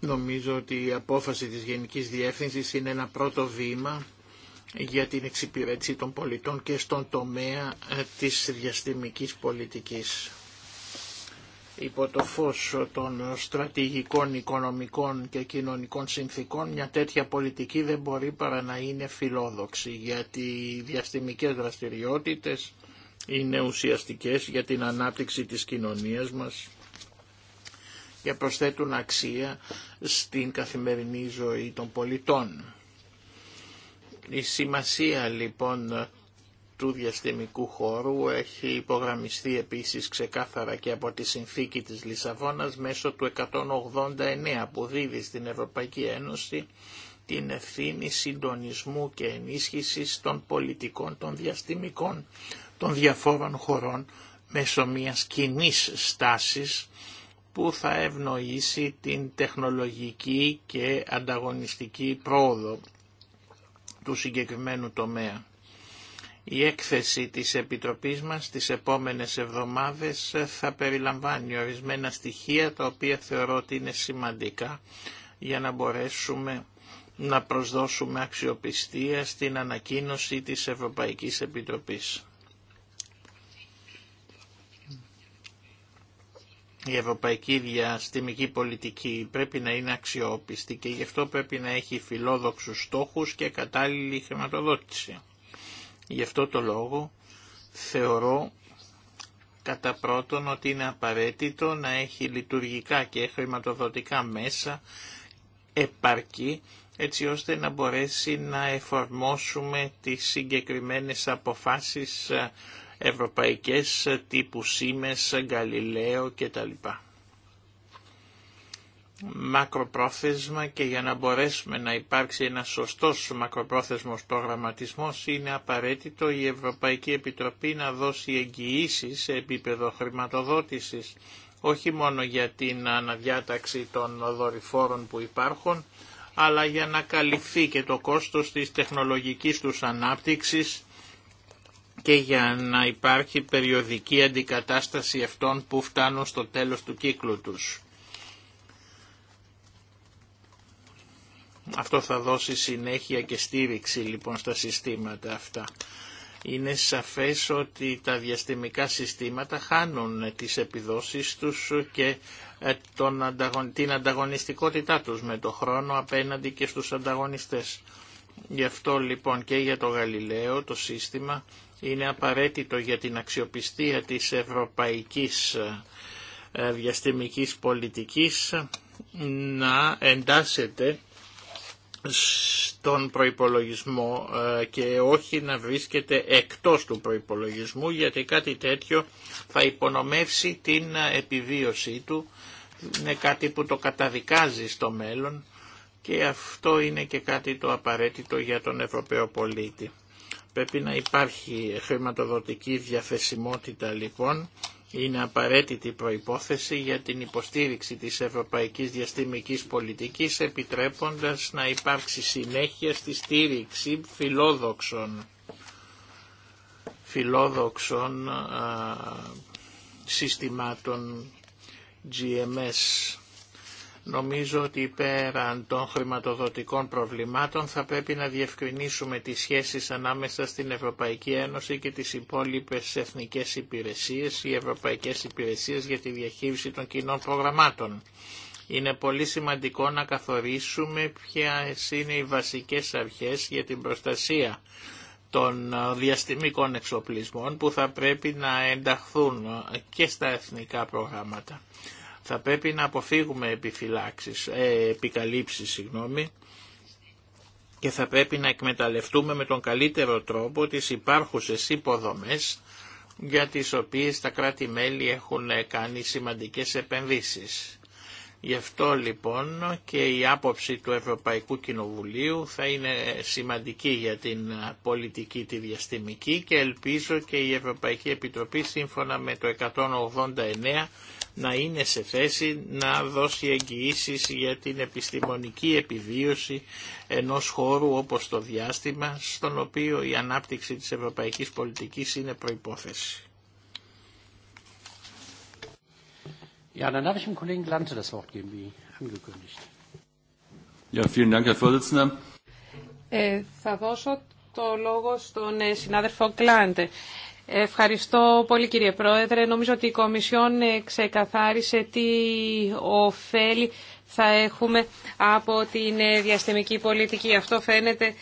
Νομίζω ότι η απόφαση της Γενικής Διεύθυνσης είναι ένα πρώτο βήμα για την εξυπηρέτηση των πολιτών και στον τομέα ε, της διαστημικής πολιτικής υπό το φως των στρατηγικών, οικονομικών και κοινωνικών συνθήκων μια τέτοια πολιτική δεν μπορεί παρά να είναι φιλόδοξη γιατί οι διαστημικές δραστηριότητες είναι ουσιαστικές για την ανάπτυξη της κοινωνίας μας και προσθέτουν αξία στην καθημερινή ζωή των πολιτών. Η σημασία λοιπόν του διαστημικού χώρου έχει υπογραμμιστεί επίσης ξεκάθαρα και από τη συνθήκη της Λισαβόνας μέσω του 189 που δίδει στην Ευρωπαϊκή Ένωση την ευθύνη συντονισμού και ενίσχυσης των πολιτικών, των διαστημικών, των διαφόρων χωρών μέσω μιας κοινή στάσης που θα ευνοήσει την τεχνολογική και ανταγωνιστική πρόοδο του συγκεκριμένου τομέα. Η έκθεση της Επιτροπής μας τις επόμενες εβδομάδες θα περιλαμβάνει ορισμένα στοιχεία τα οποία θεωρώ ότι είναι σημαντικά για να μπορέσουμε να προσδώσουμε αξιοπιστία στην ανακοίνωση της Ευρωπαϊκής Επιτροπής. Η ευρωπαϊκή διαστημική πολιτική πρέπει να είναι αξιόπιστη και γι' αυτό πρέπει να έχει φιλόδοξους στόχους και κατάλληλη χρηματοδότηση. Γι' αυτό το λόγο θεωρώ κατά πρώτον ότι είναι απαραίτητο να έχει λειτουργικά και χρηματοδοτικά μέσα επαρκή έτσι ώστε να μπορέσει να εφαρμόσουμε τις συγκεκριμένες αποφάσεις ευρωπαϊκές τύπου ΣΥΜΕΣ, γκαλιλαίο κτλ μακροπρόθεσμα και για να μπορέσουμε να υπάρξει ένα σωστός μακροπρόθεσμος προγραμματισμός είναι απαραίτητο η Ευρωπαϊκή Επιτροπή να δώσει εγγυήσει σε επίπεδο χρηματοδότησης όχι μόνο για την αναδιάταξη των δορυφόρων που υπάρχουν αλλά για να καλυφθεί και το κόστος της τεχνολογικής τους ανάπτυξης και για να υπάρχει περιοδική αντικατάσταση αυτών που φτάνουν στο τέλος του κύκλου τους. Αυτό θα δώσει συνέχεια και στήριξη λοιπόν στα συστήματα αυτά. Είναι σαφές ότι τα διαστημικά συστήματα χάνουν τις επιδόσεις τους και ε, τον, την ανταγωνιστικότητά τους με το χρόνο απέναντι και στους ανταγωνιστές. Γι' αυτό λοιπόν και για το Γαλιλαίο το σύστημα είναι απαραίτητο για την αξιοπιστία της ευρωπαϊκής ε, ε, διαστημικής πολιτικής να εντάσσεται στον προϋπολογισμό ε, και όχι να βρίσκεται εκτός του προϋπολογισμού γιατί κάτι τέτοιο θα υπονομεύσει την ε, επιβίωσή του. Είναι κάτι που το καταδικάζει στο μέλλον και αυτό είναι και κάτι το απαραίτητο για τον Ευρωπαίο πολίτη. Πρέπει να υπάρχει χρηματοδοτική διαθεσιμότητα λοιπόν είναι απαραίτητη προϋπόθεση για την υποστήριξη της ευρωπαϊκής διαστημικής πολιτικής επιτρέποντας να υπάρξει συνέχεια στη στήριξη φιλόδοξων, φιλόδοξων συστημάτων GMS. Νομίζω ότι πέραν των χρηματοδοτικών προβλημάτων θα πρέπει να διευκρινίσουμε τις σχέσεις ανάμεσα στην Ευρωπαϊκή Ένωση και τις υπόλοιπες εθνικές υπηρεσίες ή ευρωπαϊκές υπηρεσίες για τη διαχείριση των κοινών προγραμμάτων. Είναι πολύ σημαντικό να καθορίσουμε ποια είναι οι βασικές αρχές για την προστασία των διαστημικών εξοπλισμών που θα πρέπει να ενταχθούν και στα εθνικά προγράμματα. Θα πρέπει να αποφύγουμε επιφυλάξεις, ε, επικαλύψεις συγγνώμη, και θα πρέπει να εκμεταλλευτούμε με τον καλύτερο τρόπο τις υπάρχουσες υποδομές για τις οποίες τα κράτη-μέλη έχουν ε, κάνει σημαντικές επενδύσεις. Γι' αυτό λοιπόν και η άποψη του Ευρωπαϊκού Κοινοβουλίου θα είναι σημαντική για την πολιτική τη διαστημική και ελπίζω και η Ευρωπαϊκή Επιτροπή σύμφωνα με το 189 να είναι σε θέση να δώσει εγγυήσει για την επιστημονική επιβίωση ενός χώρου όπως το διάστημα στον οποίο η ανάπτυξη της ευρωπαϊκής πολιτικής είναι προϋπόθεση. θα δώσω το λόγο στον ε, συνάδελφο Κλάντε. Ευχαριστώ πολύ κύριε Πρόεδρε. Νομίζω ότι η Κομισιόν ε, ξεκαθάρισε τι ωφέλη θα έχουμε από την ε, διαστημική πολιτική. Αυτό φαίνεται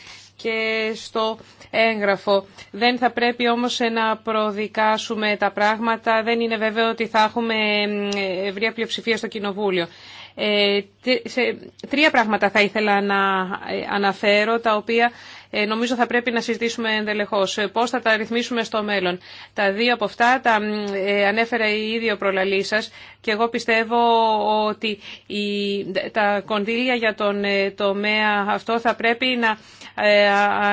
και στο έγγραφο. Δεν θα πρέπει όμως να προδικάσουμε τα πράγματα. Δεν είναι βέβαιο ότι θα έχουμε ευρεία πλειοψηφία στο Κοινοβούλιο. Ε, τρία πράγματα θα ήθελα να ε, αναφέρω, τα οποία ε, νομίζω θα πρέπει να συζητήσουμε Ε, πώς θα τα ρυθμίσουμε στο μέλλον. Τα δύο από αυτά τα ε, ανέφερε η ίδια ο προλαλή και εγώ πιστεύω ότι τα κονδύλια για τον ε, τομέα αυτό θα πρέπει να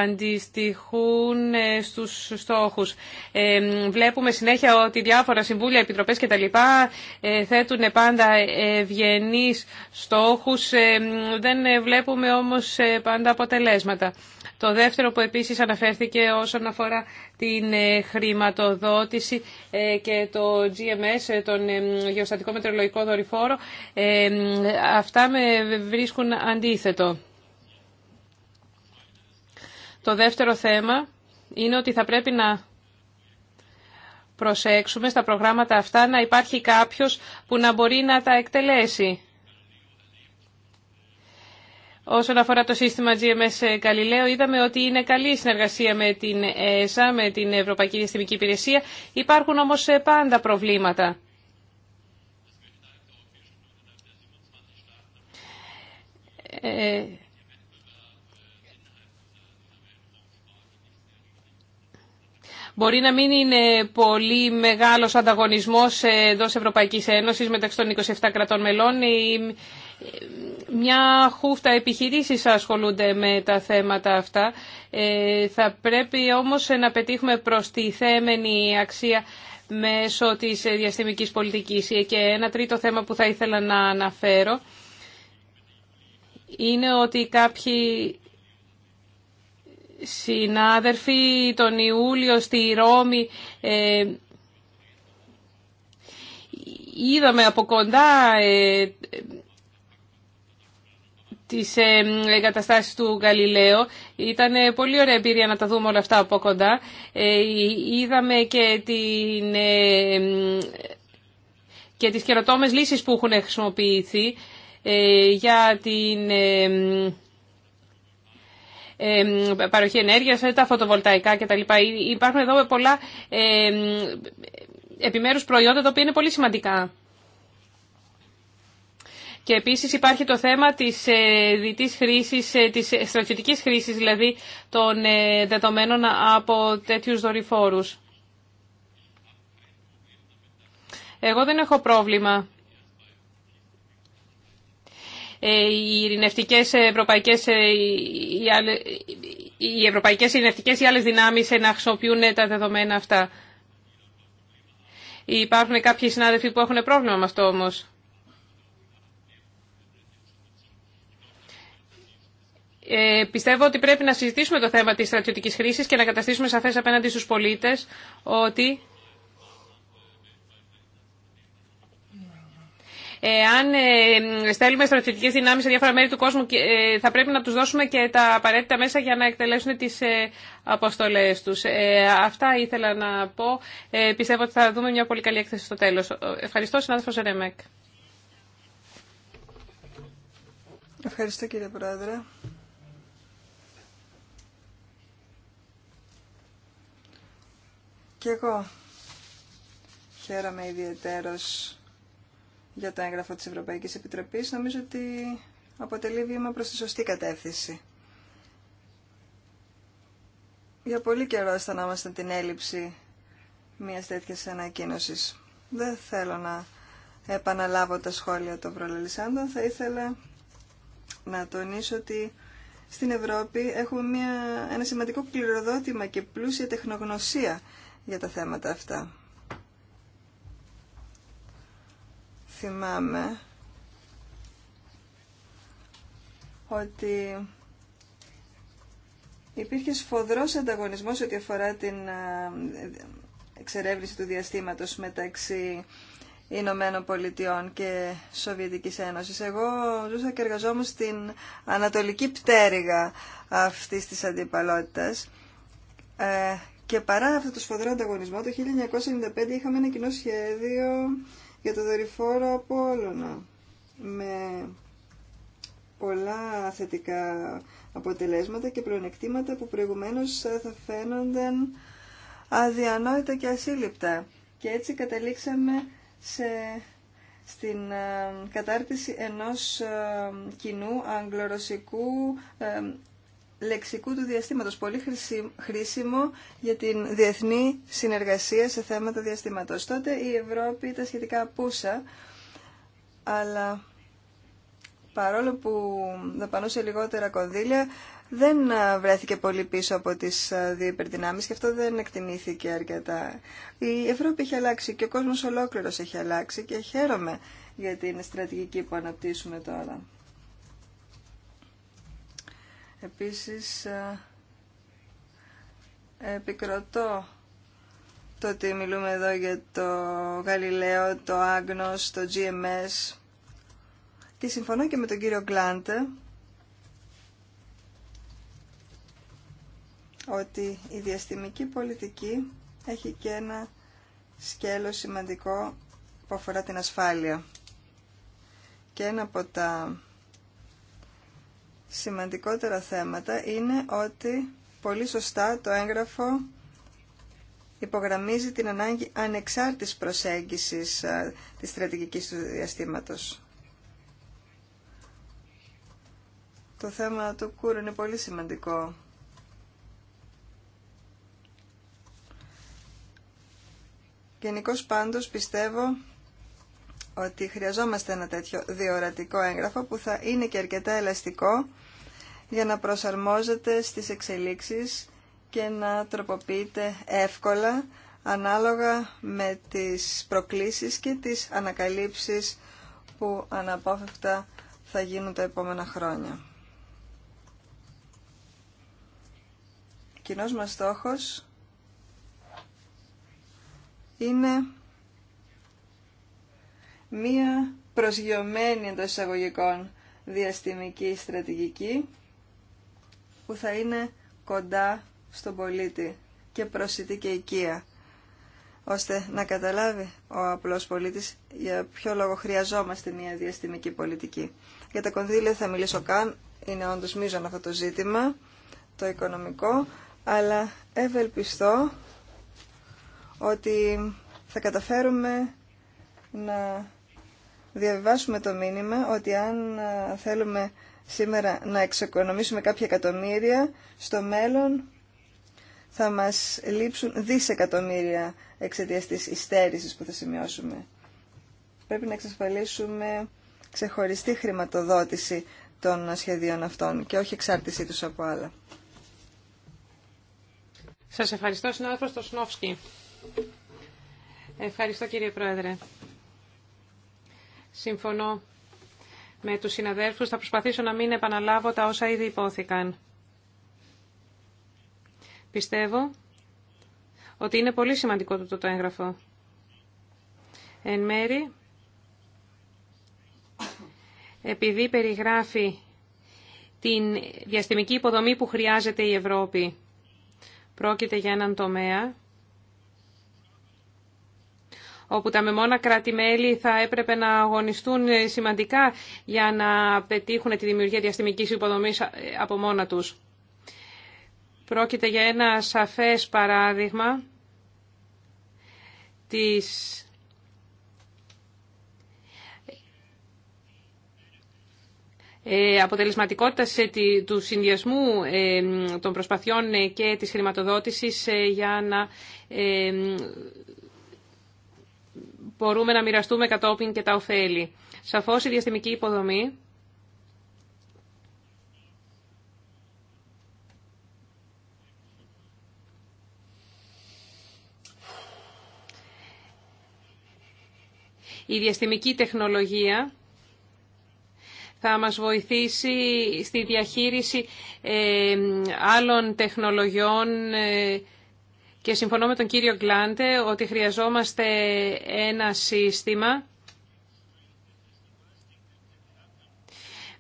αντιστοιχούν στους στόχους. Βλέπουμε συνέχεια ότι διάφορα συμβούλια, επιτροπές κτλ. θέτουν πάντα ευγενείς στόχους, δεν βλέπουμε όμως πάντα αποτελέσματα. Το δεύτερο που επίσης αναφέρθηκε όσον αφορά την ε, χρηματοδότηση ε, και το GMS, ε, τον Γεωστατικό Μετρολογικό Δορυφόρο, αυτά με βρίσκουν αντίθετο. Το δεύτερο θέμα είναι ότι θα πρέπει να προσέξουμε στα προγράμματα αυτά να υπάρχει κάποιος που να μπορεί να τα εκτελέσει. Όσον αφορά το σύστημα GMS Galileo, είδαμε ότι είναι καλή η συνεργασία με την ΕΣΑ, με την Ευρωπαϊκή Διαστημική Υπηρεσία. Υπάρχουν όμως ε, πάντα προβλήματα. Ε, μπορεί να μην είναι πολύ μεγάλος ανταγωνισμός ε, εντός Ευρωπαϊκής Ένωσης μεταξύ των 27 κρατών μελών μια χούφτα επιχειρήσεις ασχολούνται με τα θέματα αυτά. Ε, θα πρέπει όμως να πετύχουμε θέμενη αξία μέσω της διαστημικής πολιτικής. Και ένα τρίτο θέμα που θα ήθελα να αναφέρω είναι ότι κάποιοι συνάδελφοι τον Ιούλιο στη Ρώμη ε, είδαμε από κοντά ε, τις εγκαταστάσεις του Γαλιλαίου. Ήταν ε, πολύ ωραία εμπειρία να τα δούμε όλα αυτά από κοντά. Ε, είδαμε και την ε, και τις καιροτόμες λύσεις που έχουν χρησιμοποιηθεί για την παροχή ενέργειας, τα φωτοβολταϊκά κτλ. Υπάρχουν εδώ πολλά επιμέρους προϊόντα τα οποία είναι πολύ σημαντικά. Και επίσης υπάρχει το θέμα της ε, διτής χρήσης, ε, της στρατιωτικής χρήσης δηλαδή των ε, δεδομένων από τέτοιους δορυφόρους. Εγώ δεν έχω πρόβλημα οι ευρωπαϊκέ οι ευρωπαϊκές ειρηνευτικές ή άλλες δυνάμεις να χρησιμοποιούν τα δεδομένα αυτά. Υπάρχουν κάποιοι συνάδελφοι που έχουν πρόβλημα με αυτό όμως. ε, πιστεύω ότι πρέπει να συζητήσουμε το θέμα της στρατιωτικής χρήσης και να καταστήσουμε σαφές απέναντι στους πολίτες ότι αν ε, στέλνουμε στρατιωτικές δυνάμεις σε διάφορα μέρη του κόσμου ε, θα πρέπει να τους δώσουμε και τα απαραίτητα μέσα για να εκτελέσουν τις ε, αποστολές τους. Αυτά ήθελα να πω. Πιστεύω ότι θα δούμε μια πολύ καλή έκθεση στο τέλος. Ευχαριστώ, συνάδελφος Ρεμέκ. Ευχαριστώ κύριε Πρόεδρε. Και εγώ χαίρομαι ιδιαίτερος για το έγγραφο της Ευρωπαϊκής Επιτροπής. Νομίζω ότι αποτελεί βήμα προς τη σωστή κατεύθυνση. Για πολύ καιρό αισθανόμαστε την έλλειψη μιας τέτοιας ανακοίνωσης. Δεν θέλω να επαναλάβω τα σχόλια των προλαλισσάντων. Θα ήθελα να τονίσω ότι στην Ευρώπη έχουμε μια, ένα σημαντικό κληροδότημα και πλούσια τεχνογνωσία για τα θέματα αυτά. Θυμάμαι ότι υπήρχε σφοδρός ανταγωνισμός ό,τι αφορά την ε, εξερεύνηση του διαστήματος μεταξύ Ηνωμένων Πολιτειών και Σοβιετικής Ένωσης. Εγώ ζούσα και εργαζόμουν στην ανατολική πτέρυγα αυτής της αντιπαλότητας ε, και παρά αυτό το σφοδρό ανταγωνισμό, το 1995 είχαμε ένα κοινό σχέδιο για το δορυφόρο Απόλλωνα με πολλά θετικά αποτελέσματα και πλεονεκτήματα που προηγουμένως θα φαίνονταν αδιανόητα και ασύλληπτα. Και έτσι καταλήξαμε σε, στην ε, κατάρτιση ενός ε, κοινού αγγλορωσικού ε, λεξικού του διαστήματος, πολύ χρήσιμο για την διεθνή συνεργασία σε θέματα διαστήματος. Τότε η Ευρώπη ήταν σχετικά πουσα, αλλά παρόλο που δαπανούσε λιγότερα κονδύλια, δεν ε, βρέθηκε πολύ πίσω από τις ε, δύο υπερδυνάμεις και αυτό δεν εκτιμήθηκε αρκετά. Η Ευρώπη έχει αλλάξει και ο κόσμος ολόκληρος έχει αλλάξει και χαίρομαι για την στρατηγική που αναπτύσσουμε τώρα. Επίσης, ε, επικροτώ το ότι μιλούμε εδώ για το Γαλιλαίο, το Άγνος, το GMS και συμφωνώ και με τον κύριο Γκλάντε ότι η διαστημική πολιτική έχει και ένα σκέλος σημαντικό που αφορά την ασφάλεια. Και ένα από τα σημαντικότερα θέματα είναι ότι πολύ σωστά το έγγραφο υπογραμμίζει την ανάγκη ανεξάρτητης προσέγγισης της στρατηγικής του διαστήματος. Το θέμα του κούρου είναι πολύ σημαντικό. Γενικώ πάντως πιστεύω ότι χρειαζόμαστε ένα τέτοιο διορατικό έγγραφο που θα είναι και αρκετά ελαστικό για να προσαρμόζεται στις εξελίξεις και να τροποποιείται εύκολα ανάλογα με τις προκλήσεις και τις ανακαλύψεις που αναπόφευκτα θα γίνουν τα επόμενα χρόνια. Κοινός μας στόχος είναι μία προσγειωμένη εντό εισαγωγικών διαστημική στρατηγική που θα είναι κοντά στον πολίτη και προσιτή και οικία, ώστε να καταλάβει ο απλός πολίτης για ποιο λόγο χρειαζόμαστε μια διαστημική πολιτική. Για τα κονδύλια θα μιλήσω καν, είναι όντως μείζον αυτό το ζήτημα, το οικονομικό, αλλά ευελπιστώ ότι θα καταφέρουμε να διαβιβάσουμε το μήνυμα ότι αν ε, θέλουμε σήμερα να εξοικονομήσουμε κάποια εκατομμύρια, στο μέλλον θα μας λείψουν δισεκατομμύρια εξαιτία της υστέρησης που θα σημειώσουμε. Πρέπει να εξασφαλίσουμε ξεχωριστή χρηματοδότηση των σχεδίων αυτών και όχι εξάρτησή τους από άλλα. Σας ευχαριστώ, συνάδελφος Στοσνόφσκι. Ευχαριστώ, κύριε Πρόεδρε. Συμφωνώ με τους συναδέλφους. Θα προσπαθήσω να μην επαναλάβω τα όσα ήδη υπόθηκαν. Πιστεύω ότι είναι πολύ σημαντικό το, το έγγραφο. Εν μέρη, επειδή περιγράφει την διαστημική υποδομή που χρειάζεται η Ευρώπη, πρόκειται για έναν τομέα όπου τα μεμόνα κράτη-μέλη θα έπρεπε να αγωνιστούν σημαντικά για να πετύχουν τη δημιουργία διαστημικής υποδομής από μόνα τους. Πρόκειται για ένα σαφές παράδειγμα της ε, αποτελεσματικότητα ε, του συνδυασμού ε, των προσπαθειών και της χρηματοδότησης για να μπορούμε να μοιραστούμε κατόπιν και τα ωφέλη. Σαφώς η διαστημική υποδομή Η διαστημική τεχνολογία θα μας βοηθήσει στη διαχείριση ε, άλλων τεχνολογιών ε, και συμφωνώ με τον κύριο Γκλάντε ότι χρειαζόμαστε ένα σύστημα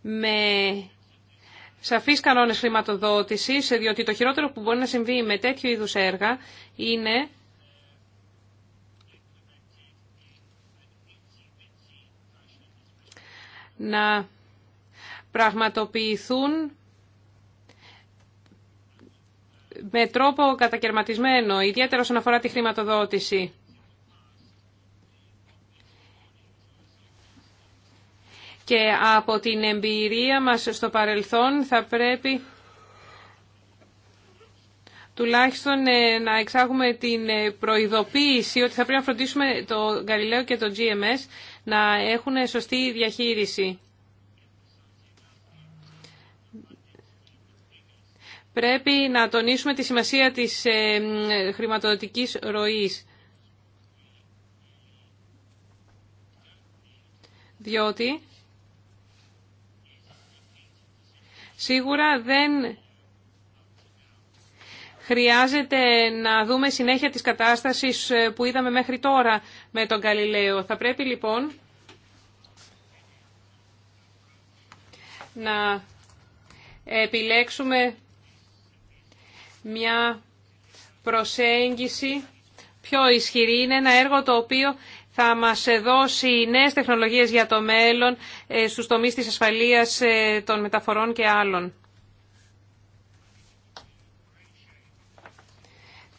με σαφείς κανόνες χρηματοδότησης, διότι το χειρότερο που μπορεί να συμβεί με τέτοιου είδους έργα είναι να πραγματοποιηθούν με τρόπο κατακαιρματισμένο, ιδιαίτερα όσον αφορά τη χρηματοδότηση. Και από την εμπειρία μας στο παρελθόν θα πρέπει τουλάχιστον ε, να εξάγουμε την ε, προειδοποίηση ότι θα πρέπει να φροντίσουμε το Galileo και το GMS να έχουν σωστή διαχείριση. πρέπει να τονίσουμε τη σημασία της ε, χρηματοδοτικής ροής. Διότι σίγουρα δεν χρειάζεται να δούμε συνέχεια της κατάστασης ε, που είδαμε μέχρι τώρα με τον Καλλιλέο. Θα πρέπει λοιπόν να επιλέξουμε μια προσέγγιση πιο ισχυρή. Είναι ένα έργο το οποίο θα μας δώσει νέες τεχνολογίες για το μέλλον ε, στους τομείς της ασφαλείας ε, των μεταφορών και άλλων.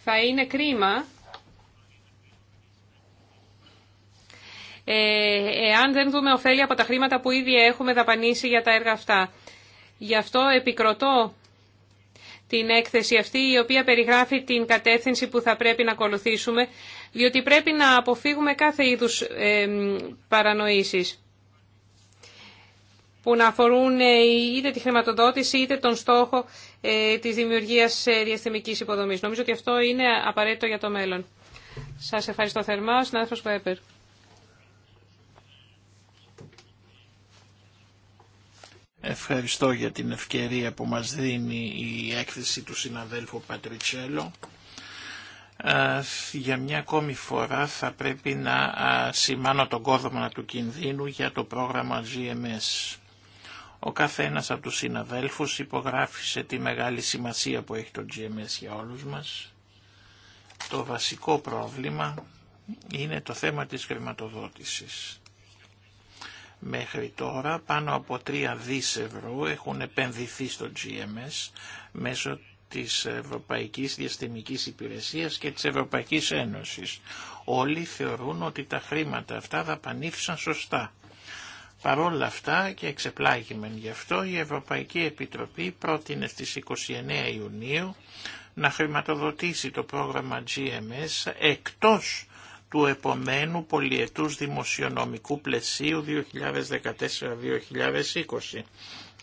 Θα είναι κρίμα ε, εάν δεν δούμε ωφέλη από τα χρήματα που ήδη έχουμε δαπανίσει για τα έργα αυτά. Γι' αυτό επικροτώ την έκθεση αυτή η οποία περιγράφει την κατεύθυνση που θα πρέπει να ακολουθήσουμε διότι πρέπει να αποφύγουμε κάθε είδους ε, παρανοήσεις που να αφορούν ε, είτε τη χρηματοδότηση είτε τον στόχο ε, της δημιουργίας ε, διαστημικής υποδομής. Νομίζω ότι αυτό είναι απαραίτητο για το μέλλον. Σας ευχαριστώ θερμά. Ο συνάδελφος Ευχαριστώ για την ευκαιρία που μας δίνει η έκθεση του συναδέλφου Πατριτσέλο. Ε, για μια ακόμη φορά θα πρέπει να σημάνω τον κόδωμα του κινδύνου για το πρόγραμμα GMS. Ο καθένας από τους συναδέλφους υπογράφησε τη μεγάλη σημασία που έχει το GMS για όλους μας. Το βασικό πρόβλημα είναι το θέμα της χρηματοδότησης. Μέχρι τώρα πάνω από 3 δις ευρώ έχουν επενδυθεί στο GMS μέσω της Ευρωπαϊκής Διαστημικής Υπηρεσίας και της Ευρωπαϊκής Ένωσης. Όλοι θεωρούν ότι τα χρήματα αυτά δαπανήθησαν σωστά. Παρόλα αυτά και εξεπλάγημεν γι' αυτό η Ευρωπαϊκή Επιτροπή πρότεινε στις 29 Ιουνίου να χρηματοδοτήσει το πρόγραμμα GMS εκτός του επομένου πολιετούς δημοσιονομικού πλαισίου 2014-2020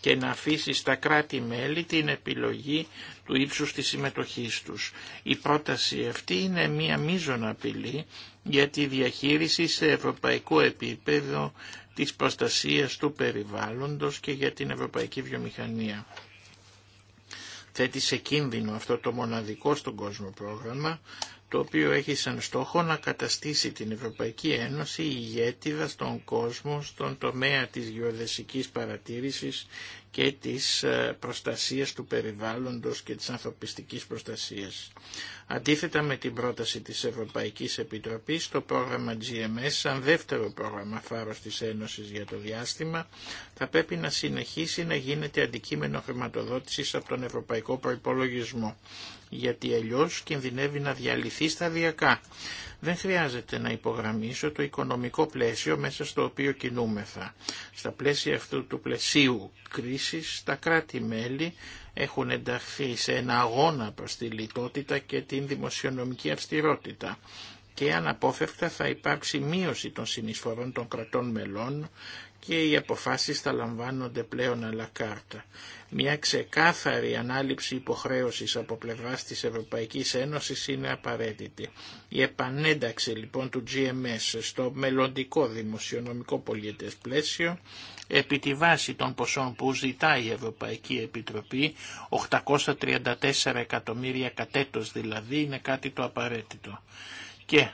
και να αφήσει στα κράτη-μέλη την επιλογή του ύψους της συμμετοχής τους. Η πρόταση αυτή είναι μία μείζων απειλή για τη διαχείριση σε ευρωπαϊκό επίπεδο της προστασίας του περιβάλλοντος και για την ευρωπαϊκή βιομηχανία. Θέτει σε κίνδυνο αυτό το μοναδικό στον κόσμο πρόγραμμα το οποίο έχει σαν στόχο να καταστήσει την Ευρωπαϊκή Ένωση ηγέτιδα στον κόσμο στον τομέα της γεωδεσικής παρατήρησης και της ε, προστασίας του περιβάλλοντος και της ανθρωπιστικής προστασίας. Αντίθετα με την πρόταση της Ευρωπαϊκής Επιτροπής, το πρόγραμμα GMS, σαν δεύτερο πρόγραμμα φάρος της Ένωσης για το διάστημα, θα πρέπει να συνεχίσει να γίνεται αντικείμενο χρηματοδότησης από τον Ευρωπαϊκό Προϋπολογισμό γιατί αλλιώς κινδυνεύει να διαλυθεί σταδιακά. Δεν χρειάζεται να υπογραμμίσω το οικονομικό πλαίσιο μέσα στο οποίο κινούμεθα. Στα πλαίσια αυτού του πλαισίου κρίσης, τα κράτη-μέλη έχουν ενταχθεί σε ένα αγώνα προς τη λιτότητα και την δημοσιονομική αυστηρότητα και αναπόφευκτα θα υπάρξει μείωση των συνεισφορών των κρατών μελών και οι αποφάσεις θα λαμβάνονται πλέον αλλά κάρτα. Μια ξεκάθαρη ανάληψη υποχρέωσης από πλευράς της Ευρωπαϊκής Ένωσης είναι απαραίτητη. Η επανένταξη λοιπόν του GMS στο μελλοντικό δημοσιονομικό πολιετές πλαίσιο επί τη βάση των ποσών που ζητάει η Ευρωπαϊκή Επιτροπή, 834 εκατομμύρια κατέτος δηλαδή, είναι κάτι το απαραίτητο. Και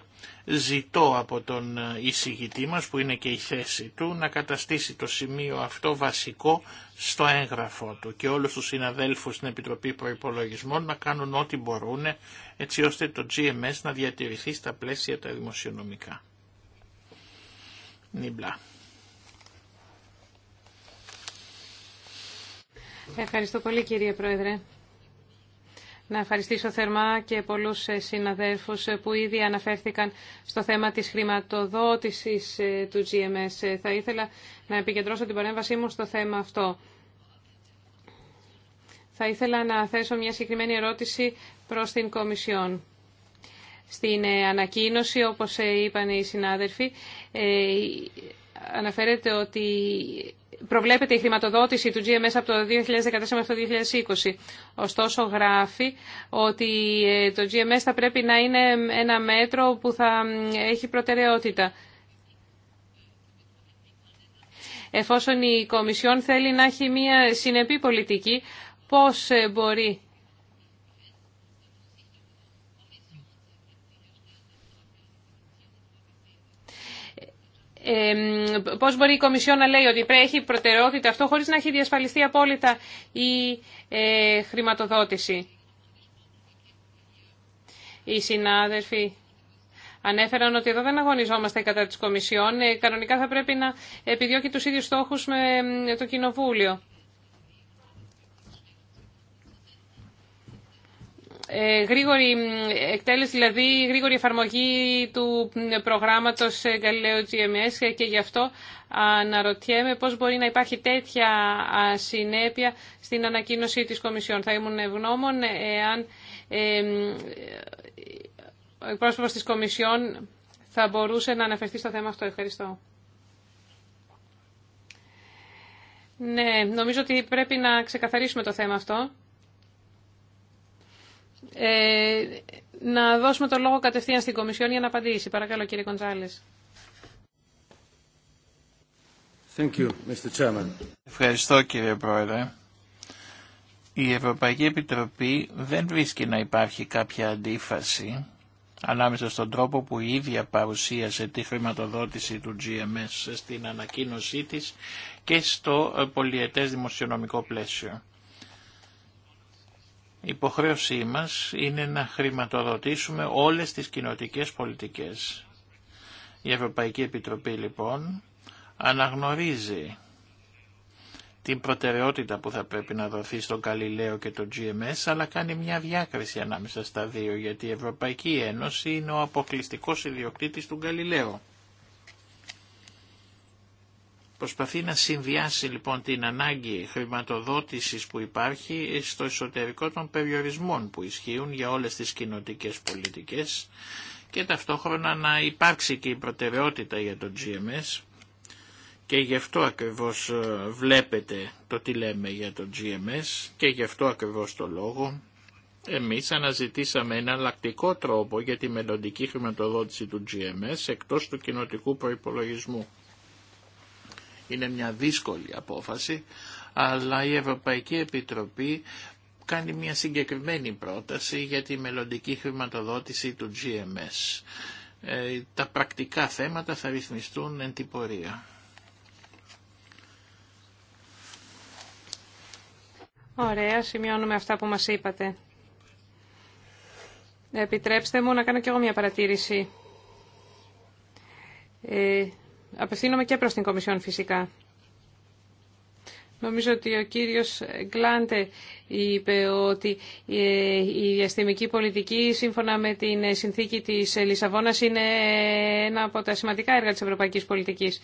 ζητώ από τον ε, εισηγητή μας που είναι και η θέση του να καταστήσει το σημείο αυτό βασικό στο έγγραφό του και όλους τους συναδέλφους στην Επιτροπή Προϋπολογισμών να κάνουν ό,τι μπορούν έτσι ώστε το GMS να διατηρηθεί στα πλαίσια τα δημοσιονομικά. Νιμπλά. Ευχαριστώ πολύ κύριε Πρόεδρε. Να ευχαριστήσω θερμά και πολλούς ε, συναδέρφους ε, που ήδη αναφέρθηκαν στο θέμα της χρηματοδότησης ε, του GMS. Θα ήθελα να επικεντρώσω την παρέμβασή μου στο θέμα αυτό. Θα ήθελα να θέσω μια συγκεκριμένη ερώτηση προς την Κομισιόν. Στην ανακοίνωση, όπως είπαν οι συνάδελφοι, αναφέρεται ότι προβλέπεται η χρηματοδότηση του GMS από το 2014 μέχρι το 2020. Ωστόσο γράφει ότι ε, το GMS θα πρέπει να είναι ένα μέτρο που θα έχει προτεραιότητα. Εφόσον η Κομισιόν θέλει να έχει μια συνεπή πολιτική, πώς ε, μπορεί Πώ μπορεί η Κομισιόν να λέει ότι έχει προτεραιότητα αυτό χωρί να έχει διασφαλιστεί απόλυτα η ε, χρηματοδότηση. Οι συνάδελφοι ανέφεραν ότι εδώ δεν αγωνιζόμαστε κατά της Κομισιόν. Ε, κανονικά θα πρέπει να επιδιώκει τους ίδιους στόχους με ε, το Κοινοβούλιο. Ε, γρήγορη εκτέλεση, δηλαδή γρήγορη εφαρμογή του προγράμματος ε, Galileo GMS ε, και γι' αυτό αναρωτιέμαι πώς μπορεί να υπάρχει τέτοια συνέπεια στην ανακοίνωση της Κομισιόν. Θα ήμουν ευγνώμων εάν ο πρόσωπος της Κομισιόν θα μπορούσε να αναφερθεί στο θέμα αυτό. Ευχαριστώ. Ναι, νομίζω ότι πρέπει να ξεκαθαρίσουμε το θέμα αυτό ε, να δώσουμε το λόγο κατευθείαν στην Κομισιόν για να απαντήσει. Παρακαλώ κύριε Κοντζάλη. Ευχαριστώ κύριε Πρόεδρε. Η Ευρωπαϊκή Επιτροπή δεν βρίσκει να υπάρχει κάποια αντίφαση ανάμεσα στον τρόπο που η ίδια παρουσίασε τη χρηματοδότηση του GMS στην ανακοίνωσή της και στο πολιετές δημοσιονομικό πλαίσιο υποχρέωσή μας είναι να χρηματοδοτήσουμε όλες τις κοινοτικές πολιτικές. Η Ευρωπαϊκή Επιτροπή λοιπόν αναγνωρίζει την προτεραιότητα που θα πρέπει να δοθεί στον Καλλιλέο και το GMS, αλλά κάνει μια διάκριση ανάμεσα στα δύο, γιατί η Ευρωπαϊκή Ένωση είναι ο αποκλειστικός ιδιοκτήτης του Καλλιλέου. Προσπαθεί να συνδυάσει λοιπόν την ανάγκη χρηματοδότησης που υπάρχει στο εσωτερικό των περιορισμών που ισχύουν για όλες τις κοινοτικές πολιτικές και ταυτόχρονα να υπάρξει και η προτεραιότητα για το GMS και γι' αυτό ακριβώς ε, βλέπετε το τι λέμε για το GMS και γι' αυτό ακριβώς το λόγο εμείς αναζητήσαμε ένα αλλακτικό τρόπο για τη μελλοντική χρηματοδότηση του GMS εκτός του κοινοτικού προϋπολογισμού. Είναι μια δύσκολη απόφαση, αλλά η Ευρωπαϊκή Επιτροπή κάνει μια συγκεκριμένη πρόταση για τη μελλοντική χρηματοδότηση του GMS. Ε, τα πρακτικά θέματα θα ρυθμιστούν εν την Ωραία, σημειώνουμε αυτά που μας είπατε. Επιτρέψτε μου να κάνω κι εγώ μια παρατήρηση. Ε, Απευθύνομαι και προς την Κομισιόν φυσικά. Νομίζω ότι ο κύριος Γκλάντε είπε ότι ε, η διαστημική πολιτική σύμφωνα με την συνθήκη της Λισαβόνας είναι ένα από τα σημαντικά έργα της ευρωπαϊκής πολιτικής.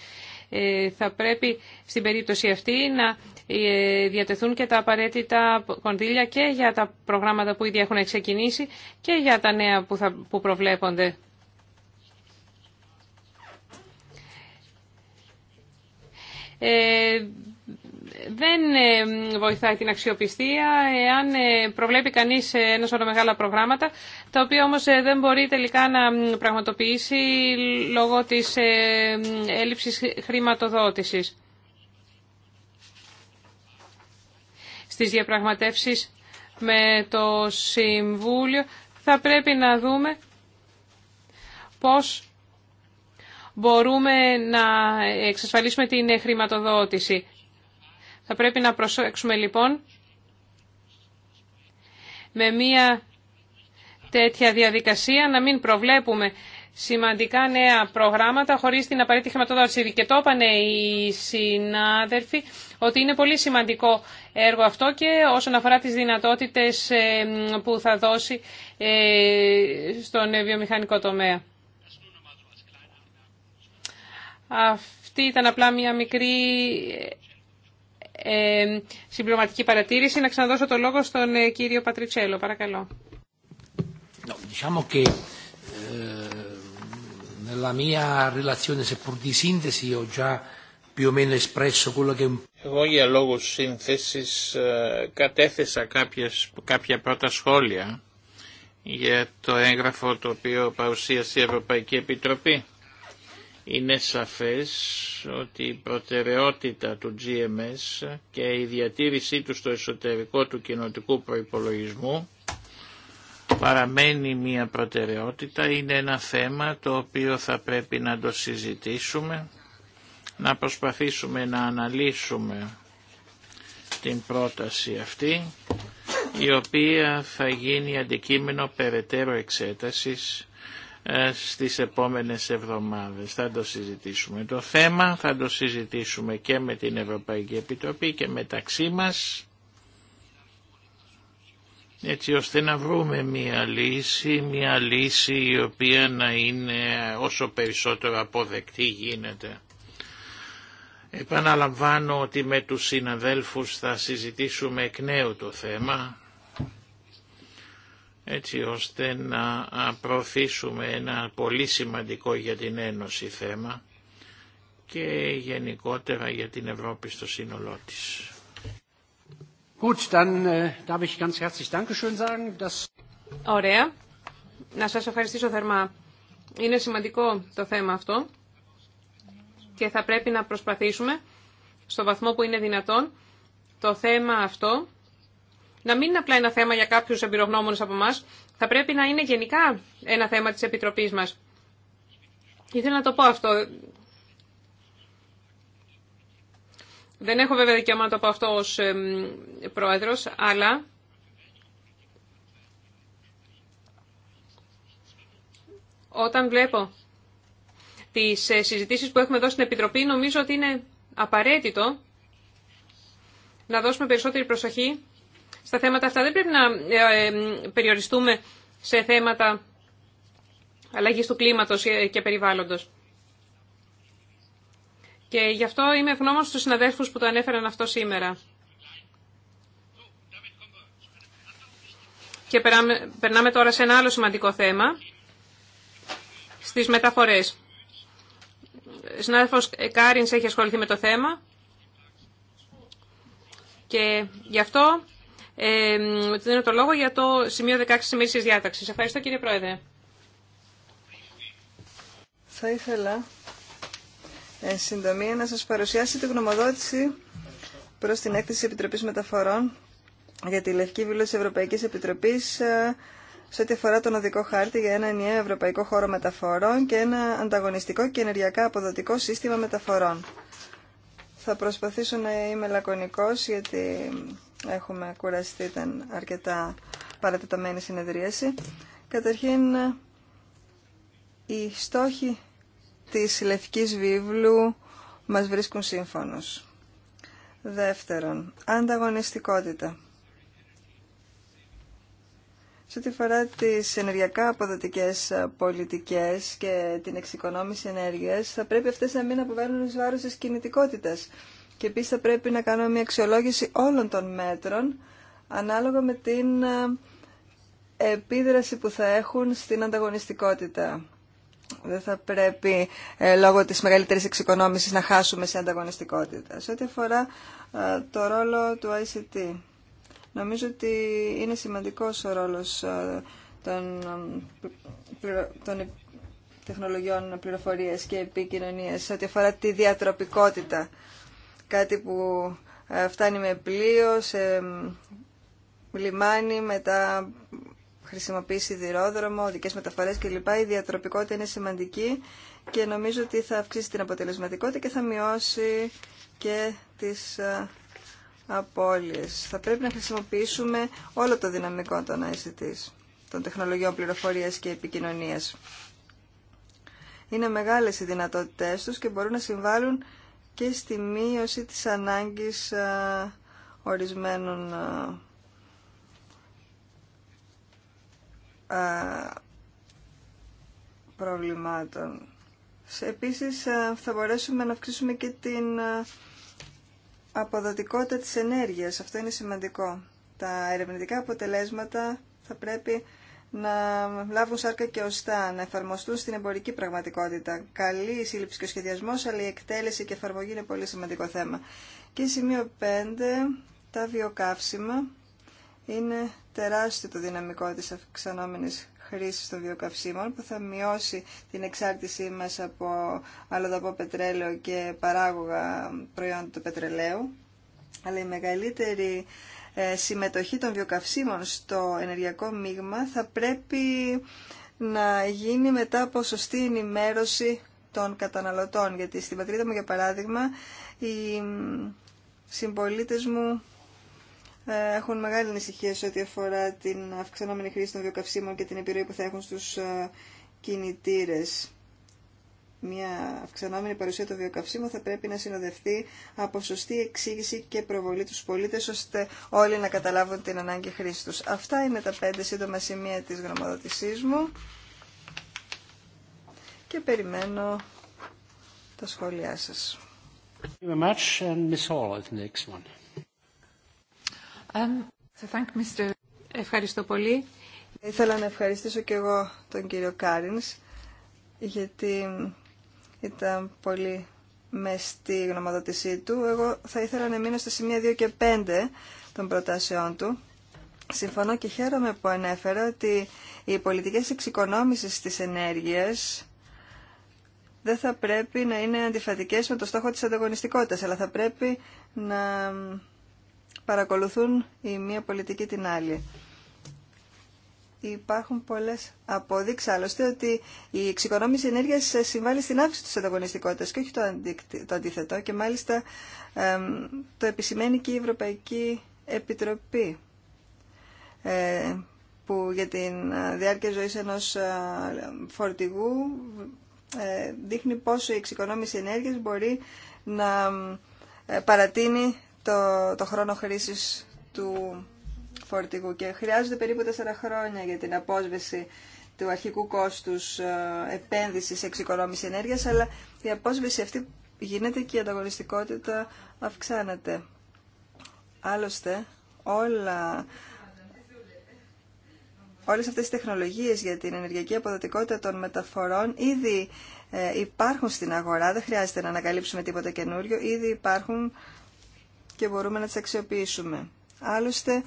Ε, θα πρέπει στην περίπτωση αυτή να ε, διατεθούν και τα απαραίτητα κονδύλια και για τα προγράμματα που ήδη έχουν ξεκινήσει και για τα νέα που προβλέπονται. Ε, δεν ε, βοηθάει την αξιοπιστία εάν ε, προβλέπει κανείς ένα σωρό μεγάλα προγράμματα, τα οποία όμως δεν μπορεί τελικά να πραγματοποιήσει λόγω της έλλειψης χρηματοδότησης. Στις διαπραγματεύσεις με το Συμβούλιο θα πρέπει να δούμε πώς μπορούμε να εξασφαλίσουμε την χρηματοδότηση. Θα πρέπει να προσέξουμε λοιπόν με μία τέτοια διαδικασία να μην προβλέπουμε σημαντικά νέα προγράμματα χωρίς την απαραίτητη χρηματοδότηση. Και το είπαν οι συνάδελφοι ότι είναι πολύ σημαντικό έργο αυτό και όσον αφορά τις δυνατότητες ε, που θα δώσει ε, στον βιομηχανικό τομέα. Αυτή ήταν απλά μια μικρή ε, συμπληρωματική παρατήρηση. Να ξαναδώσω το λόγο στον ε, κύριο Πατριτσέλο. Παρακαλώ. Εγώ για λόγους σύνθεσης ε, κατέθεσα κάποιες, κάποια πρώτα σχόλια για το έγγραφο το οποίο παρουσίασε η Ευρωπαϊκή Επιτροπή είναι σαφές ότι η προτεραιότητα του GMS και η διατήρησή του στο εσωτερικό του κοινοτικού προϋπολογισμού παραμένει μια προτεραιότητα, είναι ένα θέμα το οποίο θα πρέπει να το συζητήσουμε, να προσπαθήσουμε να αναλύσουμε την πρόταση αυτή, η οποία θα γίνει αντικείμενο περαιτέρω εξέτασης ε, στις επόμενες εβδομάδες. Θα το συζητήσουμε. Το θέμα θα το συζητήσουμε και με την Ευρωπαϊκή Επιτροπή και μεταξύ μας έτσι ώστε να βρούμε μία λύση, μία λύση η οποία να είναι όσο περισσότερο αποδεκτή γίνεται. Επαναλαμβάνω ότι με τους συναδέλφους θα συζητήσουμε εκ νέου το θέμα έτσι ώστε να προωθήσουμε ένα πολύ σημαντικό για την Ένωση θέμα και γενικότερα για την Ευρώπη στο σύνολό της. Ωραία. Να σας ευχαριστήσω θερμά. Είναι σημαντικό το θέμα αυτό και θα πρέπει να προσπαθήσουμε στο βαθμό που είναι δυνατόν το θέμα αυτό να μην είναι απλά ένα θέμα για κάποιους εμπειρογνώμονες από εμά, θα πρέπει να είναι γενικά ένα θέμα της Επιτροπής μας. Ήθελα να το πω αυτό. Δεν έχω βέβαια δικαίωμα να το πω αυτό ως πρόεδρος, αλλά... Όταν βλέπω τις ε, συζητήσεις που έχουμε εδώ στην Επιτροπή, νομίζω ότι είναι απαραίτητο να δώσουμε περισσότερη προσοχή στα θέματα αυτά. Δεν πρέπει να ε, ε, περιοριστούμε σε θέματα αλλαγής του κλίματος ε, και περιβάλλοντος. Και γι' αυτό είμαι ευγνώμων στους συναδέλφους που το ανέφεραν αυτό σήμερα. Και περνάμε τώρα σε ένα άλλο σημαντικό θέμα, στις μεταφορές. Συνάδελφος Κάρινς έχει ασχοληθεί με το θέμα και γι' αυτό ε, δίνω το λόγο για το σημείο 16 της ημερήσιας διάταξης. Ευχαριστώ κύριε Πρόεδρε. Θα ήθελα εν συντομία να σας παρουσιάσει την γνωμοδότηση προς την έκθεση Επιτροπής Μεταφορών για τη Λευκή Βήλωση Ευρωπαϊκής Επιτροπής ε, σε ό,τι αφορά τον οδικό χάρτη για ένα ενιαίο ευρωπαϊκό χώρο μεταφορών και ένα ανταγωνιστικό και ενεργειακά αποδοτικό σύστημα μεταφορών. Θα προσπαθήσω να είμαι λακωνικός γιατί έχουμε κουραστεί, ήταν αρκετά παρατεταμένη συνεδρίαση. Καταρχήν, οι στόχοι της Λευκής Βίβλου μας βρίσκουν σύμφωνος. Δεύτερον, ανταγωνιστικότητα. Σε ό,τι φορά τις ενεργειακά αποδοτικές πολιτικές και την εξοικονόμηση ενέργειας, θα πρέπει αυτές να μην αποβαίνουν εις βάρος της κινητικότητας και επίσης θα πρέπει να κάνουμε μια αξιολόγηση όλων των μέτρων ανάλογα με την ε, επίδραση που θα έχουν στην ανταγωνιστικότητα. Δεν θα πρέπει ε, λόγω της μεγαλύτερης εξοικονόμησης να χάσουμε σε ανταγωνιστικότητα. Σε ό,τι αφορά ε, το ρόλο του ICT, νομίζω ότι είναι σημαντικός ο ρόλος των, των τεχνολογιών πληροφορίας και επικοινωνίας σε ό,τι αφορά τη διατροπικότητα κάτι που ε, φτάνει με πλοίο, σε λιμάνι, μετά χρησιμοποιεί σιδηρόδρομο, οδικές μεταφορές κλπ. Η διατροπικότητα είναι σημαντική και νομίζω ότι θα αυξήσει την αποτελεσματικότητα και θα μειώσει και τις ε, απώλειες. Θα πρέπει να χρησιμοποιήσουμε όλο το δυναμικό των ICT, των τεχνολογιών πληροφορίας και επικοινωνίας. Είναι μεγάλες οι δυνατότητές τους και μπορούν να συμβάλλουν και στη μείωση της ανάγκης ε, ορισμένων ε, ε, προβλημάτων. Επίσης θα μπορέσουμε να αυξήσουμε και την αποδοτικότητα της ενέργειας. Αυτό είναι σημαντικό. Τα ερευνητικά αποτελέσματα θα πρέπει να λάβουν σάρκα και οστά, να εφαρμοστούν στην εμπορική πραγματικότητα. Καλή η σύλληψη και ο σχεδιασμό, αλλά η εκτέλεση και εφαρμογή είναι πολύ σημαντικό θέμα. Και σημείο 5, τα βιοκαύσιμα. Είναι τεράστιο το δυναμικό της αυξανόμενης χρήσης των βιοκαυσίμων που θα μειώσει την εξάρτησή μας από αλλοδαπό πετρέλαιο και παράγωγα προϊόντα του πετρελαίου. Αλλά η μεγαλύτερη ε, συμμετοχή των βιοκαυσίμων στο ενεργειακό μείγμα θα πρέπει να γίνει μετά από σωστή ενημέρωση των καταναλωτών. Γιατί στην πατρίδα μου, για παράδειγμα, οι συμπολίτε μου ε, έχουν μεγάλη ανησυχία σε ό,τι αφορά την αυξανόμενη χρήση των βιοκαυσίμων και την επιρροή που θα έχουν στους ε, κινητήρες μια αυξανόμενη παρουσία του βιοκαυσίμου θα πρέπει να συνοδευτεί από σωστή εξήγηση και προβολή τους πολίτες ώστε όλοι να καταλάβουν την ανάγκη χρήση τους. Αυτά είναι τα πέντε σύντομα σημεία της γνωμοδοτησής μου και περιμένω τα σχόλιά σας. Ευχαριστώ πολύ. Ήθελα να ευχαριστήσω και εγώ τον κύριο Κάρινς γιατί ήταν πολύ μεστή η γνωμοδότησή του. Εγώ θα ήθελα να μείνω στα σημεία 2 και 5 των προτάσεών του. Συμφωνώ και χαίρομαι που ανέφερα ότι οι πολιτικές εξοικονόμησης της ενέργειας δεν θα πρέπει να είναι αντιφατικές με το στόχο της ανταγωνιστικότητας, αλλά θα πρέπει να παρακολουθούν η μία πολιτική την άλλη. Υπάρχουν πολλέ αποδείξει άλλωστε ότι η εξοικονόμηση ενέργειας συμβάλλει στην αύξηση του ανταγωνιστικότητα και όχι το αντίθετο και μάλιστα το επισημαίνει και η Ευρωπαϊκή Επιτροπή ε, που για την ε, διάρκεια ζωή ενό ε, φορτηγού ε, δείχνει πόσο η εξοικονόμηση ενέργειας μπορεί να ε, παρατείνει το, το χρόνο χρήσης του φορτηγού και χρειάζονται περίπου 4 χρόνια για την απόσβεση του αρχικού κόστους ε, επένδυσης εξοικονόμηση ενέργειας, αλλά η απόσβεση αυτή γίνεται και η ανταγωνιστικότητα αυξάνεται. Άλλωστε, όλα, όλες αυτές οι τεχνολογίες για την ενεργειακή αποδοτικότητα των μεταφορών ήδη ε, υπάρχουν στην αγορά, δεν χρειάζεται να ανακαλύψουμε τίποτα καινούριο, ήδη υπάρχουν και μπορούμε να τις αξιοποιήσουμε. Άλλωστε,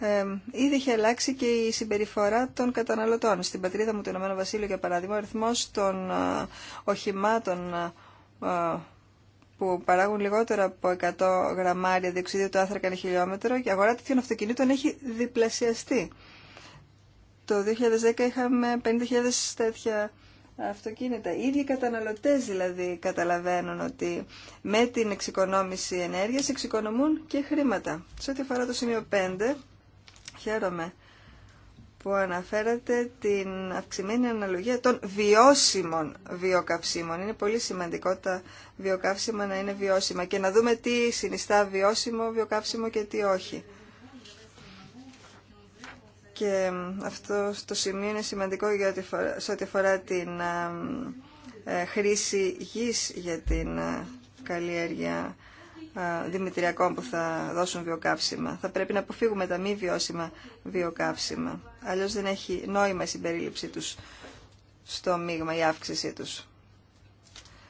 ε, ήδη είχε αλλάξει και η συμπεριφορά των καταναλωτών. Στην πατρίδα μου, το Ηνωμένο Βασίλειο, για παράδειγμα, ο αριθμό των ε, οχημάτων ε, που παράγουν λιγότερο από 100 γραμμάρια διοξιδίου του άθρακα ένα χιλιόμετρο, και αγορά τέτοιων αυτοκινήτων έχει διπλασιαστεί. Το 2010 είχαμε 50.000 τέτοια αυτοκίνητα. Οι ίδιοι καταναλωτές δηλαδή καταλαβαίνουν ότι με την εξοικονόμηση ενέργεια εξοικονομούν και χρήματα. Σε ό,τι αφορά το σημείο 5, Χαίρομαι που αναφέρατε την αυξημένη αναλογία των βιώσιμων βιοκαυσίμων. Είναι πολύ σημαντικό τα βιοκαύσιμα να είναι βιώσιμα και να δούμε τι συνιστά βιώσιμο βιοκαύσιμο και τι όχι. Και αυτό το σημείο είναι σημαντικό για φορά, σε ό,τι αφορά την ε, ε, χρήση γης για την ε, καλλιέργεια δημητριακών που θα δώσουν βιοκαύσιμα. Θα πρέπει να αποφύγουμε τα μη βιώσιμα βιοκαύσιμα. Αλλιώς δεν έχει νόημα η συμπερίληψή τους στο μείγμα, η αύξησή τους.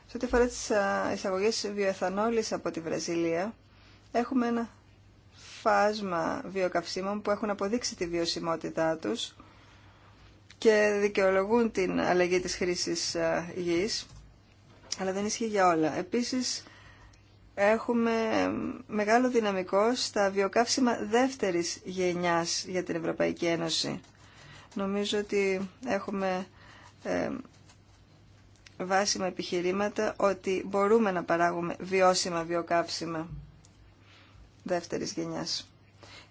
Σε ό,τι αφορά τις εισαγωγές βιοεθανόλης από τη Βραζιλία, έχουμε ένα φάσμα βιοκαυσίμων που έχουν αποδείξει τη βιωσιμότητά τους και δικαιολογούν την αλλαγή της χρήσης γης, αλλά δεν ισχύει για όλα. Επίσης, έχουμε μεγάλο δυναμικό στα βιοκαύσιμα δεύτερης γενιάς για την Ευρωπαϊκή Ένωση. Νομίζω ότι έχουμε ε, βάσιμα επιχειρήματα ότι μπορούμε να παράγουμε βιώσιμα βιοκαύσιμα δεύτερης γενιάς.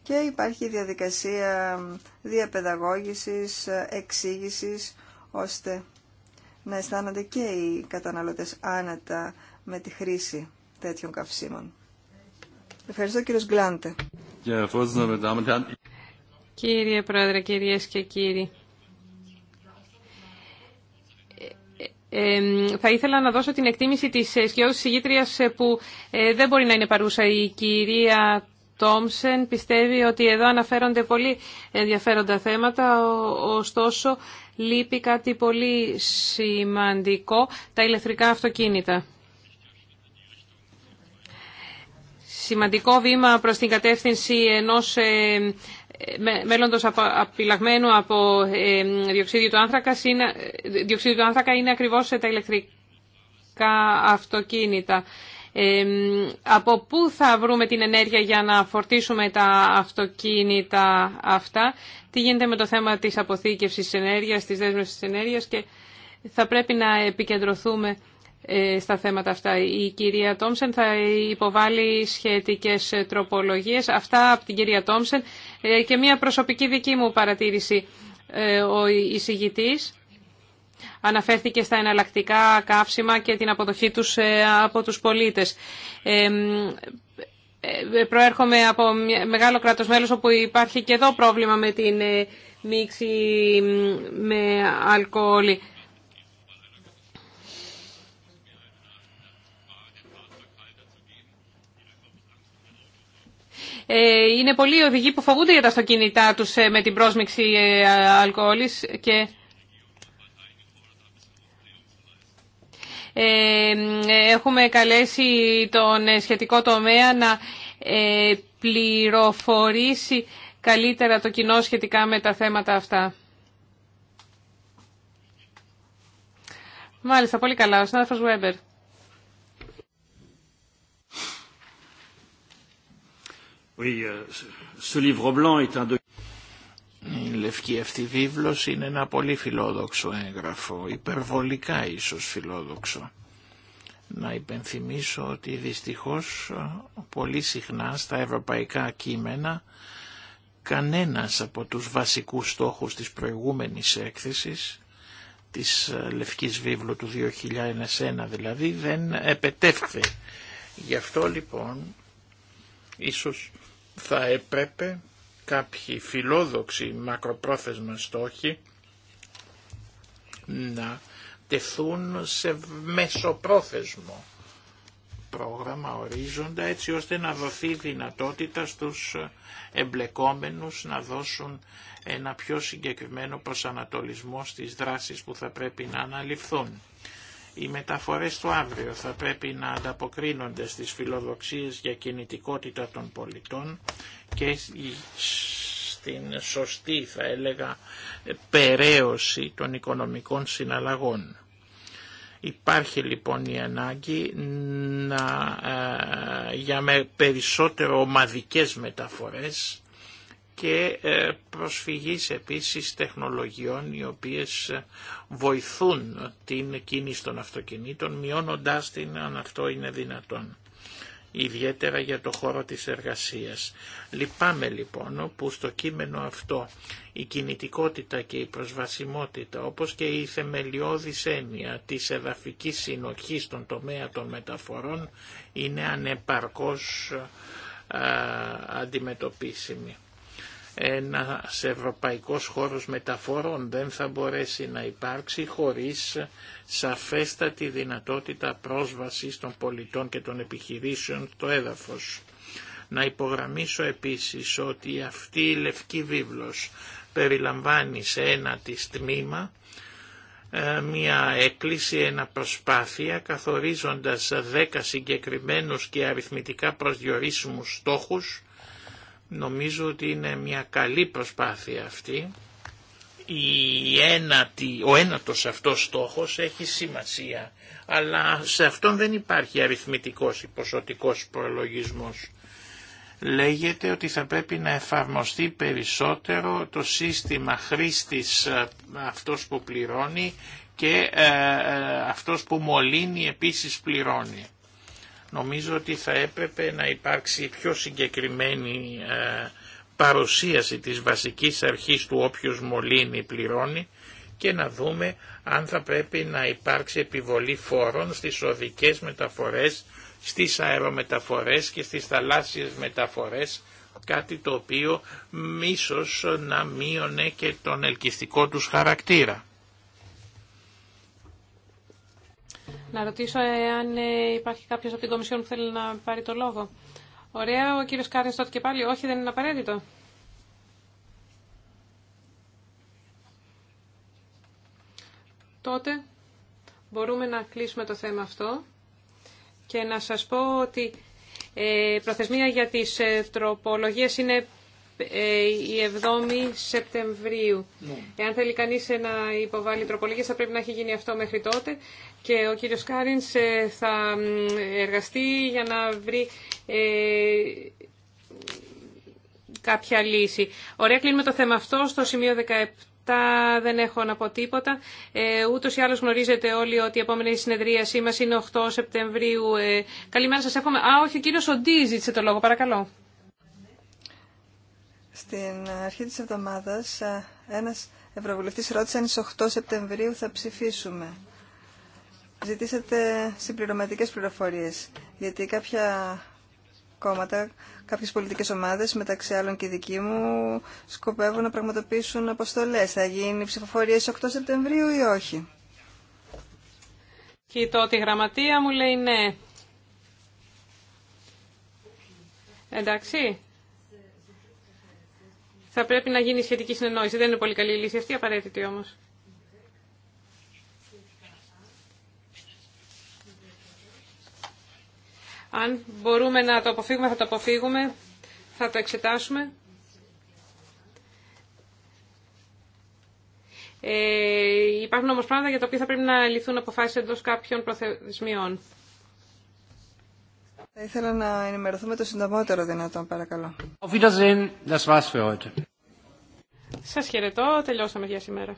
Και υπάρχει διαδικασία διαπαιδαγώγησης, εξήγησης, ώστε να αισθάνονται και οι καταναλωτές άνετα με τη χρήση τέτοιων καυσίμων. Ευχαριστώ κύριος Γκλάντε. Κύριε Πρόεδρε, κυρίες και κύριοι. Ε, ε, ε, θα ήθελα να δώσω την εκτίμηση της σκιώσης συγγήτριας που δεν μπορεί να είναι παρούσα η κυρία Τόμσεν. Πιστεύει ότι εδώ αναφέρονται πολύ ενδιαφέροντα θέματα, ωστόσο λείπει κάτι πολύ σημαντικό, τα ηλεκτρικά αυτοκίνητα. σημαντικό βήμα προς την κατεύθυνση ενός ε, μέλλοντος απειλαγμένου από ε, διοξίδιο του άνθρακα είναι, διοξίδιο του άνθρακα είναι ακριβώς τα ηλεκτρικά αυτοκίνητα. Ε, από πού θα βρούμε την ενέργεια για να φορτίσουμε τα αυτοκίνητα αυτά, τι γίνεται με το θέμα της αποθήκευσης ενέργειας, της δέσμευσης ενέργειας και θα πρέπει να επικεντρωθούμε ε, στα θέματα αυτά. Η κυρία Τόμσεν θα υποβάλει σχετικές τροπολογίες. Αυτά από την κυρία Τόμσεν ε, και μια προσωπική δική μου παρατήρηση. Ε, ο εισηγητής αναφέρθηκε στα εναλλακτικά καύσιμα και την αποδοχή τους από τους πολίτες. Προέρχομαι από μεγάλο κράτος μέλος όπου υπάρχει και εδώ πρόβλημα με την μίξη με αλκοόλ. Ε, είναι πολλοί οδηγοί που φοβούνται για τα αυτοκίνητά τους ε, με την πρόσμιξη ε, αλκοόλης και έχουμε καλέσει τον σχετικό τομέα να πληροφορήσει καλύτερα το κοινό σχετικά με τα θέματα αυτά. Μάλιστα, πολύ καλά. Ο συνάδελφος Βέμπερ. Euh, Η λευκή αυτή είναι ένα πολύ φιλόδοξο έγγραφο, υπερβολικά ίσως φιλόδοξο. Να υπενθυμίσω ότι δυστυχώς πολύ συχνά στα ευρωπαϊκά κείμενα κανένας από τους βασικούς στόχους της προηγούμενης έκθεσης, της ε, Λευκής Βίβλου του 2001 δηλαδή, δεν επετέφθη. Γι' αυτό λοιπόν ίσως θα έπρεπε κάποιοι φιλόδοξοι μακροπρόθεσμα στόχοι να τεθούν σε μεσοπρόθεσμο πρόγραμμα ορίζοντα έτσι ώστε να δοθεί δυνατότητα στους εμπλεκόμενους να δώσουν ένα πιο συγκεκριμένο προσανατολισμό στις δράσεις που θα πρέπει να αναλυφθούν. Οι μεταφορές του αύριο θα πρέπει να ανταποκρίνονται στις φιλοδοξίες για κινητικότητα των πολιτών και στην σωστή, θα έλεγα, περαίωση των οικονομικών συναλλαγών. Υπάρχει λοιπόν η ανάγκη να, ε, για με περισσότερο ομαδικές μεταφορές και ε, προσφυγής επίσης τεχνολογιών οι οποίες βοηθούν την κίνηση των αυτοκινήτων μειώνοντάς την αν αυτό είναι δυνατόν ιδιαίτερα για το χώρο της εργασίας. Λυπάμαι λοιπόν που στο κείμενο αυτό η κινητικότητα και η προσβασιμότητα όπως και η θεμελιώδης έννοια της εδαφικής συνοχής των τομέα των μεταφορών είναι ανεπαρκώς ε, αντιμετωπίσιμη ένα ευρωπαϊκός χώρος μεταφορών δεν θα μπορέσει να υπάρξει χωρίς σαφέστατη δυνατότητα πρόσβασης των πολιτών και των επιχειρήσεων στο έδαφος. Να υπογραμμίσω επίσης ότι αυτή η λευκή βίβλος περιλαμβάνει σε ένα της τμήμα ε, μια έκκληση, ένα προσπάθεια καθορίζοντας δέκα συγκεκριμένους και αριθμητικά προσδιορίσιμους στόχους Νομίζω ότι είναι μια καλή προσπάθεια αυτή. Η ένατη, ο ένατος αυτός στόχος έχει σημασία, αλλά σε αυτόν δεν υπάρχει αριθμητικός ή ποσοτικός προλογισμός. Λέγεται ότι θα πρέπει να εφαρμοστεί περισσότερο το σύστημα χρήστης ε, αυτός που πληρώνει και ε, ε, αυτός που μολύνει επίσης πληρώνει. Νομίζω ότι θα έπρεπε να υπάρξει πιο συγκεκριμένη ε, παρουσίαση της βασικής αρχής του όποιος μολύνει πληρώνει και να δούμε αν θα πρέπει να υπάρξει επιβολή φόρων στις οδικές μεταφορές, στις αερομεταφορές και στις θαλάσσιες μεταφορές, κάτι το οποίο ίσως να μείωνε και τον ελκυστικό τους χαρακτήρα. Να ρωτήσω αν ε, υπάρχει κάποιος από την Κομισιόν που θέλει να πάρει το λόγο. Ωραία, ο κύριος Κάριν τότε και πάλι. Όχι, δεν είναι απαραίτητο. Τότε μπορούμε να κλείσουμε το θέμα αυτό και να σας πω ότι ε, προθεσμία για τις ε, τροπολογίες είναι ε, η 7η Σεπτεμβρίου. Ναι. Εάν θέλει κανείς να υποβάλει τροπολογίες θα πρέπει να έχει γίνει αυτό μέχρι τότε και ο κύριος Κάρινς ε, θα εργαστεί για να βρει ε, κάποια λύση. Ωραία, κλείνουμε το θέμα αυτό στο σημείο 17 δεν έχω να πω τίποτα. Ε, ούτως ή άλλως γνωρίζετε όλοι ότι η επόμενη συνεδρίασή μας είναι 8 Σεπτεμβρίου. Ε, καλημέρα σας εύχομαι. Α, όχι, ο κύριος Οντή το λόγο, παρακαλώ. Στην αρχή της εβδομάδας ένας ευρωβουλευτής ρώτησε αν στις 8 Σεπτεμβρίου θα ψηφίσουμε. Ζητήσατε συμπληρωματικές πληροφορίες, γιατί κάποια κόμματα, κάποιες πολιτικές ομάδες, μεταξύ άλλων και δική μου, σκοπεύουν να πραγματοποιήσουν αποστολές. Θα γίνει ψηφοφορία στις 8 Σεπτεμβρίου ή όχι. Κοιτώ τη γραμματεία μου λέει ναι. Εντάξει. Θα πρέπει να γίνει σχετική συνεννόηση. Δεν είναι πολύ καλή η λύση αυτή, απαραίτητη όμως. Αν μπορούμε να το αποφύγουμε, θα το αποφύγουμε, θα το εξετάσουμε. Ε, υπάρχουν όμως πράγματα για τα οποία θα πρέπει να ληφθούν αποφάσεις εντός κάποιων προθεσμιών. Θα ήθελα να ενημερωθούμε το συντομότερο δυνατόν, παρακαλώ. Auf Wiedersehen, das war's für heute. Σας χαιρετώ, τελειώσαμε για σήμερα.